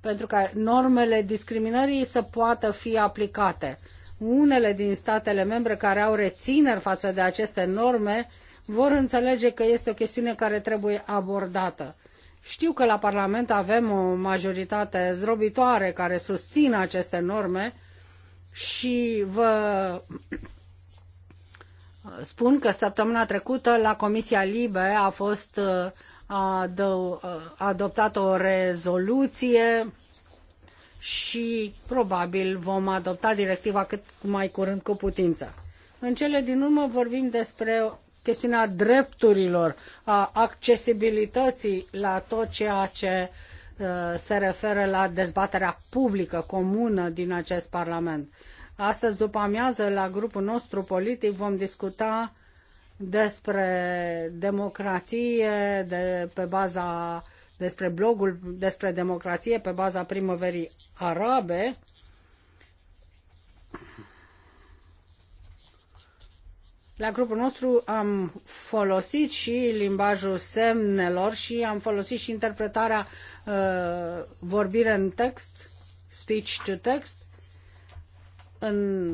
pentru ca normele discriminării să poată fi aplicate. Unele din statele membre care au rețineri față de aceste norme vor înțelege că este o chestiune care trebuie abordată. Știu că la Parlament avem o majoritate zdrobitoare care susține aceste norme și vă spun că săptămâna trecută la Comisia Libe a fost uh, adoptată o rezoluție și probabil vom adopta directiva cât mai curând cu putință. În cele din urmă vorbim despre chestiunea drepturilor, a accesibilității la tot ceea ce uh, se referă la dezbaterea publică comună din acest Parlament. Astăzi, după amiază, la grupul nostru politic vom discuta despre democrație, de, pe baza, despre blogul despre democrație pe baza primăverii arabe. La grupul nostru am folosit și limbajul semnelor și am folosit și interpretarea uh, vorbire în text, speech to text, în,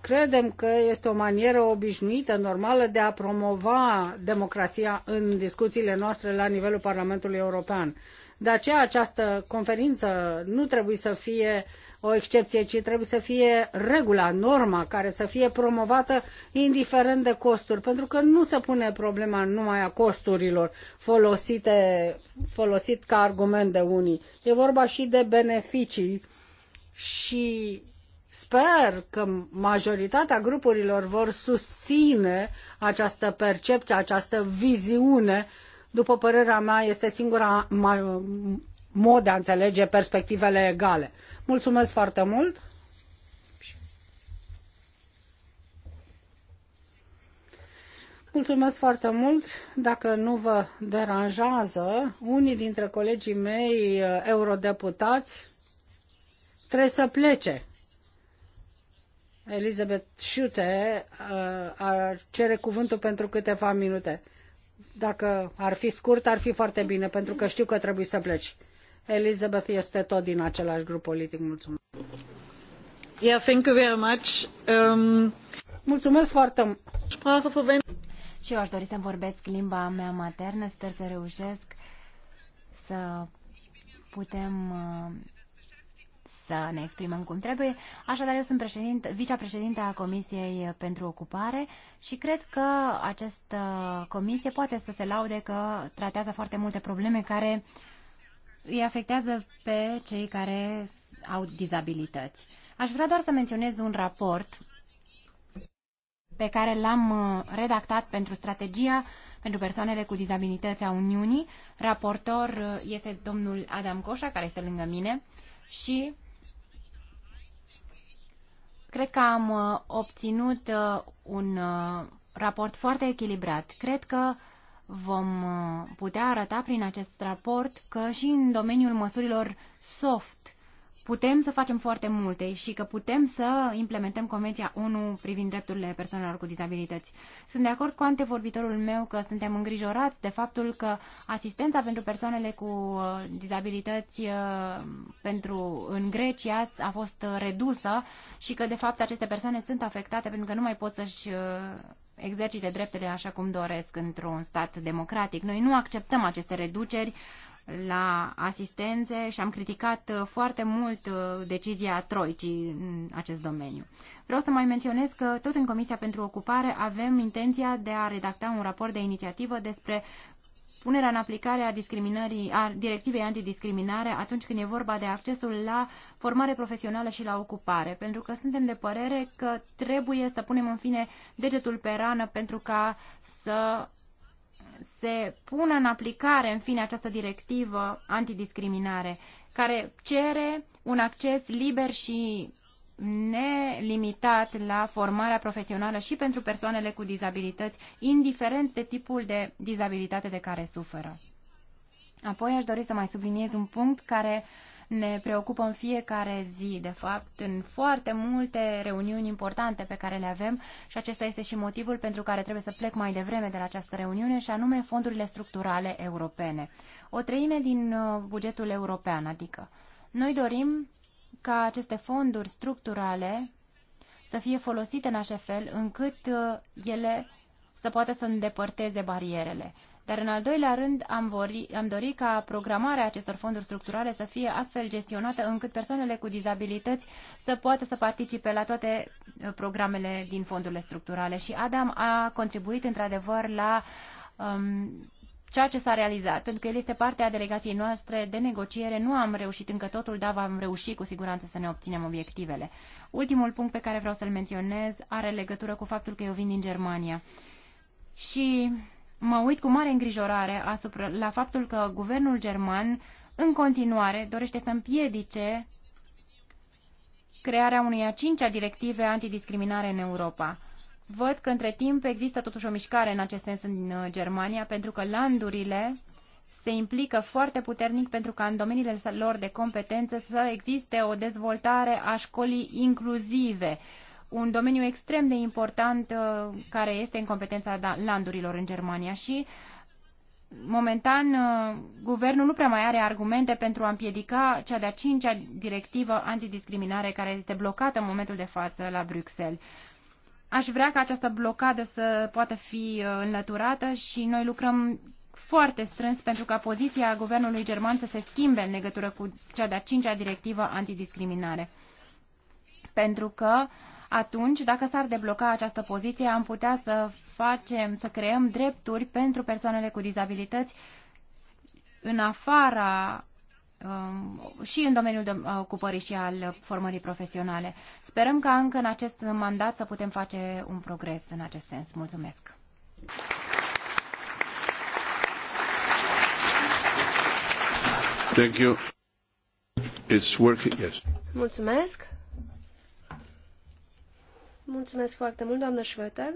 credem că este o manieră obișnuită, normală de a promova democrația în discuțiile noastre la nivelul Parlamentului European. De aceea această conferință nu trebuie să fie o excepție, ci trebuie să fie regula, norma care să fie promovată indiferent de costuri, pentru că nu se pune problema numai a costurilor folosite, folosit ca argument de unii. E vorba și de beneficii și Sper că majoritatea grupurilor vor susține această percepție, această viziune. După părerea mea, este singura mod de a înțelege perspectivele egale. Mulțumesc foarte mult! Mulțumesc foarte mult. Dacă nu vă deranjează, unii dintre colegii mei eurodeputați trebuie să plece. Elizabeth Schute uh, cere cuvântul pentru câteva minute. Dacă ar fi scurt, ar fi foarte bine, pentru că știu că trebuie să pleci. Elizabeth este tot din același grup politic. Mulțumesc. Yeah, thank you very much. Um... Mulțumesc foarte mult. Și eu aș dori să vorbesc limba mea maternă, sper să reușesc să putem uh, să ne exprimăm cum trebuie. Așadar, eu sunt președinte, vicepreședinte a Comisiei pentru Ocupare și cred că această comisie poate să se laude că tratează foarte multe probleme care îi afectează pe cei care au dizabilități. Aș vrea doar să menționez un raport pe care l-am uh, redactat pentru strategia pentru persoanele cu dizabilități a Uniunii. Raportor uh, este domnul Adam Coșa, care este lângă mine și Cred că am uh, obținut uh, un uh, raport foarte echilibrat. Cred că vom putea arăta prin acest raport că și în domeniul măsurilor soft putem să facem foarte multe și că putem să implementăm Convenția ONU privind drepturile persoanelor cu dizabilități. Sunt de acord cu antevorbitorul meu că suntem îngrijorați de faptul că asistența pentru persoanele cu uh, dizabilități uh, pentru, în Grecia a fost uh, redusă și că, de fapt, aceste persoane sunt afectate pentru că nu mai pot să-și exercite dreptele așa cum doresc într-un stat democratic. Noi nu acceptăm aceste reduceri la asistențe și am criticat uh, foarte mult uh, decizia Troicii în acest domeniu. Vreau să mai menționez că tot în Comisia pentru Ocupare avem intenția de a redacta un raport de inițiativă despre punerea în aplicare a, discriminării, a directivei antidiscriminare atunci când e vorba de accesul la formare profesională și la ocupare, pentru că suntem de părere că trebuie să punem în fine degetul pe rană pentru ca să se pună în aplicare, în fine, această directivă antidiscriminare, care cere un acces liber și nelimitat la formarea profesională și pentru persoanele cu dizabilități, indiferent de tipul de dizabilitate de care suferă. Apoi aș dori să mai subliniez un punct care uh, ne preocupă în fiecare zi, de fapt, în foarte multe reuniuni importante pe care le avem și acesta este și motivul pentru care trebuie să plec mai devreme de la această reuniune și anume fondurile structurale europene. O treime din uh, bugetul european, adică. Noi dorim ca aceste fonduri structurale să fie folosite în așa fel încât uh, ele să poată să îndepărteze barierele. Dar în al doilea rând am, vori, am dorit ca programarea acestor fonduri structurale să fie astfel gestionată încât persoanele cu dizabilități să poată să participe la toate uh, programele din fondurile structurale. Și Adam a contribuit într-adevăr la um, ceea ce s-a realizat, pentru că el este parte a delegației noastre de negociere. Nu am reușit încă totul, dar am reușit cu siguranță să ne obținem obiectivele. Ultimul punct pe care vreau să-l menționez are legătură cu faptul că eu vin din Germania. Și mă uit cu mare îngrijorare asupra, la faptul că guvernul german în continuare dorește să împiedice crearea unei a cincea directive antidiscriminare în Europa. Văd că între timp există totuși o mișcare în acest sens în uh, Germania, pentru că landurile se implică foarte puternic pentru ca în domeniile lor de competență să existe o dezvoltare a școlii inclusive, un domeniu extrem de important uh, care este în competența da, landurilor în Germania și momentan uh, guvernul nu prea mai are argumente pentru a împiedica cea de-a cincea directivă antidiscriminare care este blocată în momentul de față la Bruxelles. Aș vrea ca această blocadă să poată fi uh, înlăturată și noi lucrăm foarte strâns pentru ca poziția guvernului german să se schimbe în legătură cu cea de-a cincea directivă antidiscriminare. Pentru că uh, atunci, dacă s-ar debloca această poziție, am putea să facem, să creăm drepturi pentru persoanele cu dizabilități în afara um, și în domeniul de uh, ocupării și al formării profesionale. Sperăm ca încă în acest mandat să putem face un progres în acest sens. Mulțumesc! Thank you. It's working. Yes. Mulțumesc! Mulțumesc foarte mult, doamnă Schroeter.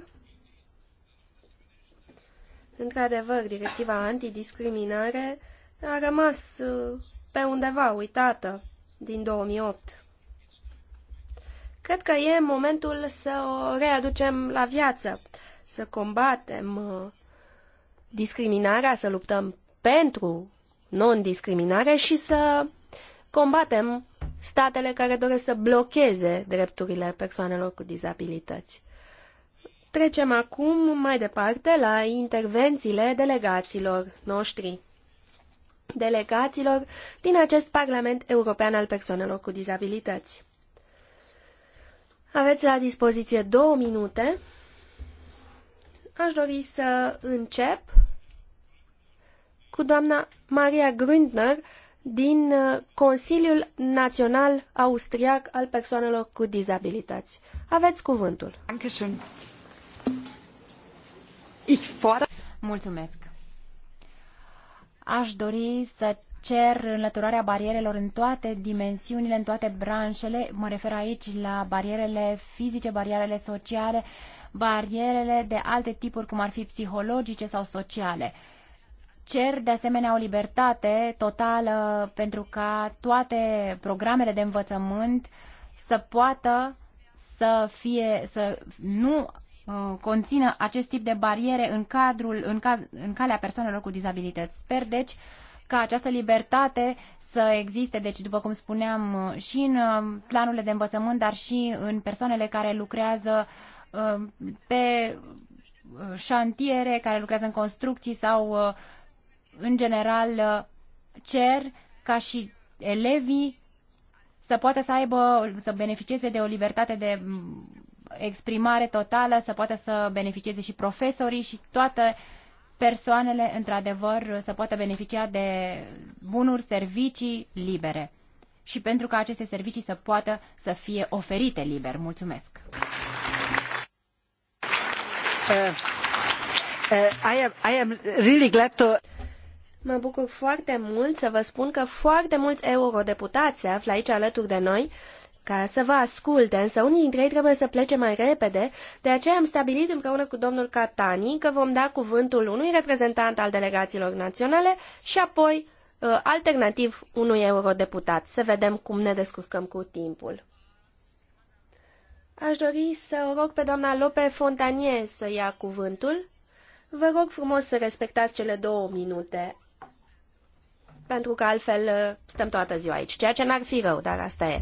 Într-adevăr, directiva antidiscriminare a rămas uh, pe undeva uitată din 2008. Cred că e momentul să o readucem la viață, să combatem uh, discriminarea, să luptăm pentru non-discriminare și să combatem statele care doresc să blocheze drepturile persoanelor cu dizabilități. Trecem acum mai departe la intervențiile delegaților noștri. Delegaților din acest Parlament European al Persoanelor cu Dizabilități. Aveți la dispoziție două minute. Aș dori să încep cu doamna Maria Gründner, din uh, Consiliul Național Austriac al Persoanelor cu Dizabilități. Aveți cuvântul. Mulțumesc. Aș dori să cer înlăturarea barierelor în toate dimensiunile, în toate branșele. Mă refer aici la barierele fizice, barierele sociale, barierele de alte tipuri, cum ar fi psihologice sau sociale. Cer de asemenea o libertate totală pentru ca toate programele de învățământ să poată să fie să nu uh, conțină acest tip de bariere în cadrul în, caz, în calea persoanelor cu dizabilități. Sper deci ca această libertate să existe, deci după cum spuneam, uh, și în uh, planurile de învățământ, dar și în persoanele care lucrează pe șantiere, care lucrează în construcții sau uh, în general, uh, cer ca și elevii să poată să aibă, să beneficieze de o libertate de mm, exprimare totală, să poată să beneficieze și profesorii și toate persoanele, într-adevăr, să poată beneficia de bunuri, servicii libere. Și pentru ca aceste servicii să poată să fie oferite liber. Mulțumesc! Uh, uh, I am, I am really glad to... Mă bucur foarte mult să vă spun că foarte mulți eurodeputați se află aici alături de noi ca să vă asculte, însă unii dintre ei trebuie să plece mai repede, de aceea am stabilit împreună cu domnul Catani că vom da cuvântul unui reprezentant al delegațiilor naționale și apoi, uh, alternativ, unui eurodeputat. Să vedem cum ne descurcăm cu timpul. Aș dori să o rog pe doamna Lope Fontanie să ia cuvântul. Vă rog frumos să respectați cele două minute pentru că altfel uh, stăm toată ziua aici, ceea ce n-ar fi rău, dar asta e.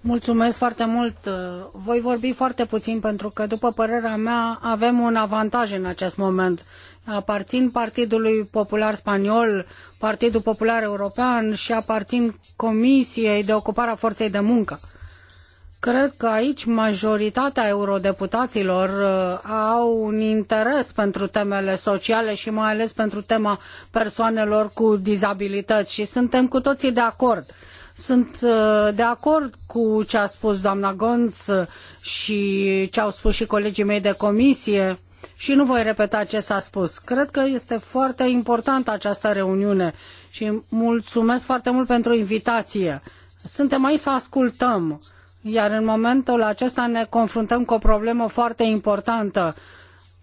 Mulțumesc foarte mult. Uh, voi vorbi foarte puțin pentru că, după părerea mea, avem un avantaj în acest moment. Aparțin Partidului Popular Spaniol, Partidul Popular European și aparțin Comisiei de Ocupare a Forței de Muncă. Cred că aici majoritatea eurodeputaților uh, au un interes pentru temele sociale și mai ales pentru tema persoanelor cu dizabilități și suntem cu toții de acord. Sunt uh, de acord cu ce a spus doamna Gonț și ce au spus și colegii mei de comisie și nu voi repeta ce s-a spus. Cred că este foarte importantă această reuniune și mulțumesc foarte mult pentru invitație. Suntem aici să ascultăm iar în momentul acesta ne confruntăm cu o problemă foarte importantă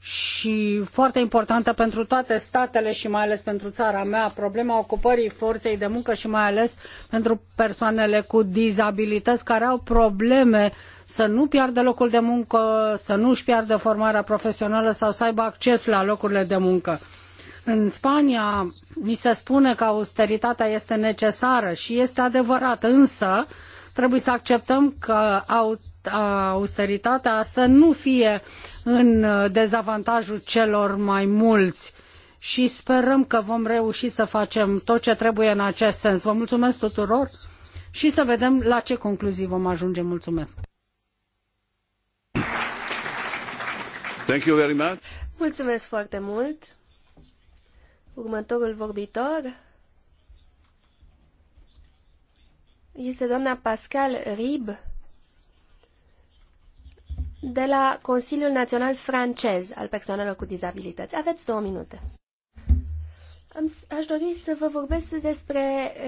și foarte importantă pentru toate statele și mai ales pentru țara mea, problema ocupării forței de muncă și mai ales pentru persoanele cu dizabilități care au probleme să nu piardă locul de muncă, să nu își piardă formarea profesională sau să aibă acces la locurile de muncă. În Spania ni se spune că austeritatea este necesară și este adevărat, însă trebuie să acceptăm că austeritatea să nu fie în dezavantajul celor mai mulți și sperăm că vom reuși să facem tot ce trebuie în acest sens. Vă mulțumesc tuturor și să vedem la ce concluzii vom ajunge. Mulțumesc! Thank you very much. Mulțumesc foarte mult! Următorul vorbitor este doamna Pascal Rib de la Consiliul Național Francez al Persoanelor cu Dizabilități. Aveți două minute. Aș dori să vă vorbesc despre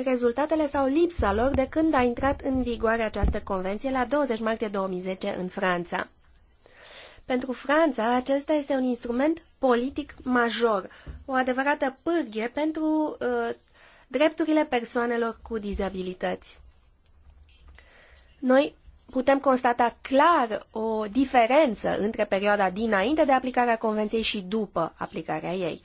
rezultatele sau lipsa lor de când a intrat în vigoare această convenție la 20 martie 2010 în Franța. Pentru Franța, acesta este un instrument politic major, o adevărată pârghie pentru uh, drepturile persoanelor cu dizabilități. Noi putem constata clar o diferență între perioada dinainte de aplicarea convenției și după aplicarea ei.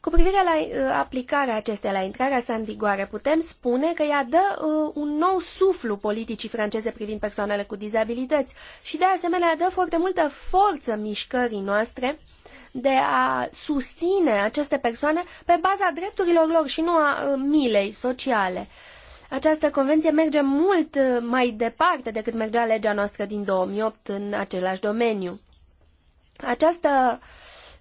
Cu privire la uh, aplicarea acesteia, la intrarea sa în vigoare, putem spune că ea dă uh, un nou suflu politicii franceze privind persoanele cu dizabilități și de asemenea dă foarte multă forță mișcării noastre de a susține aceste persoane pe baza drepturilor lor și nu a uh, milei sociale. Uh, această convenție merge mult uh, mai departe decât mergea legea noastră din 2008 în același domeniu. Această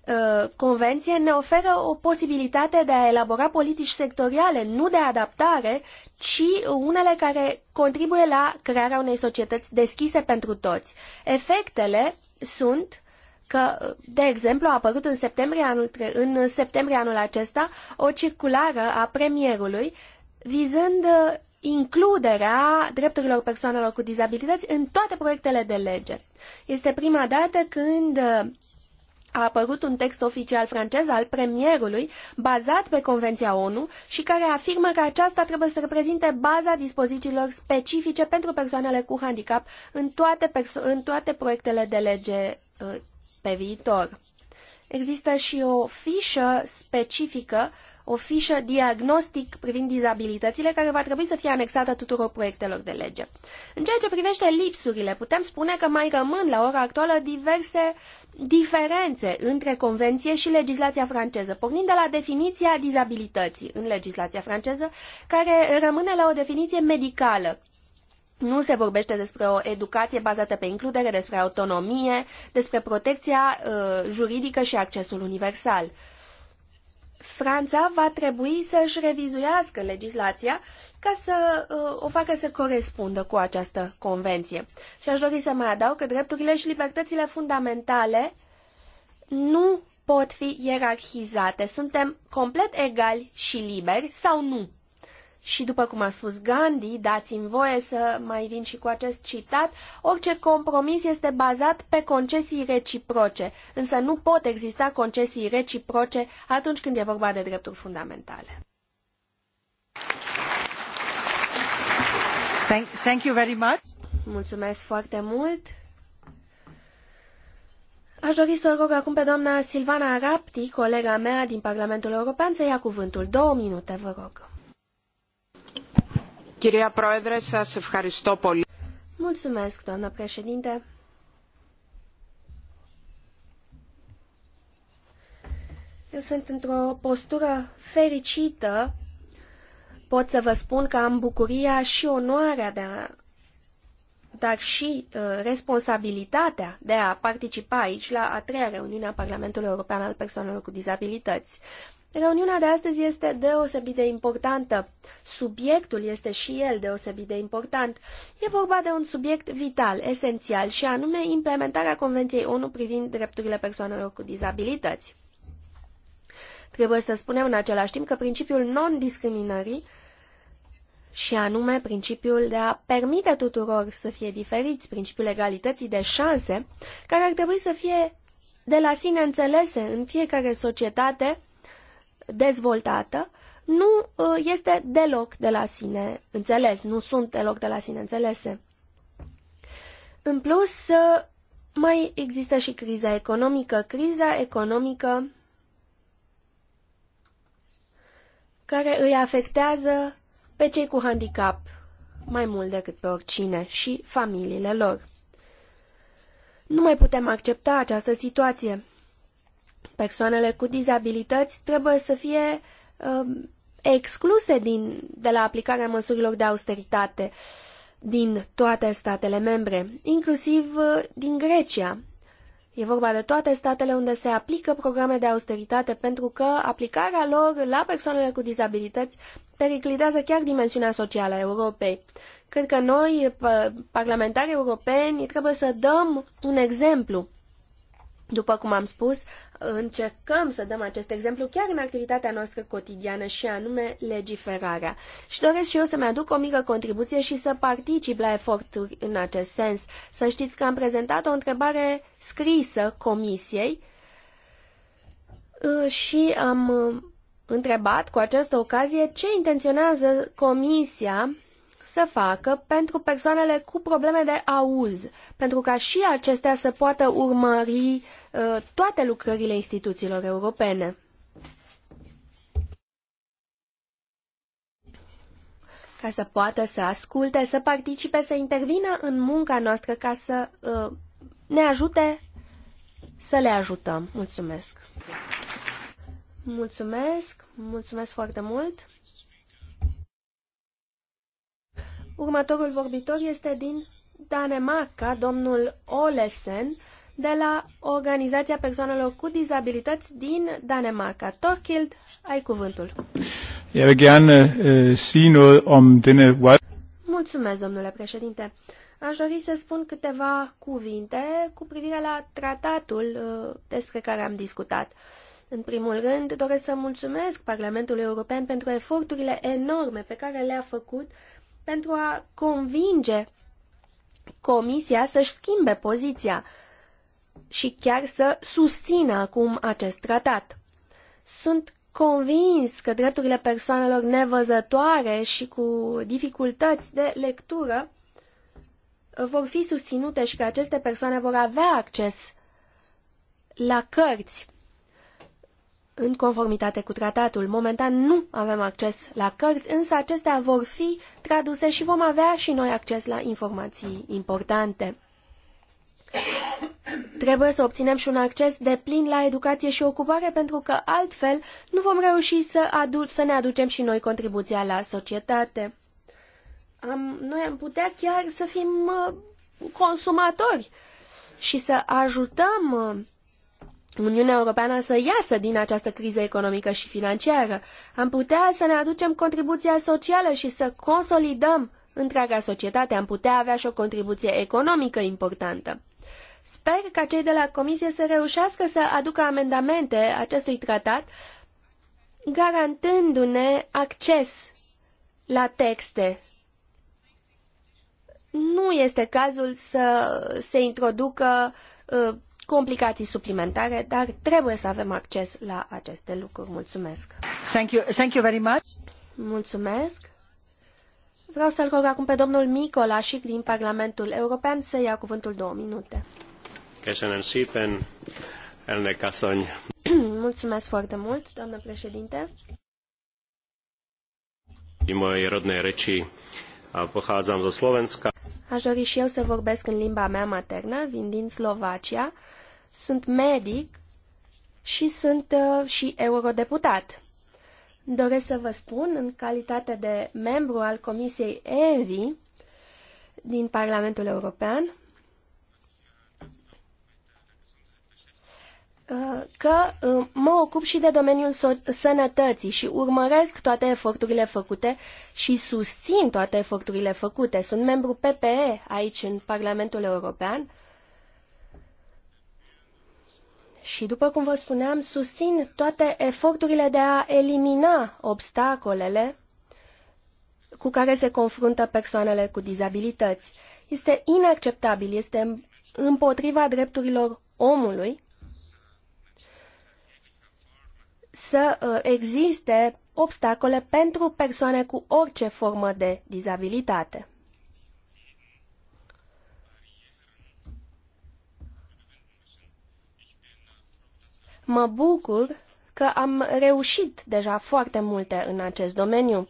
uh, convenție ne oferă o posibilitate de a elabora politici sectoriale, nu de adaptare, ci unele care contribuie la crearea unei societăți deschise pentru toți. Efectele sunt că, de exemplu, a apărut în septembrie anul, în septembrie anul acesta o circulară a premierului vizând uh, includerea drepturilor persoanelor cu dizabilități în toate proiectele de lege. Este prima dată când uh, a apărut un text oficial francez al premierului, bazat pe Convenția ONU și care afirmă că aceasta trebuie să reprezinte baza dispozițiilor specifice pentru persoanele cu handicap în toate, în toate proiectele de lege uh, pe viitor. Există și o fișă specifică o fișă diagnostic privind dizabilitățile care va trebui să fie anexată tuturor proiectelor de lege. În ceea ce privește lipsurile, putem spune că mai rămân la ora actuală diverse diferențe între convenție și legislația franceză, pornind de la definiția dizabilității în legislația franceză, care rămâne la o definiție medicală. Nu se vorbește despre o educație bazată pe includere, despre autonomie, despre protecția uh, juridică și accesul universal. Franța va trebui să-și revizuiască legislația ca să uh, o facă să corespundă cu această convenție. Și aș dori să mai adaug că drepturile și libertățile fundamentale nu pot fi ierarhizate. Suntem complet egali și liberi sau nu? Și după cum a spus Gandhi, dați-mi voie să mai vin și cu acest citat, orice compromis este bazat pe concesii reciproce, însă nu pot exista concesii reciproce atunci când e vorba de drepturi fundamentale. Thank you very much. Mulțumesc foarte mult. Aș dori să o rog acum pe doamna Silvana Rapti, colega mea din Parlamentul European, să ia cuvântul. Două minute, vă rog. Mulțumesc, doamnă președinte. Eu sunt într-o postură fericită. Pot să vă spun că am bucuria și onoarea de a dar și uh, responsabilitatea de a participa aici la a treia reuniune a Parlamentului European al Persoanelor cu Dizabilități. Reuniunea de astăzi este deosebit de importantă. Subiectul este și el deosebit de important. E vorba de un subiect vital, esențial, și anume implementarea Convenției ONU privind drepturile persoanelor cu dizabilități. Trebuie să spunem în același timp că principiul non-discriminării și anume principiul de a permite tuturor să fie diferiți, principiul egalității de șanse, care ar trebui să fie de la sine înțelese în fiecare societate, dezvoltată nu uh, este deloc de la sine înțeles, nu sunt deloc de la sine înțelese. În plus, uh, mai există și criza economică. Criza economică care îi afectează pe cei cu handicap mai mult decât pe oricine și familiile lor. Nu mai putem accepta această situație. Persoanele cu dizabilități trebuie să fie uh, excluse din, de la aplicarea măsurilor de austeritate din toate statele membre, inclusiv uh, din Grecia. E vorba de toate statele unde se aplică programe de austeritate pentru că aplicarea lor la persoanele cu dizabilități periclidează chiar dimensiunea socială a Europei. Cred că noi, parlamentarii europeni, trebuie să dăm un exemplu după cum am spus, încercăm să dăm acest exemplu chiar în activitatea noastră cotidiană și anume legiferarea. Și doresc și eu să-mi aduc o mică contribuție și să particip la eforturi în acest sens. Să știți că am prezentat o întrebare scrisă comisiei uh, și am uh, întrebat cu această ocazie ce intenționează comisia să facă pentru persoanele cu probleme de auz, pentru ca și acestea să poată urmări uh, toate lucrările instituțiilor europene. Ca să poată să asculte, să participe, să intervină în munca noastră ca să uh, ne ajute să le ajutăm. Mulțumesc! Mulțumesc! Mulțumesc foarte mult! Următorul vorbitor este din Danemarca, domnul Olesen, de la Organizația Persoanelor cu Dizabilități din Danemarca. Torkild, ai cuvântul. Øh, mulțumesc, domnule președinte. Aș dori să spun câteva cuvinte cu privire la tratatul uh, despre care am discutat. În primul rând, doresc să mulțumesc Parlamentului European pentru eforturile enorme pe care le-a făcut pentru a convinge Comisia să-și schimbe poziția și chiar să susțină acum acest tratat. Sunt convins că drepturile persoanelor nevăzătoare și cu dificultăți de lectură vor fi susținute și că aceste persoane vor avea acces la cărți în conformitate cu tratatul. Momentan nu avem acces la cărți, însă acestea vor fi traduse și vom avea și noi acces la informații importante. Trebuie să obținem și un acces de plin la educație și ocupare, pentru că altfel nu vom reuși să, adu- să ne aducem și noi contribuția la societate. Am, noi am putea chiar să fim uh, consumatori și să ajutăm uh, Uniunea Europeană să iasă din această criză economică și financiară. Am putea să ne aducem contribuția socială și să consolidăm întreaga societate. Am putea avea și o contribuție economică importantă. Sper ca cei de la Comisie să reușească să aducă amendamente acestui tratat, garantându-ne acces la texte. Nu este cazul să se introducă uh, complicații suplimentare, dar trebuie să avem acces la aceste lucruri. Mulțumesc! Thank you, thank you very much. Mulțumesc! Vreau să-l rog acum pe domnul Micolașic din Parlamentul European să ia cuvântul două minute. Mulțumesc foarte mult, doamnă președinte. Din mojej rodnej reči pochádzam zo Slovenska. Aș dori și eu să vorbesc în limba mea maternă, vin din Slovacia, sunt medic și sunt uh, și eurodeputat. Doresc să vă spun, în calitate de membru al Comisiei ENVI din Parlamentul European, Uh, că uh, mă ocup și de domeniul sănătății și urmăresc toate eforturile făcute și susțin toate eforturile făcute. Sunt membru PPE aici în Parlamentul European și, după cum vă spuneam, susțin toate eforturile de a elimina obstacolele cu care se confruntă persoanele cu dizabilități. Este inacceptabil, este împotriva drepturilor omului să uh, existe obstacole pentru persoane cu orice formă de dizabilitate. Mă bucur că am reușit deja foarte multe în acest domeniu.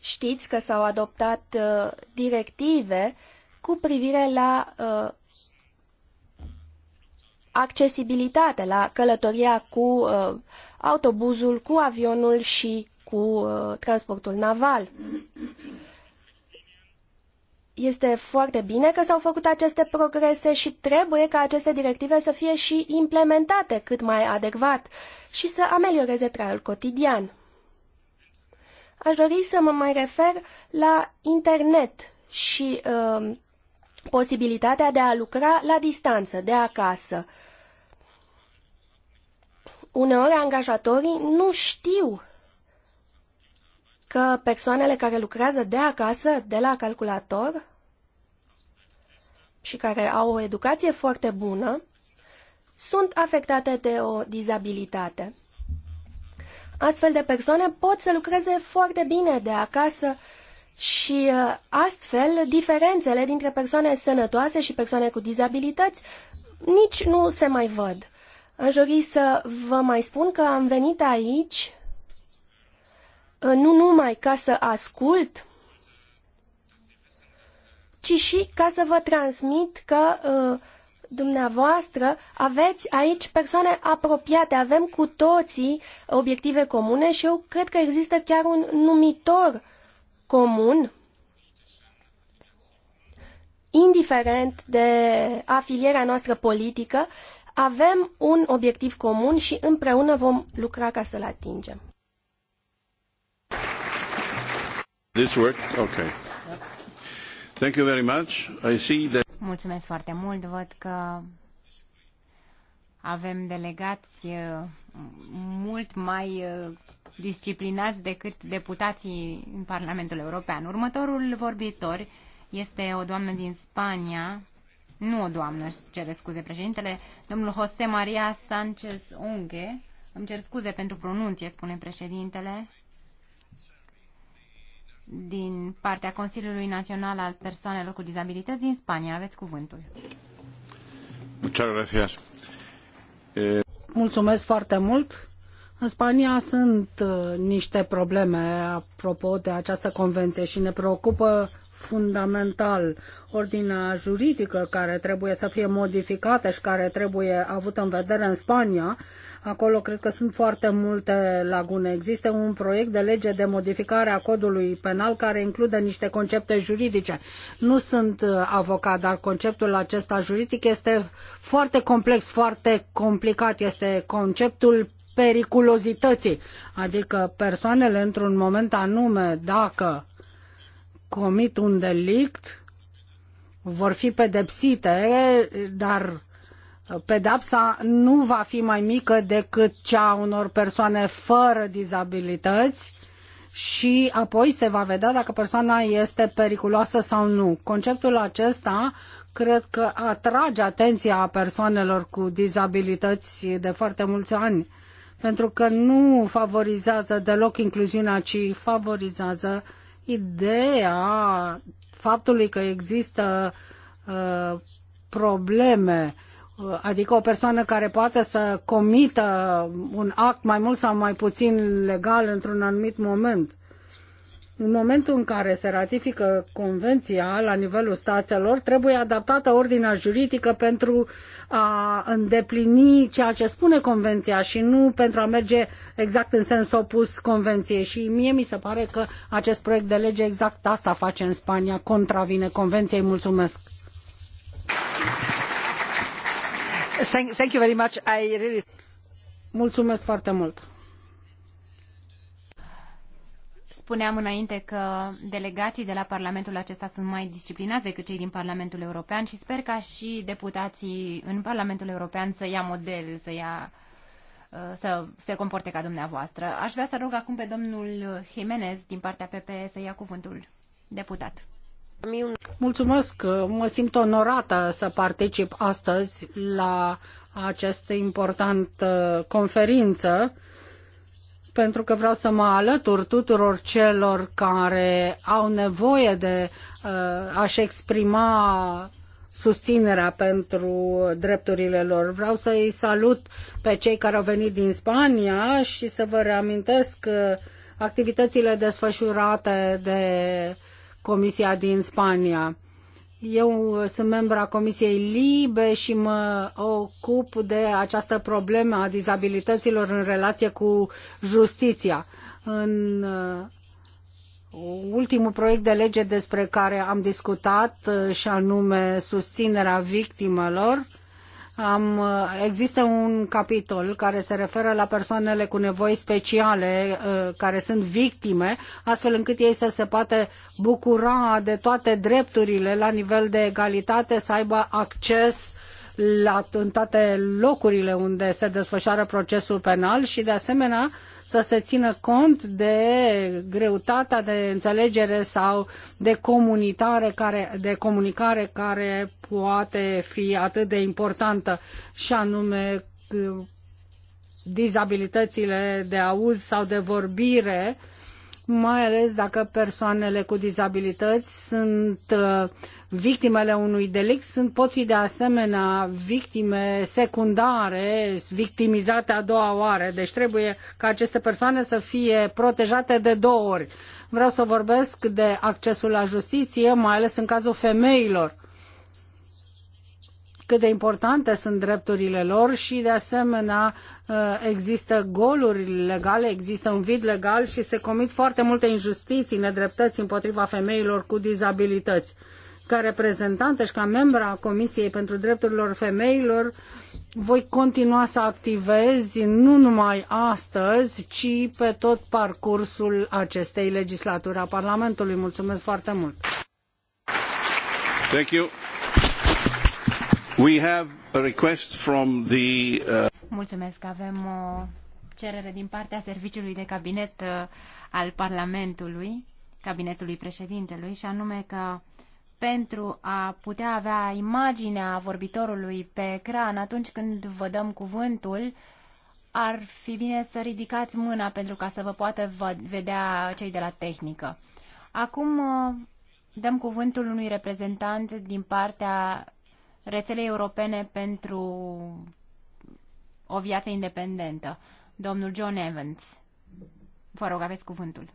Știți că s-au adoptat uh, directive cu privire la uh, accesibilitate la călătoria cu uh, autobuzul, cu avionul și cu uh, transportul naval. Este foarte bine că s-au făcut aceste progrese și trebuie ca aceste directive să fie și implementate cât mai adecvat și să amelioreze traiul cotidian. Aș dori să mă mai refer la internet și uh, posibilitatea de a lucra la distanță, de acasă. Uneori angajatorii nu știu că persoanele care lucrează de acasă, de la calculator și care au o educație foarte bună, sunt afectate de o dizabilitate. Astfel de persoane pot să lucreze foarte bine de acasă și uh, astfel diferențele dintre persoane sănătoase și persoane cu dizabilități nici nu se mai văd. Aș dori să vă mai spun că am venit aici uh, nu numai ca să ascult, ci și ca să vă transmit că uh, dumneavoastră aveți aici persoane apropiate, avem cu toții obiective comune și eu cred că există chiar un numitor comun, indiferent de afilierea noastră politică avem un obiectiv comun și împreună vom lucra ca să-l atingem. This work? Okay. Thank you very much. I see that... Mulțumesc foarte mult. Văd că avem delegați uh, mult mai uh, disciplinați decât deputații în Parlamentul European. Următorul vorbitor este o doamnă din Spania, nu o doamnă, își cere scuze președintele. Domnul José Maria Sanchez Unge. Îmi cer scuze pentru pronunție, spune președintele. Din partea Consiliului Național al Persoanelor cu Dizabilități din Spania. Aveți cuvântul. Eh, Mulțumesc foarte mult. În Spania sunt eh, niște probleme apropo de această convenție și ne preocupă fundamental, ordinea juridică care trebuie să fie modificată și care trebuie avută în vedere în Spania. Acolo cred că sunt foarte multe lagune. Există un proiect de lege de modificare a codului penal care include niște concepte juridice. Nu sunt uh, avocat, dar conceptul acesta juridic este foarte complex, foarte complicat. Este conceptul periculozității, adică persoanele într-un moment anume, dacă comit un delict vor fi pedepsite, dar pedapsa nu va fi mai mică decât cea a unor persoane fără dizabilități și apoi se va vedea dacă persoana este periculoasă sau nu. Conceptul acesta cred că atrage atenția persoanelor cu dizabilități de foarte mulți ani, pentru că nu favorizează deloc incluziunea, ci favorizează uh, ideea faptului că există uh, probleme, uh, adică o persoană care poate să comită un act mai mult sau mai puțin legal într-un anumit moment în momentul în care se ratifică convenția la nivelul statelor, trebuie adaptată ordinea juridică pentru a îndeplini ceea ce spune convenția și nu pentru a merge exact în sens opus convenției. Și mie mi se pare că acest proiect de lege exact asta face în Spania, contravine convenției. Mulțumesc! Mulțumesc foarte mult! Spuneam înainte că delegații de la Parlamentul acesta sunt mai disciplinați decât cei din Parlamentul European și sper ca și deputații în Parlamentul European să ia model, să ia uh, să se comporte ca dumneavoastră. Aș vrea să rog acum pe domnul Jimenez din partea PP să ia cuvântul deputat. Mulțumesc, uh, mă simt onorată să particip astăzi la această importantă uh, conferință pentru că vreau să mă alătur tuturor celor care au nevoie de uh, a-și exprima susținerea pentru drepturile lor. Vreau să îi salut pe cei care au venit din Spania și să vă reamintesc uh, activitățile desfășurate de Comisia din Spania. Eu uh, sunt membru a Comisiei Libe și mă ocup de această problemă a dizabilităților în relație cu justiția. În uh, ultimul proiect de lege despre care am discutat uh, și anume susținerea victimelor, am, există un capitol care se referă la persoanele cu nevoi speciale uh, care sunt victime, astfel încât ei să se poată bucura de toate drepturile la nivel de egalitate, să aibă acces la, în toate locurile unde se desfășoară procesul penal și, de asemenea, să se țină cont de greutatea de înțelegere sau de comunicare care, de comunicare care poate fi atât de importantă și anume uh, dizabilitățile de auz sau de vorbire uh, mai ales dacă persoanele cu dizabilități sunt uh, victimele unui delict, sunt, pot fi de asemenea victime secundare, victimizate a doua oară. Deci trebuie ca aceste persoane să fie protejate de două ori. Vreau să vorbesc de accesul la justiție, mai ales în cazul femeilor cât de importante sunt drepturile lor și de asemenea uh, există goluri legale, există un vid legal și se comit foarte multe injustiții, nedreptăți împotriva femeilor cu dizabilități. Ca reprezentantă și ca membra a Comisiei pentru Drepturile Femeilor, voi continua să activez nu numai astăzi, ci pe tot parcursul acestei legislaturi a Parlamentului. Mulțumesc foarte mult! Thank you. We have a request from the, uh... Mulțumesc. Avem o cerere din partea Serviciului de Cabinet uh, al Parlamentului, Cabinetului Președintelui, și anume că pentru a putea avea imaginea vorbitorului pe ecran atunci când vă dăm cuvântul, ar fi bine să ridicați mâna pentru ca să vă poată vedea cei de la tehnică. Acum uh, dăm cuvântul unui reprezentant din partea rețele europene pentru o viață independentă. Domnul John Evans, vă rog, aveți cuvântul.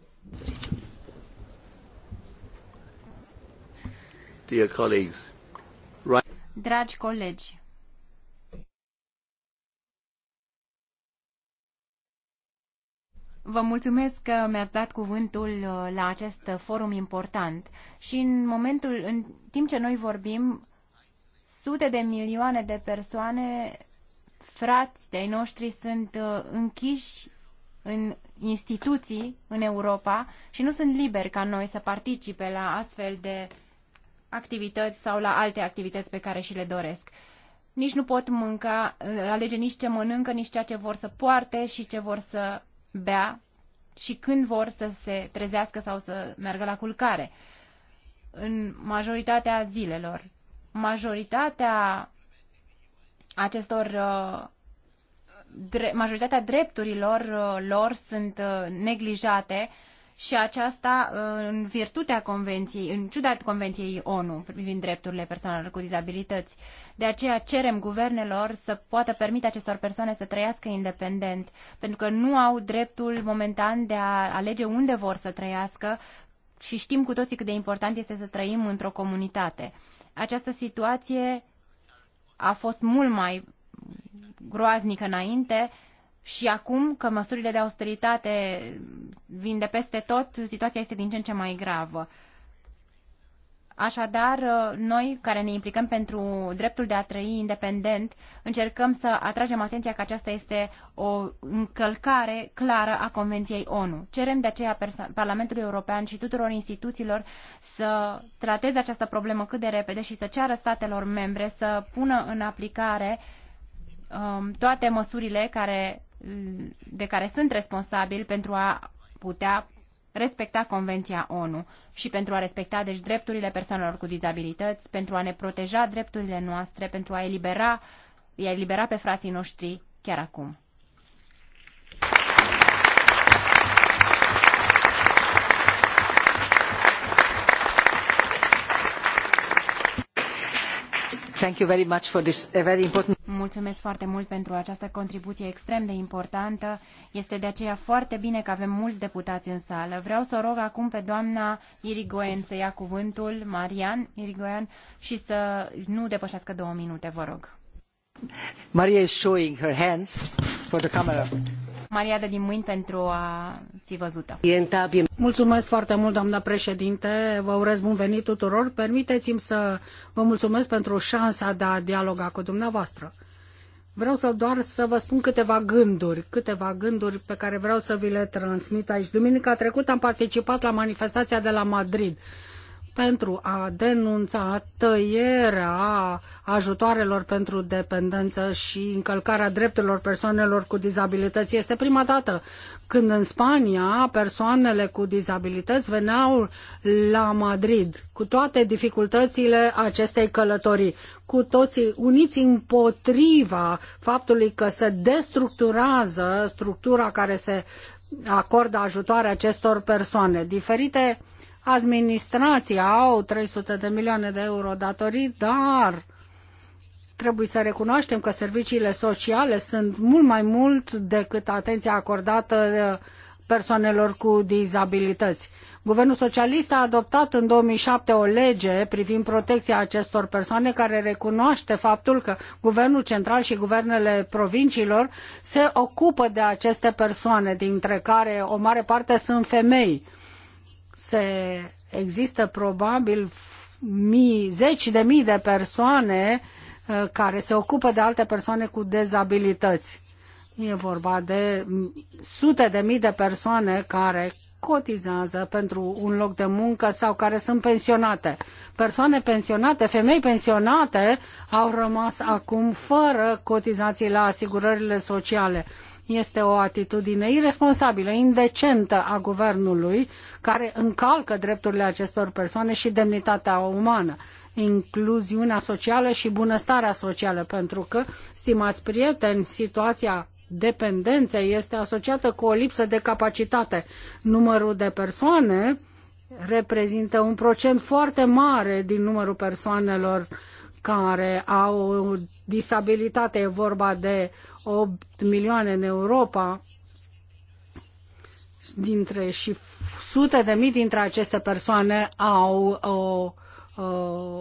Dear colleagues, right... Dragi colegi, Vă mulțumesc că mi-ați dat cuvântul uh, la acest forum important și în momentul, în timp ce noi vorbim, sute de milioane de persoane, frați de-ai noștri, sunt uh, închiși în instituții în Europa și nu sunt liberi ca noi să participe la astfel de activități sau la alte activități pe care și le doresc. Nici nu pot mânca, uh, alege nici ce mănâncă, nici ceea ce vor să poarte și ce vor să bea și când vor să se trezească sau să meargă la culcare. În majoritatea zilelor majoritatea acestor uh, majoritatea drepturilor uh, lor sunt uh, neglijate și aceasta în virtutea convenției, în ciuda convenției ONU privind drepturile persoanelor cu dizabilități. De aceea cerem guvernelor să poată permite acestor persoane să trăiască independent, pentru că nu au dreptul momentan de a alege unde vor să trăiască și știm cu toții cât de important este să trăim într-o comunitate. Această situație a fost mult mai groaznică înainte și acum că măsurile de austeritate vin de peste tot, situația este din ce în ce mai gravă. Așadar, uh, noi care ne implicăm pentru dreptul de a trăi independent, încercăm să atragem atenția că aceasta este o încălcare clară a Convenției ONU. Cerem de aceea Parlamentului European și tuturor instituțiilor să trateze această problemă cât de repede și să ceară statelor membre să pună în aplicare um, toate măsurile care, de care sunt responsabili pentru a putea respecta Convenția ONU și pentru a respecta deci drepturile persoanelor cu dizabilități, pentru a ne proteja drepturile noastre, pentru a elibera, elibera pe frații noștri chiar acum. Mulțumesc foarte mult pentru această contribuție extrem de importantă. Este de aceea foarte bine că avem mulți deputați în sală. Vreau să o rog acum pe doamna Irigoyen să ia cuvântul, Marian Irigoyen, și să nu depășească două minute, vă rog. Maria is showing her hands for the camera. Maria dă din mâini pentru a fi văzută. Mulțumesc foarte mult, doamna președinte. Vă urez bun venit tuturor. Permiteți-mi să vă mulțumesc pentru șansa de a dialoga cu dumneavoastră. Vreau să doar să vă spun câteva gânduri, câteva gânduri pe care vreau să vi le transmit aici. Duminica trecută am participat la manifestația de la Madrid pentru a denunța tăierea ajutoarelor pentru dependență și încălcarea drepturilor persoanelor cu dizabilități. Este prima dată când în Spania persoanele cu dizabilități veneau la Madrid cu toate dificultățile acestei călătorii, cu toții uniți împotriva faptului că se destructurează structura care se acordă ajutoare acestor persoane. Diferite administrația au 300 de milioane de euro datorii, dar trebuie să recunoaștem că serviciile sociale sunt mult mai mult decât atenția acordată uh, persoanelor cu dizabilități. Guvernul socialist a adoptat în 2007 o lege privind protecția acestor persoane care recunoaște faptul că guvernul central și guvernele provinciilor se ocupă de aceste persoane, dintre care o mare parte sunt femei se există probabil mii, zeci de mii de persoane uh, care se ocupă de alte persoane cu dezabilități. E vorba de sute de mii de persoane care cotizează pentru un loc de muncă sau care sunt pensionate. Persoane pensionate, femei pensionate au rămas acum fără cotizații la asigurările sociale. Este o atitudine irresponsabilă, indecentă a guvernului, care încalcă drepturile acestor persoane și demnitatea umană, incluziunea socială și bunăstarea socială, pentru că, stimați prieteni, situația dependenței este asociată cu o lipsă de capacitate. Numărul de persoane reprezintă un procent foarte mare din numărul persoanelor care au o disabilitate. E vorba de 8 milioane în Europa dintre și sute de mii dintre aceste persoane au o, o,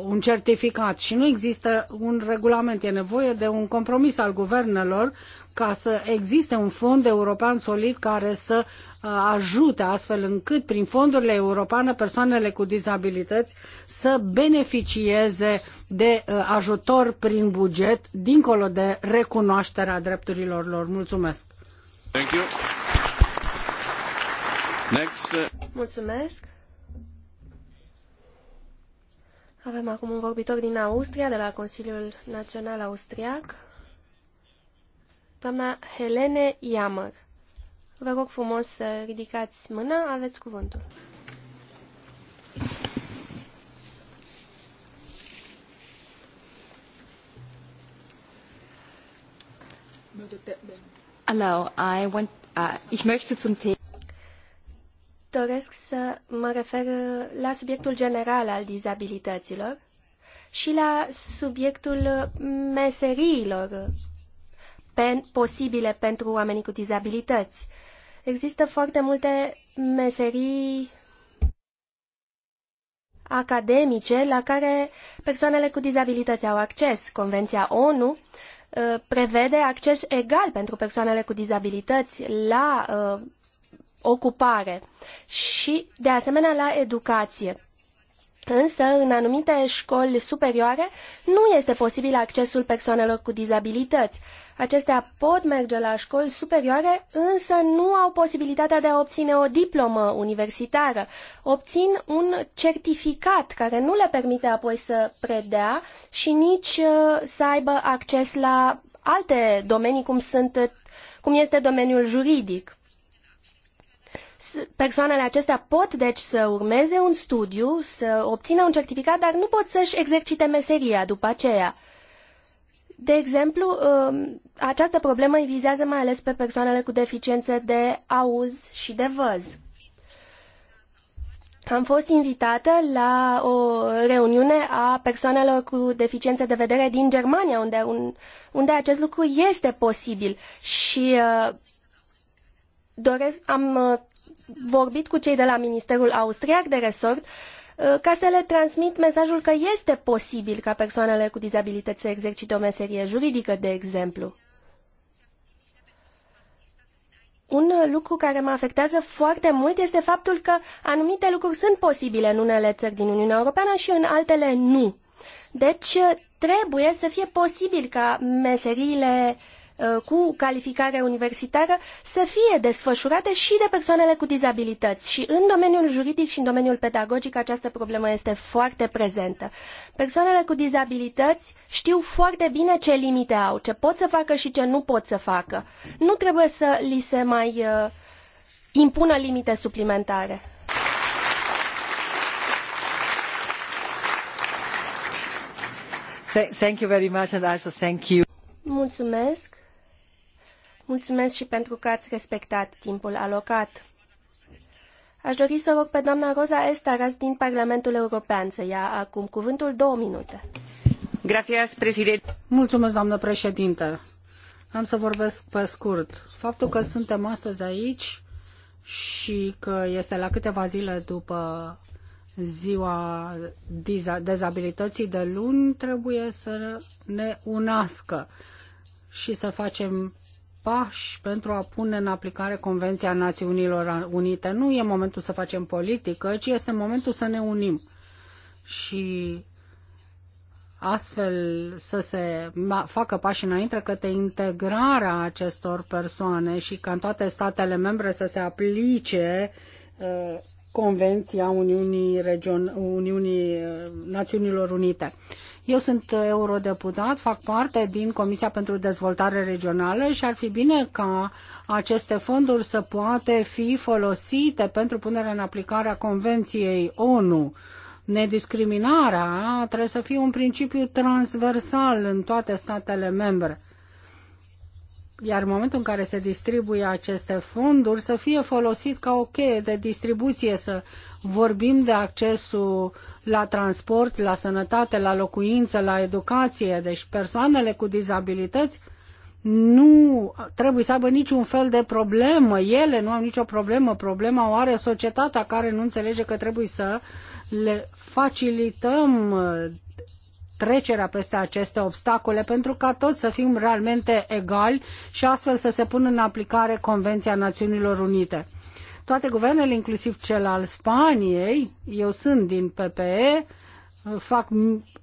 un certificat și nu există un regulament. E nevoie de un compromis al guvernelor ca să existe un fond european solid care să uh, ajute astfel încât prin fondurile europene persoanele cu dizabilități să beneficieze de uh, ajutor prin buget dincolo de recunoașterea drepturilor lor. Mulțumesc! Thank you. Next. Uh, Mulțumesc! Avem acum un vorbitor din Austria, de la Consiliul Național Austriac. Doamna Helene Iamăr. Vă rog frumos să ridicați mâna, aveți cuvântul. Hello, I want, uh, ich möchte zum Thema doresc să mă refer la subiectul general al dizabilităților și la subiectul meseriilor pen, posibile pentru oamenii cu dizabilități. Există foarte multe meserii academice la care persoanele cu dizabilități au acces. Convenția ONU uh, prevede acces egal pentru persoanele cu dizabilități la uh, ocupare și, de asemenea, la educație. Însă, în anumite școli superioare, nu este posibil accesul persoanelor cu dizabilități, Acestea pot merge la școli superioare, însă nu au posibilitatea de a obține o diplomă universitară. Obțin un certificat care nu le permite apoi să predea și nici uh, să aibă acces la alte domenii, cum, sunt, cum este domeniul juridic. Persoanele acestea pot, deci, să urmeze un studiu, să obțină un certificat, dar nu pot să-și exercite meseria după aceea. De exemplu, um, această problemă îi vizează mai ales pe persoanele cu deficiențe de auz și de văz. Am fost invitată la o reuniune a persoanelor cu deficiențe de vedere din Germania, unde, un, unde acest lucru este posibil. Și uh, doresc, am uh, vorbit cu cei de la Ministerul Austriac de Resort uh, Uh, ca să le transmit mesajul că este posibil ca persoanele cu dizabilități să exercite o meserie juridică, de exemplu. Un lucru care mă afectează foarte mult este faptul că anumite lucruri sunt posibile în unele țări din Uniunea Europeană și în altele nu. Deci trebuie să fie posibil ca meseriile uh, Uh, cu calificare universitară să fie desfășurate și de persoanele cu dizabilități. Și în domeniul juridic și în domeniul pedagogic această problemă este foarte prezentă. Persoanele cu dizabilități știu foarte bine ce limite au, ce pot să facă și ce nu pot să facă. Nu trebuie să li se mai uh, impună limite suplimentare. Mulțumesc. Mulțumesc și pentru că ați respectat timpul alocat. Aș dori să rog pe doamna Rosa Estaras din Parlamentul European să ia acum cuvântul două minute. Gracias, Mulțumesc, doamnă președinte. Am să vorbesc pe scurt. Faptul că suntem astăzi aici și că este la câteva zile după ziua dezabilității de luni trebuie să ne unască și să facem pași pentru a pune în aplicare Convenția Națiunilor Unite. Nu e momentul să facem politică, ci este momentul să ne unim și astfel să se facă pași înainte către integrarea acestor persoane și ca în toate statele membre să se aplice uh, Convenția Uniunii, Region, Uniunii Națiunilor Unite. Eu sunt eurodeputat, fac parte din Comisia pentru Dezvoltare Regională și ar fi bine ca aceste fonduri să poată fi folosite pentru punerea în aplicare a Convenției ONU. Nediscriminarea trebuie să fie un principiu transversal în toate statele membre iar în momentul în care se distribuie aceste fonduri să fie folosit ca o cheie de distribuție, să vorbim de accesul la transport, la sănătate, la locuință, la educație. Deci persoanele cu dizabilități nu trebuie să aibă niciun fel de problemă. Ele nu au nicio problemă. Problema o are societatea care nu înțelege că trebuie să le facilităm trecerea peste aceste obstacole pentru ca toți să fim realmente egali și astfel să se pună în aplicare Convenția Națiunilor Unite. Toate guvernele, inclusiv cel al Spaniei, eu sunt din PPE, fac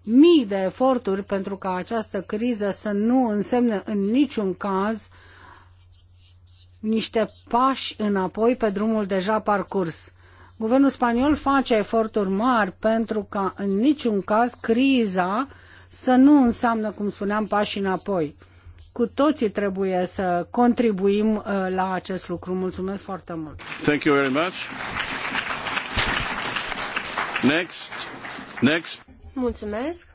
mii de eforturi pentru ca această criză să nu însemne în niciun caz niște pași înapoi pe drumul deja parcurs. Guvernul spaniol face eforturi mari pentru ca în niciun caz criza să nu înseamnă, cum spuneam, pași înapoi. Cu toții trebuie să contribuim uh, la acest lucru. Mulțumesc foarte mult. Thank you very much. Next. Next. Mulțumesc.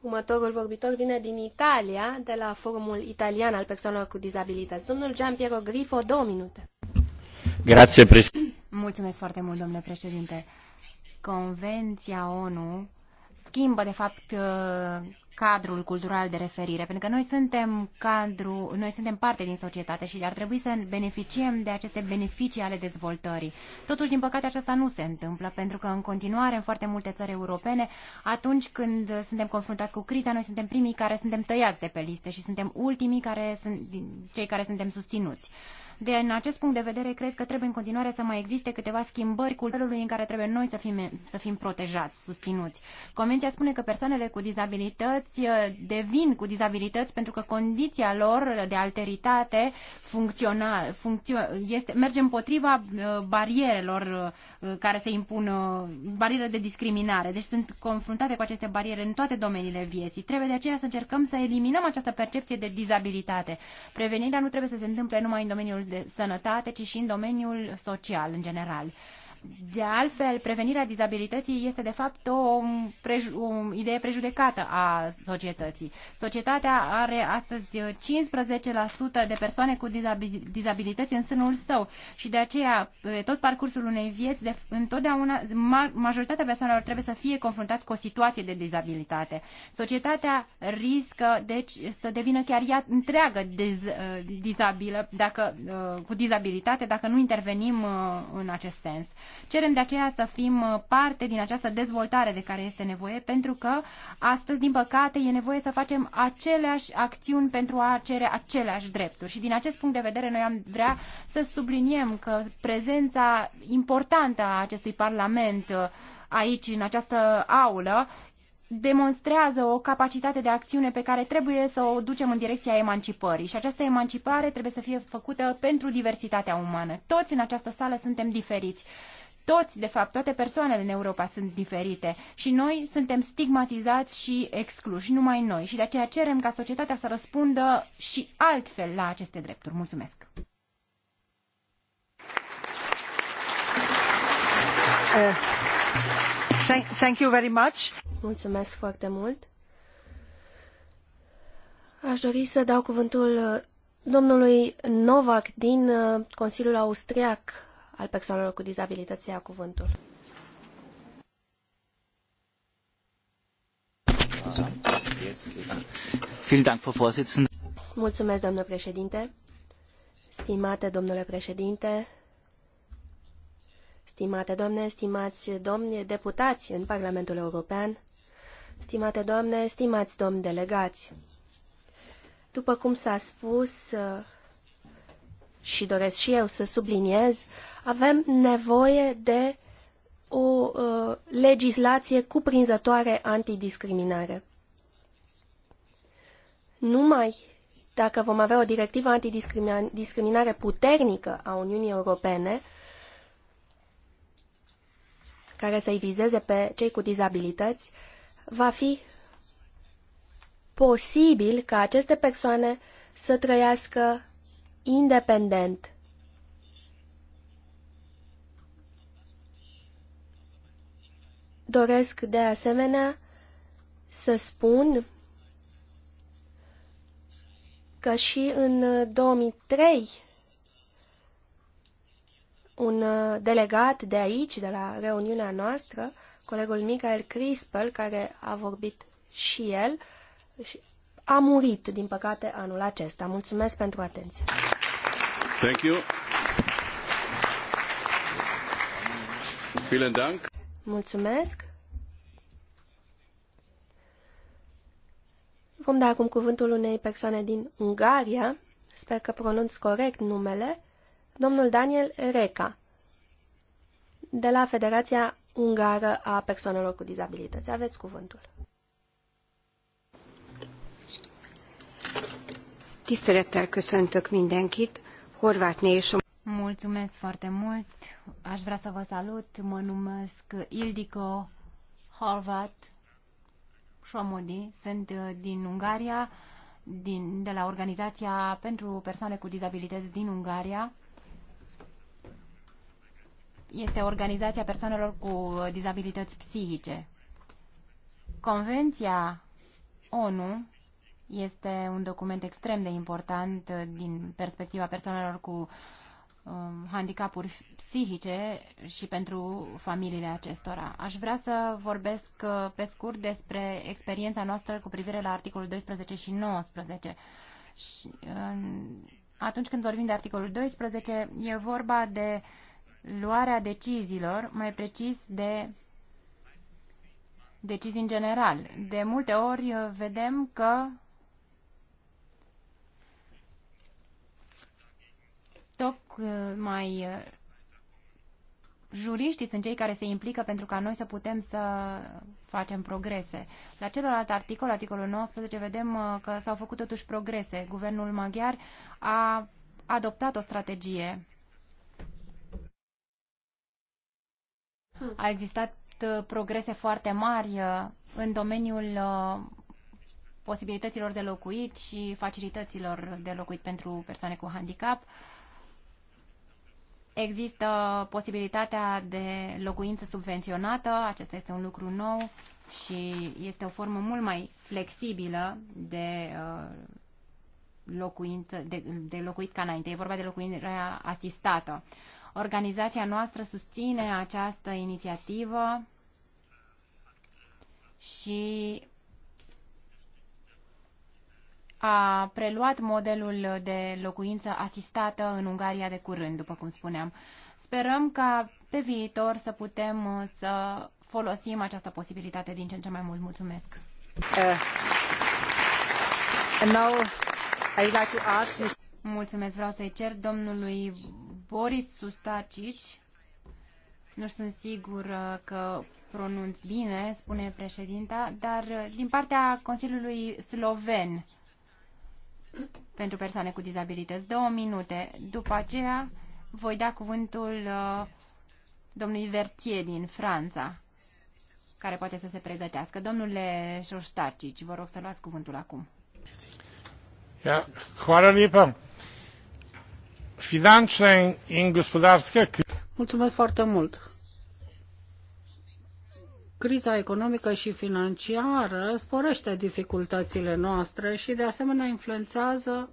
Următorul vorbitor vine din Italia, de la Forumul Italian al Persoanelor cu Dizabilități. Domnul Gian Piero Grifo, două minute. Mulțumesc foarte mult, domnule președinte. Convenția ONU schimbă, de fapt, uh, cadrul cultural de referire, pentru că noi suntem cadru, noi suntem parte din societate și ar trebui să beneficiem de aceste beneficii ale dezvoltării. Totuși, din păcate, aceasta nu se întâmplă, pentru că în continuare, în foarte multe țări europene, atunci când suntem confruntați cu criza, noi suntem primii care suntem tăiați de pe liste și suntem ultimii care sunt cei care suntem susținuți. De în acest punct de vedere, cred că trebuie în continuare să mai existe câteva schimbări culturului în care trebuie noi să fim, să fim protejați, susținuți. Convenția spune că persoanele cu dizabilități uh, devin cu dizabilități pentru că condiția lor de alteritate funcțional, funcțio, este, merge împotriva uh, barierelor uh, care se impun, bariere de discriminare. Deci sunt confruntate cu aceste bariere în toate domeniile vieții. Trebuie de aceea să încercăm să eliminăm această percepție de dizabilitate. Prevenirea nu trebuie să se întâmple numai în domeniul de sănătate, ci și în domeniul social în general. De altfel, prevenirea dizabilității este de fapt o, o idee prejudecată a societății. Societatea are astăzi 15% de persoane cu dizabilități în sânul său și de aceea, pe tot parcursul unei vieți, de, întotdeauna majoritatea persoanelor trebuie să fie confruntați cu o situație de dizabilitate. Societatea riscă, deci, să devină chiar ea întreagă diz, uh, dizabilă, dacă, uh, cu dizabilitate, dacă nu intervenim uh, în acest sens. Cerem de aceea să fim uh, parte din această dezvoltare de care este nevoie, pentru că astăzi, din păcate, e nevoie să facem aceleași acțiuni pentru a cere aceleași drepturi. Și din acest punct de vedere, noi am vrea să subliniem că prezența importantă a acestui Parlament uh, aici, în această aulă, demonstrează o capacitate de acțiune pe care trebuie să o ducem în direcția emancipării și această emancipare trebuie să fie făcută pentru diversitatea umană. Toți în această sală suntem diferiți toți, de fapt, toate persoanele în Europa sunt diferite și noi suntem stigmatizați și excluși, numai noi. Și de aceea cerem ca societatea să răspundă și altfel la aceste drepturi. Mulțumesc! Uh, thank you very much. Mulțumesc foarte mult. Aș dori să dau cuvântul eh, domnului Novak din eh, Consiliul Austriac al persoanelor cu dizabilități să ia cuvântul. Mulțumesc, domnule președinte. Stimate domnule președinte, stimate doamne, stimați domni deputați în Parlamentul European, stimate doamne, stimați domni delegați. După cum s-a spus, și doresc și eu să subliniez, avem nevoie de o uh, legislație cuprinzătoare antidiscriminare. Numai dacă vom avea o directivă antidiscriminare puternică a Uniunii Europene, care să-i vizeze pe cei cu dizabilități, va fi posibil ca aceste persoane să trăiască independent. Doresc de asemenea să spun că și în 2003 un uh, delegat de aici, de la reuniunea noastră, colegul Michael Crispel, care a vorbit și el, și a murit, din păcate, anul acesta. Mulțumesc pentru atenție. Thank you. Vielen Dank. Mulțumesc. Vom da acum cuvântul unei persoane din Ungaria, sper că pronunț corect numele, domnul Daniel Reca, de la Federația Ungară a Persoanelor cu Dizabilități. Aveți cuvântul. Tisztelettel köszöntök mindenkit, Horvátné és Mulțumesc foarte mult. Aș vrea să vă salut. Mă numesc Ildiko Horvat Șomodi. Sunt uh, din Ungaria, din, de la Organizația pentru Persoane cu Dizabilități din Ungaria. Este Organizația Persoanelor cu Dizabilități Psihice. Convenția ONU este un document extrem de important uh, din perspectiva persoanelor cu um, handicapuri psihice și pentru familiile acestora. Aș vrea să vorbesc uh, pe scurt despre experiența noastră cu privire la articolul 12 și 19. Și, atunci când vorbim de articolul 12, e vorba de luarea deciziilor, mai precis de decizii în general. De multe ori uh, vedem că Tocmai uh, juriștii sunt cei care se implică pentru ca noi să putem să facem progrese. La celălalt articol, articolul 19, vedem uh, că s-au făcut totuși progrese. Guvernul maghiar a adoptat o strategie. Hmm. A existat uh, progrese foarte mari în domeniul posibilităților de locuit și facilităților de locuit pentru persoane cu handicap. Există posibilitatea de locuință subvenționată, acesta este un lucru nou și este o formă mult mai flexibilă de uh, locuință, de, de locuit ca înainte. E vorba de locuință asistată. Organizația noastră susține această inițiativă și a preluat modelul de locuință asistată în Ungaria de curând, după cum spuneam. Sperăm ca pe viitor să putem uh, să folosim această posibilitate din ce în ce mai mult. Mulțumesc! Uh, like to ask... Mulțumesc, vreau să-i cer domnului Boris Sustacici. Nu sunt sigur uh, că pronunț bine, spune președinta, dar uh, din partea Consiliului Sloven pentru persoane cu dizabilități. Două minute. După aceea voi da cuvântul uh, domnului Vertier din Franța, care poate să se pregătească. Domnule Șoștacici, vă rog să luați cuvântul acum. Mulțumesc foarte mult. Criza economică și financiară sporește dificultățile noastre și de asemenea influențează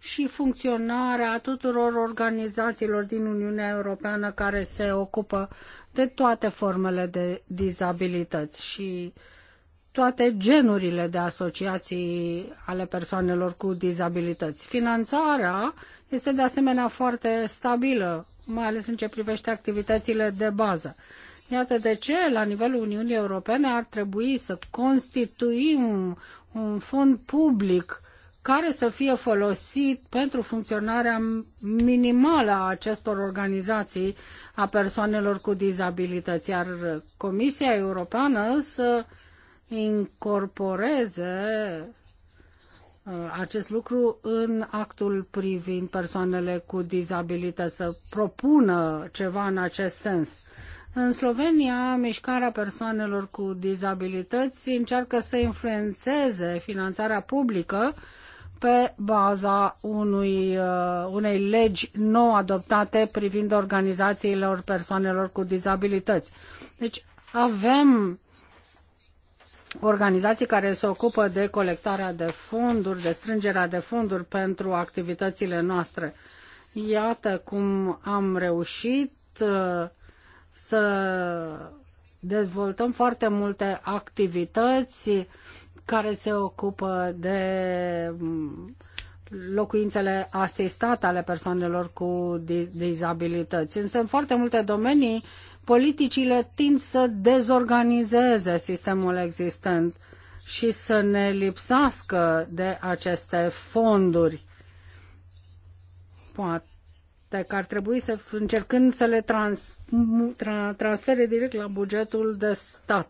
și funcționarea tuturor organizațiilor din Uniunea Europeană care se ocupă de toate formele de dizabilități și toate genurile de asociații ale persoanelor cu dizabilități. Finanțarea este de asemenea foarte stabilă, mai ales în ce privește activitățile de bază. Iată de ce, la nivelul Uniunii Europene, ar trebui să constituim un, un fond public care să fie folosit pentru funcționarea minimală a acestor organizații a persoanelor cu dizabilități, iar Comisia Europeană să incorporeze uh, acest lucru în actul privind persoanele cu dizabilități, să propună ceva în acest sens. În Slovenia, mișcarea persoanelor cu dizabilități încearcă să influențeze finanțarea publică pe baza unui, uh, unei legi nou adoptate privind organizațiile persoanelor cu dizabilități. Deci avem organizații care se ocupă de colectarea de fonduri, de strângerea de fonduri pentru activitățile noastre. Iată cum am reușit uh, să dezvoltăm foarte multe activități care se ocupă de mm, locuințele asistate ale persoanelor cu dizabilități. Însă în foarte multe domenii politicile tind să dezorganizeze sistemul existent și să ne lipsească de aceste fonduri. Poate că ar trebui să încercând să le trans, tra, transfere direct la bugetul de stat.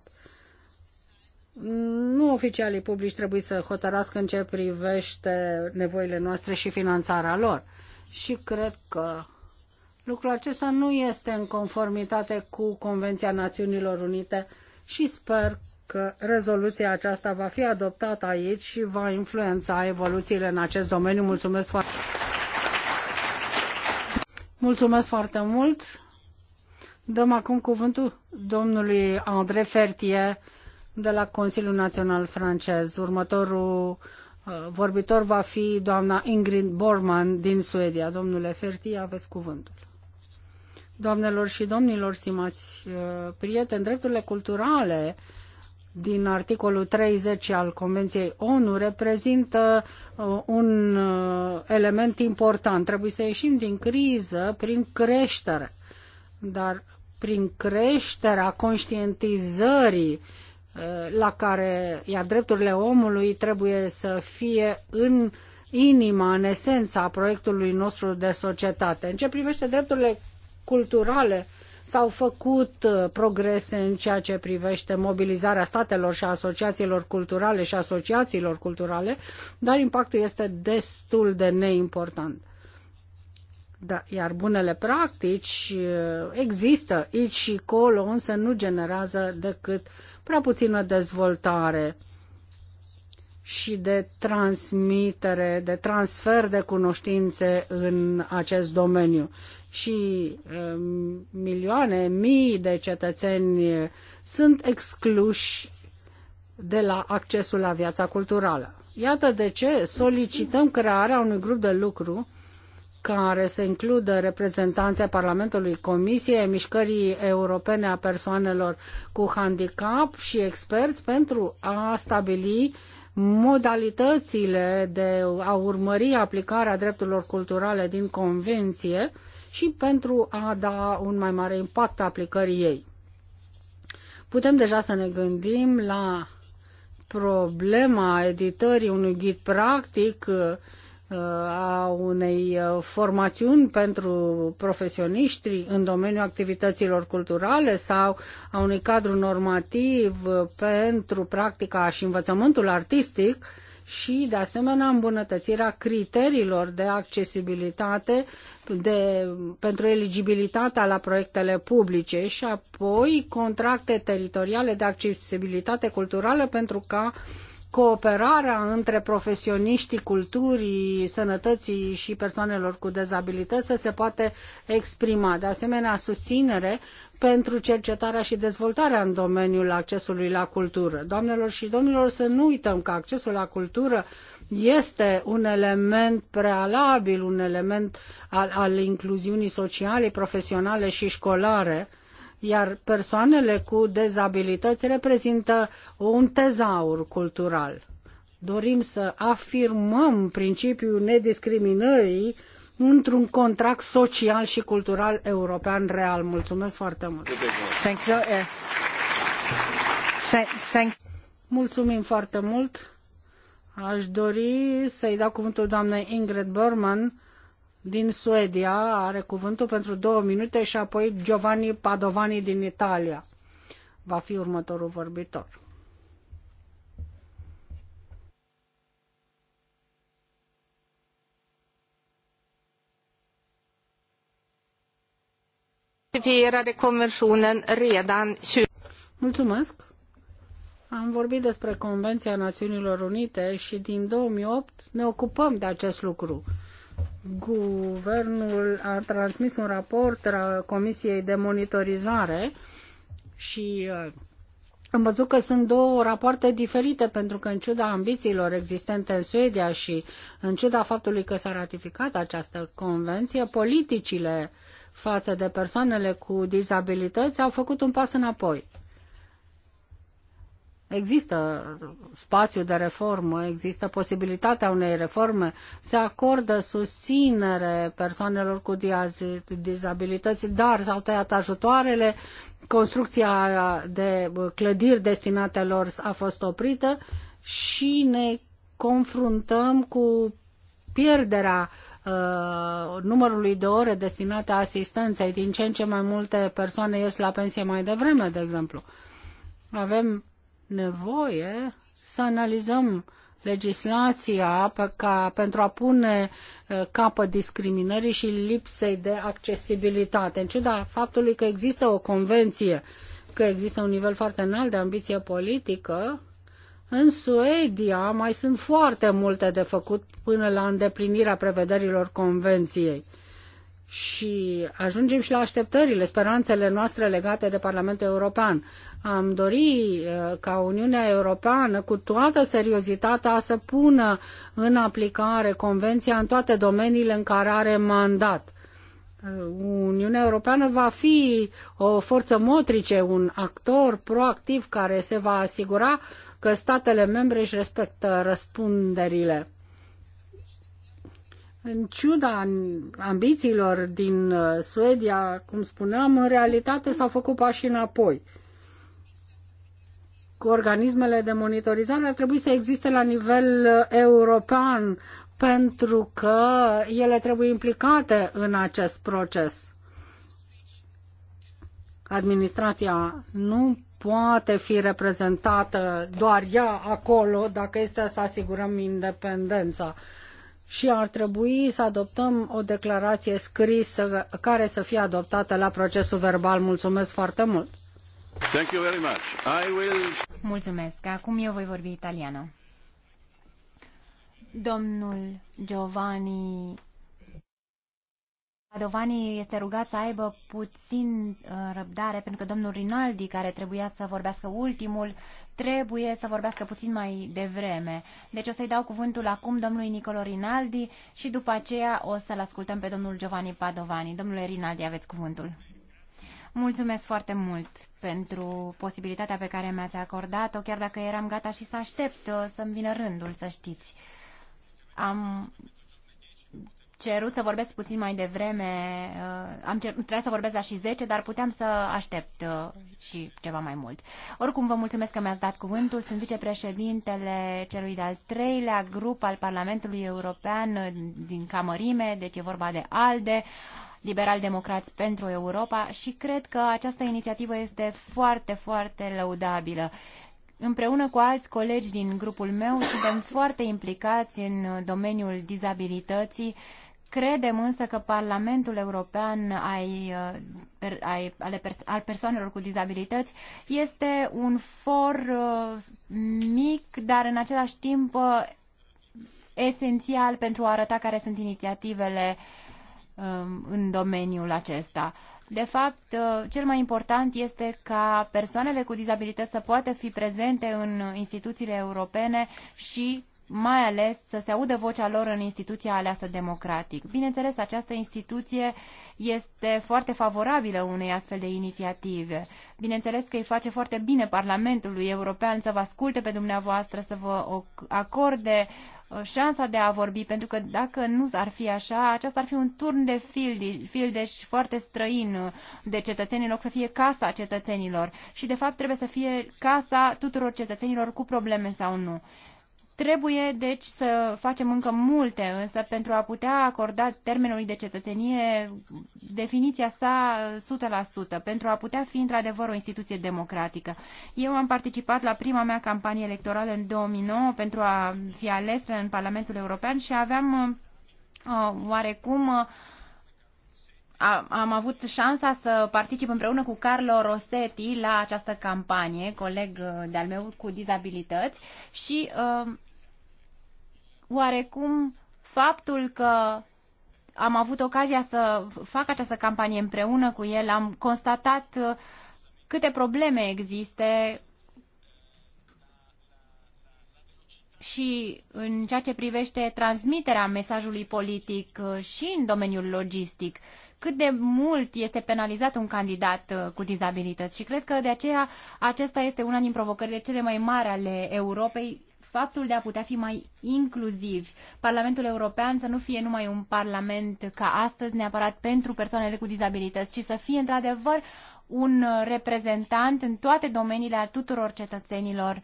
Nu oficialii publici trebuie să hotărască în ce privește nevoile noastre și finanțarea lor. Și cred că lucrul acesta nu este în conformitate cu Convenția Națiunilor Unite și sper că rezoluția aceasta va fi adoptată aici și va influența evoluțiile în acest domeniu. Mulțumesc foarte mult! Mulțumesc foarte mult. Dăm acum cuvântul domnului André Fertier de la Consiliul Național Francez. Următorul uh, vorbitor va fi doamna Ingrid Borman din Suedia. Domnule Fertie, aveți cuvântul. Doamnelor și domnilor, stimați uh, prieteni, drepturile culturale uh, din articolul 30 al Convenției ONU reprezintă uh, un uh, element important. Trebuie să ieșim din criză prin creștere, dar prin creșterea conștientizării uh, la care, iar drepturile omului trebuie să fie în inima, în esența proiectului nostru de societate. În ce privește drepturile culturale, S-au făcut uh, progrese în ceea ce privește mobilizarea statelor și asociațiilor culturale și asociațiilor culturale, dar impactul este destul de neimportant. Da, iar bunele practici uh, există aici și acolo, însă nu generează decât prea puțină dezvoltare și de transmitere, de transfer de cunoștințe în acest domeniu. Și um, milioane, mii de cetățeni sunt excluși de la accesul la viața culturală. Iată de ce solicităm crearea unui grup de lucru care să includă reprezentanții Parlamentului, Comisiei, Mișcării Europene a Persoanelor cu Handicap și experți pentru a stabili uh, modalitățile de a urmări aplicarea drepturilor culturale din convenție și pentru a da un mai mare impact aplicării ei. Putem deja să ne gândim la problema editării unui ghid practic a unei uh, formațiuni pentru profesioniști în domeniul activităților culturale sau a unui cadru normativ uh, pentru practica și învățământul artistic și, de asemenea, îmbunătățirea criteriilor de accesibilitate de, pentru eligibilitatea la proiectele publice și apoi contracte teritoriale de accesibilitate culturală pentru ca uh, cooperarea între profesioniștii culturii, sănătății și persoanelor cu dezabilități să se poate exprima. De asemenea, susținere pentru cercetarea și dezvoltarea în domeniul accesului la cultură. Doamnelor și domnilor, să nu uităm că accesul la cultură este un element prealabil, un element al, al incluziunii sociale, profesionale și școlare iar persoanele cu dezabilități reprezintă un tezaur cultural. Dorim să afirmăm principiul nediscriminării într-un contract social și cultural european real. Mulțumesc foarte mult! Eh, Mulțumim foarte mult! Aș dori să-i dau cuvântul doamnei Ingrid Berman, din Suedia are cuvântul pentru două minute și apoi Giovanni Padovani din Italia va fi următorul vorbitor. ratifierade konventionen redan Mulțumesc! Am vorbit despre Convenția Națiunilor Unite și din 2008 ne ocupăm de acest lucru. Guvernul a transmis un raport la Comisiei de Monitorizare și uh, am văzut că sunt două rapoarte diferite, pentru că în ciuda ambițiilor existente în Suedia și în ciuda faptului că s-a ratificat această convenție, politicile față de persoanele cu dizabilități au făcut un pas înapoi. Există spațiu de reformă, există posibilitatea unei reforme, se acordă susținere persoanelor cu dizabilități, dar s-au tăiat ajutoarele, construcția de clădiri destinate lor a fost oprită și ne confruntăm cu pierderea uh, numărului de ore destinate asistenței. Din ce în ce mai multe persoane ies la pensie mai devreme, de exemplu. Avem nevoie să analizăm legislația pe ca, pentru a pune eh, capăt discriminării și lipsei de accesibilitate. În ciuda faptului că există o convenție, că există un nivel foarte înalt de ambiție politică, în Suedia mai sunt foarte multe de făcut până la îndeplinirea prevederilor convenției și ajungem și la așteptările, speranțele noastre legate de Parlamentul European. Am dori uh, ca Uniunea Europeană, cu toată seriozitatea, să pună în aplicare convenția în toate domeniile în care are mandat. Uh, Uniunea Europeană va fi o forță motrice, un actor proactiv care se va asigura că statele membre își respectă răspunderile în ciuda ambițiilor din uh, Suedia, cum spuneam, în realitate s-au făcut pași înapoi. Cu organismele de monitorizare ar trebui să existe la nivel uh, european, pentru că ele trebuie implicate în acest proces. Administrația nu poate fi reprezentată doar ea acolo dacă este să asigurăm independența și ar trebui să adoptăm o declarație scrisă care să fie adoptată la procesul verbal. Mulțumesc foarte mult! Thank you very much. I will... Mulțumesc! Acum eu voi vorbi italiană. Domnul Giovanni Padovani este rugat să aibă puțin uh, răbdare, pentru că domnul Rinaldi, care trebuia să vorbească ultimul, trebuie să vorbească puțin mai devreme. Deci o să-i dau cuvântul acum domnului Nicolo Rinaldi și după aceea o să-l ascultăm pe domnul Giovanni Padovani. Domnule Rinaldi, aveți cuvântul. Mulțumesc foarte mult pentru posibilitatea pe care mi-ați acordat-o, chiar dacă eram gata și să aștept uh, să-mi vină rândul, să știți. Am cerut să vorbesc puțin mai devreme, uh, am cerut, trebuia să vorbesc la și 10, dar puteam să aștept uh, și ceva mai mult. Oricum, vă mulțumesc că mi-ați dat cuvântul. Sunt vicepreședintele celui de-al treilea grup al Parlamentului European uh, din Camărime, deci e vorba de ALDE, Liberal-Democrați pentru Europa și cred că această inițiativă este foarte, foarte lăudabilă. Împreună cu alți colegi din grupul meu, suntem foarte implicați în domeniul dizabilității Credem însă că Parlamentul European ai, uh, ai, ale perso- al persoanelor cu dizabilități este un for uh, mic, dar în același timp uh, esențial pentru a arăta care sunt inițiativele um, în domeniul acesta. De fapt, cel mai important este ca persoanele cu dizabilități să poată fi prezente în instituțiile europene și mai ales să se audă vocea lor în instituția aleasă democratic. Bineînțeles, această instituție este foarte favorabilă unei astfel de inițiative. Bineînțeles că îi face foarte bine Parlamentului European să vă asculte pe dumneavoastră, să vă acorde uh, șansa de a vorbi, pentru că dacă nu ar fi așa, aceasta ar fi un turn de fildeș, și foarte străin uh, de cetățeni, în loc să fie casa cetățenilor. Și, de fapt, trebuie să fie casa tuturor cetățenilor cu probleme sau nu. Trebuie, deci, să facem încă multe, însă, pentru a putea acorda termenului de cetățenie definiția sa 100%, pentru a putea fi, într-adevăr, o instituție democratică. Eu am participat la prima mea campanie electorală în 2009 pentru a fi ales în Parlamentul European și aveam uh, oarecum uh, am avut șansa să particip împreună cu Carlo Rossetti la această campanie, coleg uh, de-al meu cu dizabilități și uh, oarecum faptul că am avut ocazia să fac această campanie împreună cu el, am constatat uh, câte probleme existe și în ceea ce privește transmiterea mesajului politic uh, și în domeniul logistic cât de mult este penalizat un candidat uh, cu dizabilități. Și cred că de aceea acesta este una din provocările cele mai mari ale Europei, faptul de a putea fi mai inclusivi. Parlamentul European să nu fie numai un parlament ca astăzi, neapărat pentru persoanele cu dizabilități, ci să fie într-adevăr un reprezentant în toate domeniile a tuturor cetățenilor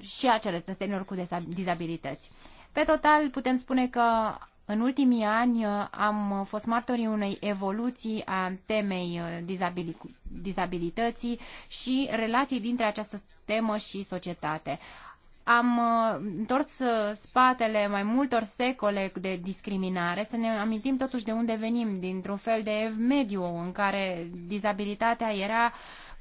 și a cetățenilor cu dizabilități. Pe total, putem spune că în ultimii ani uh, am fost martorii unei evoluții a temei uh, dizabilității și relații dintre această temă și societate am uh, întors uh, spatele mai multor secole de discriminare, să ne amintim totuși de unde venim, dintr-un fel de ev mediu în care dizabilitatea era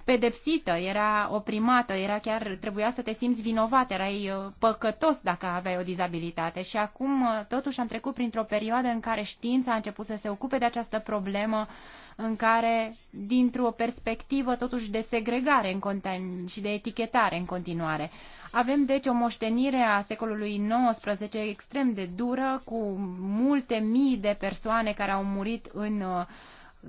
pedepsită, era oprimată, era chiar trebuia să te simți vinovat, erai uh, păcătos dacă aveai o dizabilitate. Și acum totuși am trecut printr-o perioadă în care știința a început să se ocupe de această problemă, uh, în care, dintr-o perspectivă totuși de segregare în și de etichetare în continuare. Avem deci o moștenire a secolului XIX extrem de dură, cu multe mii de persoane care au murit în uh,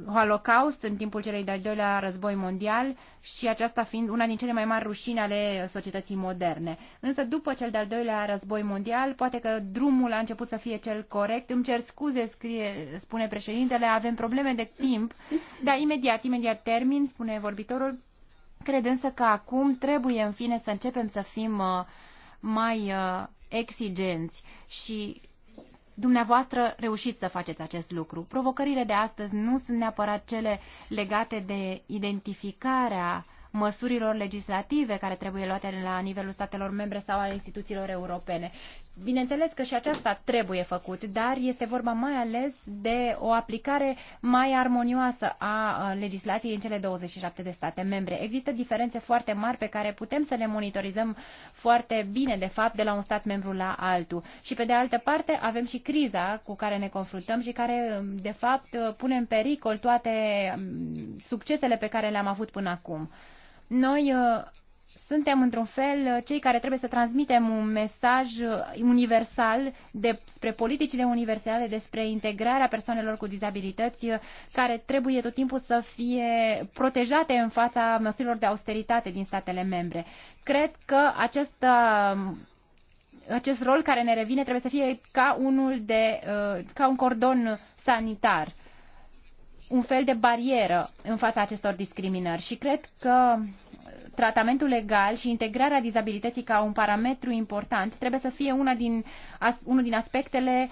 Holocaust în timpul celei de-al doilea război mondial și aceasta fiind una din cele mai mari rușini ale societății moderne. Însă după cel de-al doilea război mondial, poate că drumul a început să fie cel corect. Îmi cer scuze, scrie, spune președintele, avem probleme de timp. dar imediat, imediat termin, spune vorbitorul. Cred însă că acum trebuie în fine să începem să fim uh, mai uh, exigenți și Dumneavoastră reușiți să faceți acest lucru. Provocările de astăzi nu sunt neapărat cele legate de identificarea măsurilor legislative care trebuie luate la nivelul statelor membre sau al instituțiilor europene, Bineînțeles că și aceasta trebuie făcut, dar este vorba mai ales de o aplicare mai armonioasă a legislației în cele 27 de state membre. Există diferențe foarte mari pe care putem să le monitorizăm foarte bine, de fapt, de la un stat membru la altul. Și pe de altă parte avem și criza cu care ne confruntăm și care, de fapt, pune în pericol toate succesele pe care le-am avut până acum. Noi suntem într-un fel cei care trebuie să transmitem un mesaj universal despre politicile universale, despre integrarea persoanelor cu dizabilități, care trebuie tot timpul să fie protejate în fața măsurilor de austeritate din statele membre. Cred că acest acest rol care ne revine trebuie să fie ca unul de ca un cordon sanitar, un fel de barieră în fața acestor discriminări și cred că tratamentul legal și integrarea dizabilității ca un parametru important trebuie să fie una din, as, unul din aspectele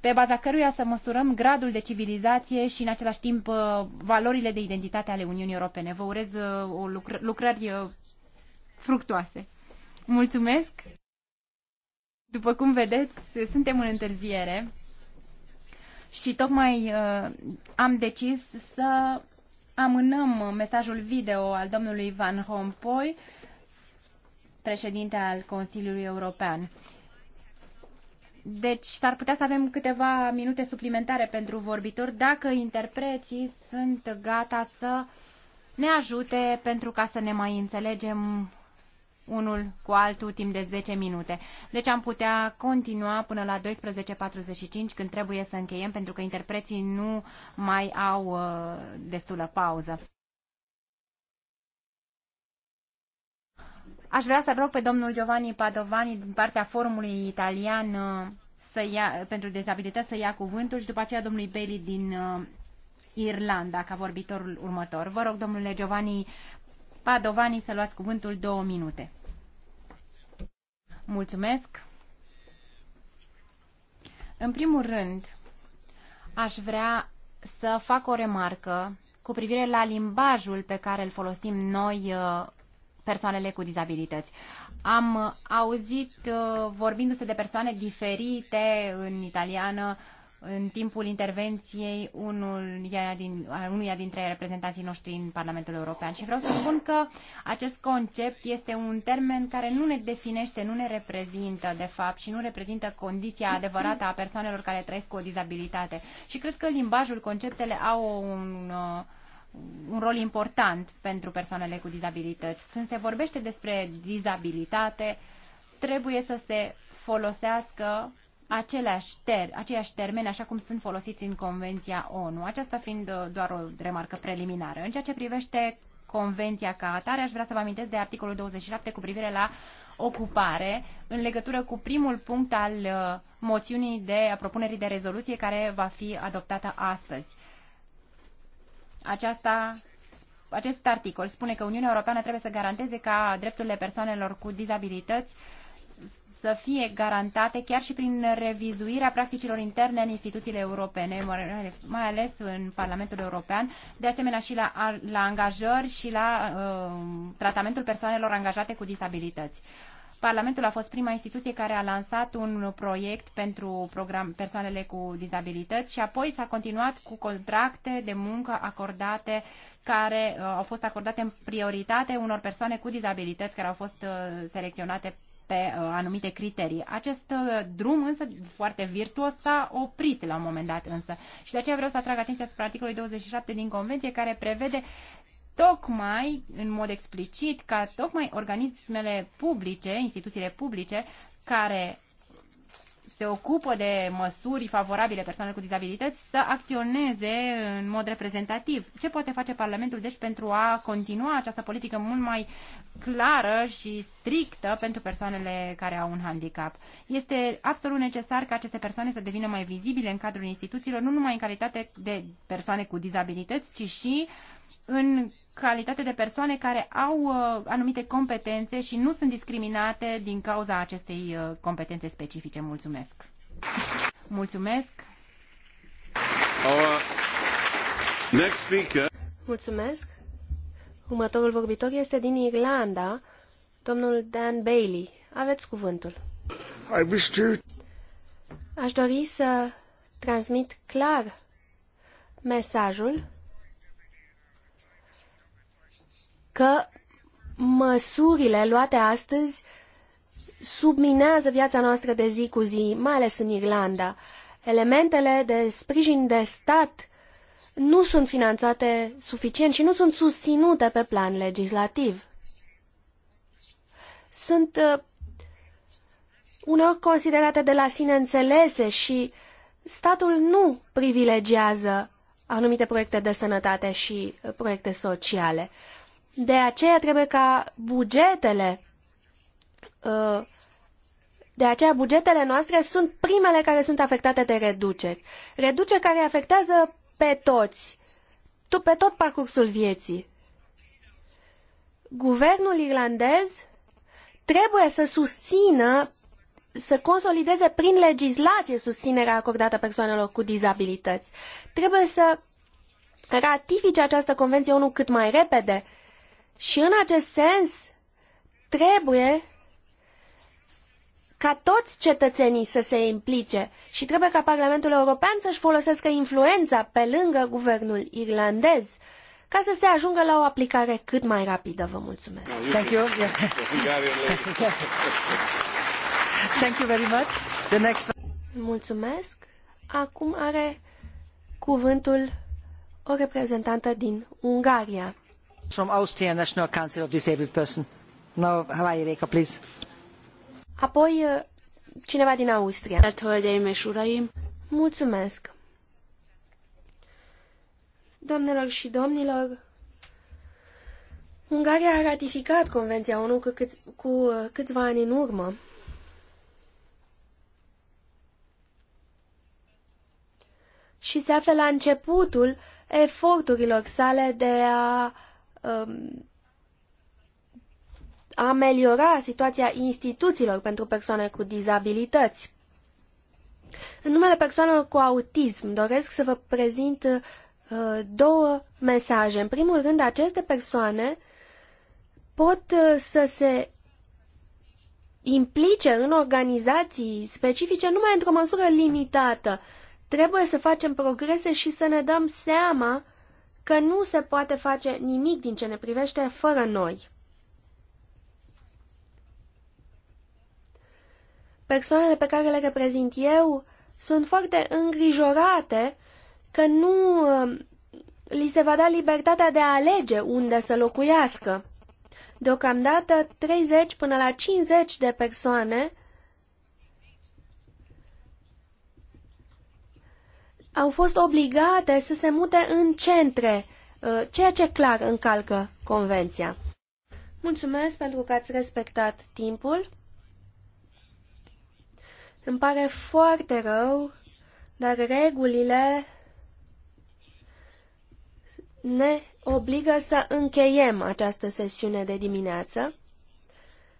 pe baza căruia să măsurăm gradul de civilizație și, în același timp, uh, valorile de identitate ale Uniunii Europene. Vă urez uh, o lucr- lucrări uh, fructoase. Mulțumesc! După cum vedeți, suntem în întârziere și tocmai uh, am decis să amânăm mesajul video al domnului Van Rompuy, președinte al Consiliului European. Deci s-ar putea să avem câteva minute suplimentare pentru vorbitori dacă interpreții sunt gata să ne ajute pentru ca să ne mai înțelegem unul cu altul timp de 10 minute. Deci am putea continua până la 12.45 când trebuie să încheiem pentru că interpreții nu mai au uh, destulă pauză. Aș vrea să rog pe domnul Giovanni Padovani din partea forumului italian uh, să ia, pentru dezabilități să ia cuvântul și după aceea domnului Bailey din uh, Irlanda ca vorbitorul următor. Vă rog, domnule Giovanni Padovani, să luați cuvântul două minute. Mulțumesc. În primul rând, aș vrea să fac o remarcă cu privire la limbajul pe care îl folosim noi, uh, persoanele cu dizabilități. Am auzit uh, vorbindu-se de persoane diferite în italiană, în timpul intervenției unuia, din, unuia dintre reprezentanții noștri în Parlamentul European. Și vreau să spun că acest concept este un termen care nu ne definește, nu ne reprezintă, de fapt, și nu reprezintă condiția adevărată a persoanelor care trăiesc cu o dizabilitate. Și cred că limbajul, conceptele au un. Uh, un rol important pentru persoanele cu dizabilități. Când se vorbește despre dizabilitate, trebuie să se folosească aceleași ter, aceiași termeni așa cum sunt folosiți în Convenția ONU, aceasta fiind uh, doar o remarcă preliminară. În ceea ce privește Convenția ca atare, aș vrea să vă amintesc de articolul 27 cu privire la ocupare în legătură cu primul punct al uh, moțiunii de propunerii de rezoluție care va fi adoptată astăzi. Aceasta acest articol spune că Uniunea Europeană trebuie să garanteze ca drepturile persoanelor cu dizabilități să fie garantate chiar și prin revizuirea practicilor interne în instituțiile europene, mai ales în Parlamentul European, de asemenea și la, la angajări și la uh, tratamentul persoanelor angajate cu disabilități. Parlamentul a fost prima instituție care a lansat un proiect pentru program persoanele cu dizabilități și apoi s-a continuat cu contracte de muncă acordate care uh, au fost acordate în prioritate unor persoane cu dizabilități care au fost uh, selecționate pe uh, anumite criterii. Acest uh, drum însă foarte virtuos s-a oprit la un moment dat însă. Și de aceea vreau să atrag atenția asupra articolului 27 din Convenție care prevede tocmai, în mod explicit, ca tocmai organismele publice, instituțiile publice, care se ocupă de măsuri favorabile persoanelor cu dizabilități să acționeze în mod reprezentativ. Ce poate face Parlamentul, deci, pentru a continua această politică mult mai clară și strictă pentru persoanele care au un handicap? Este absolut necesar ca aceste persoane să devină mai vizibile în cadrul instituțiilor, nu numai în calitate de persoane cu dizabilități, ci și în calitate de persoane care au uh, anumite competențe și nu sunt discriminate din cauza acestei uh, competențe specifice. Mulțumesc! Mulțumesc! Our next speaker. Mulțumesc! Următorul vorbitor este din Irlanda, domnul Dan Bailey. Aveți cuvântul. I wish to... Aș dori să transmit clar mesajul că măsurile luate astăzi subminează viața noastră de zi cu zi, mai ales în Irlanda. Elementele de sprijin de stat nu sunt finanțate suficient și nu sunt susținute pe plan legislativ. Sunt uh, uneori considerate de la sine înțelese și statul nu privilegiază anumite proiecte de sănătate și uh, proiecte sociale. De aceea trebuie ca bugetele uh, de aceea, bugetele noastre sunt primele care sunt afectate de reduceri. Reduceri care afectează pe toți, tu pe tot parcursul vieții. Guvernul irlandez trebuie să susțină, să consolideze prin legislație susținerea acordată persoanelor cu dizabilități. Trebuie să ratifice această convenție ONU cât mai repede, uh, și în acest sens, trebuie ca toți cetățenii să se implice și trebuie ca Parlamentul European să-și folosească influența pe lângă guvernul irlandez ca să se ajungă la o aplicare cât mai rapidă. Vă mulțumesc. Thank you. Thank you very much. The next... Mulțumesc. Acum are cuvântul o reprezentantă din Ungaria. National Council of Disabled No, Reka, please. Apoi, uh, cineva din Austria. Mulțumesc! Doamnelor și domnilor, Ungaria a ratificat Convenția ONU cu, câț, cu uh, câțiva ani în urmă. Și se află la începutul eforturilor sale de a a um, ameliora situația instituțiilor pentru persoane cu dizabilități. În numele persoanelor cu autism doresc să vă prezint uh, două mesaje. În primul rând, aceste persoane pot uh, să se implice în organizații specifice numai într-o măsură limitată. Trebuie să facem progrese și să ne dăm seama uh, că nu se poate face nimic din ce ne privește fără noi. Persoanele pe care le reprezint eu sunt foarte îngrijorate că nu um, li se va da libertatea de a alege unde să locuiască. Deocamdată, 30 până la 50 de persoane au fost obligate să se mute în centre, uh, ceea ce clar încalcă convenția. Mulțumesc pentru că ați respectat timpul. Îmi pare foarte rău, dar regulile ne obligă să încheiem această sesiune de dimineață.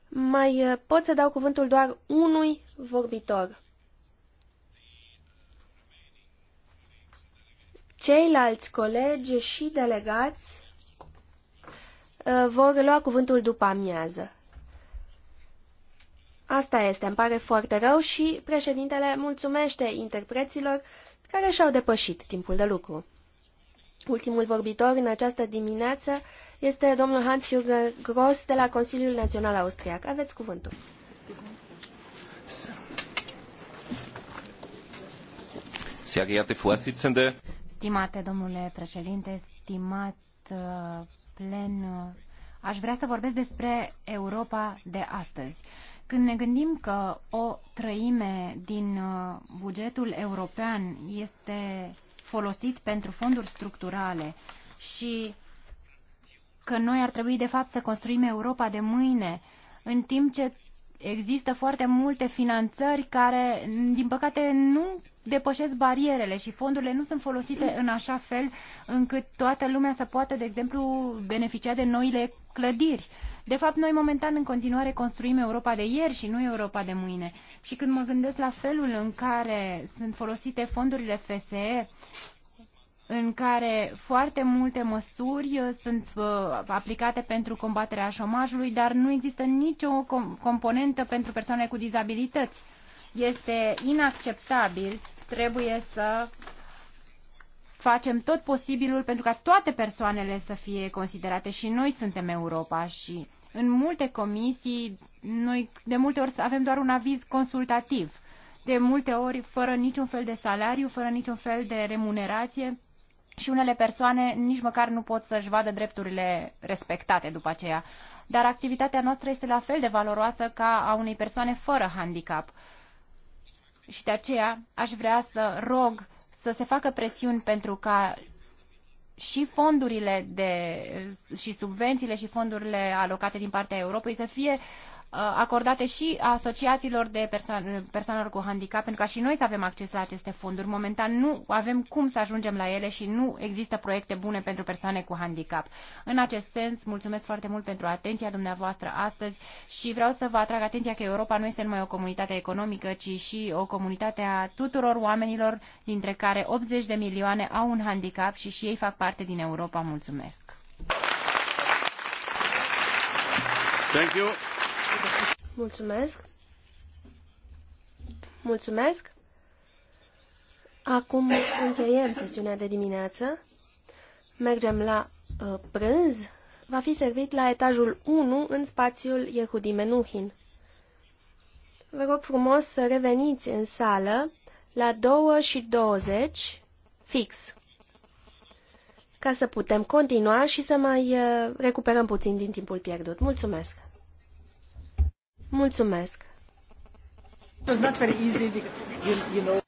Mai uh, pot să dau cuvântul doar unui vorbitor. Ceilalți colegi și delegați uh, vor lua cuvântul după amiază. Asta este, îmi pare foarte rău și președintele mulțumește interpreților care și-au depășit timpul de lucru. Ultimul vorbitor în această dimineață este domnul Hans-Jürgen Gross de la Consiliul Național Austriac. Aveți cuvântul. Sehr geehrte Vorsitzende, Stimate domnule președinte, stimat uh, plen, uh, aș vrea să vorbesc despre Europa de astăzi. Când ne gândim că o trăime din uh, bugetul european este folosit pentru fonduri structurale și că noi ar trebui de fapt să construim Europa de mâine, în timp ce există foarte multe finanțări care, din păcate, nu depășesc barierele și fondurile nu sunt folosite în așa fel încât toată lumea să poată, de exemplu, beneficia de noile clădiri. De fapt, noi momentan în continuare construim Europa de ieri și nu Europa de mâine. Și când mă gândesc la felul în care sunt folosite fondurile FSE, în care foarte multe măsuri uh, sunt uh, aplicate pentru combaterea șomajului, dar nu există nicio com componentă pentru persoane cu dizabilități. Este inacceptabil trebuie să facem tot posibilul pentru ca toate persoanele să fie considerate și noi suntem Europa și în multe comisii noi de multe ori avem doar un aviz consultativ, de multe ori fără niciun fel de salariu, fără niciun fel de remunerație și unele persoane nici măcar nu pot să-și vadă drepturile respectate după aceea. Dar activitatea noastră este la fel de valoroasă ca a unei persoane fără handicap și de aceea aș vrea să rog să se facă presiuni pentru ca și fondurile de, și subvențiile și fondurile alocate din partea Europei să fie Uh, acordate și asociațiilor de persoanelor cu handicap, pentru ca și noi să avem acces la aceste fonduri. Momentan nu avem cum să ajungem la ele și nu există proiecte bune pentru persoane cu handicap. În acest sens, mulțumesc foarte mult pentru atenția dumneavoastră astăzi și vreau să vă atrag atenția că Europa nu este numai o comunitate economică, ci și o comunitate a tuturor oamenilor, dintre care 80 de milioane au un handicap și și ei fac parte din Europa. Mulțumesc! Thank you. Mulțumesc. Mulțumesc. Acum încheiem sesiunea de dimineață. Mergem la uh, prânz. Va fi servit la etajul 1 în spațiul Yehudi Menuhin. Vă rog frumos să reveniți în sală la 2 și 20 fix ca să putem continua și să mai uh, recuperăm puțin din timpul pierdut. Mulțumesc! Mulțumesc! It was not very easy, you, you know.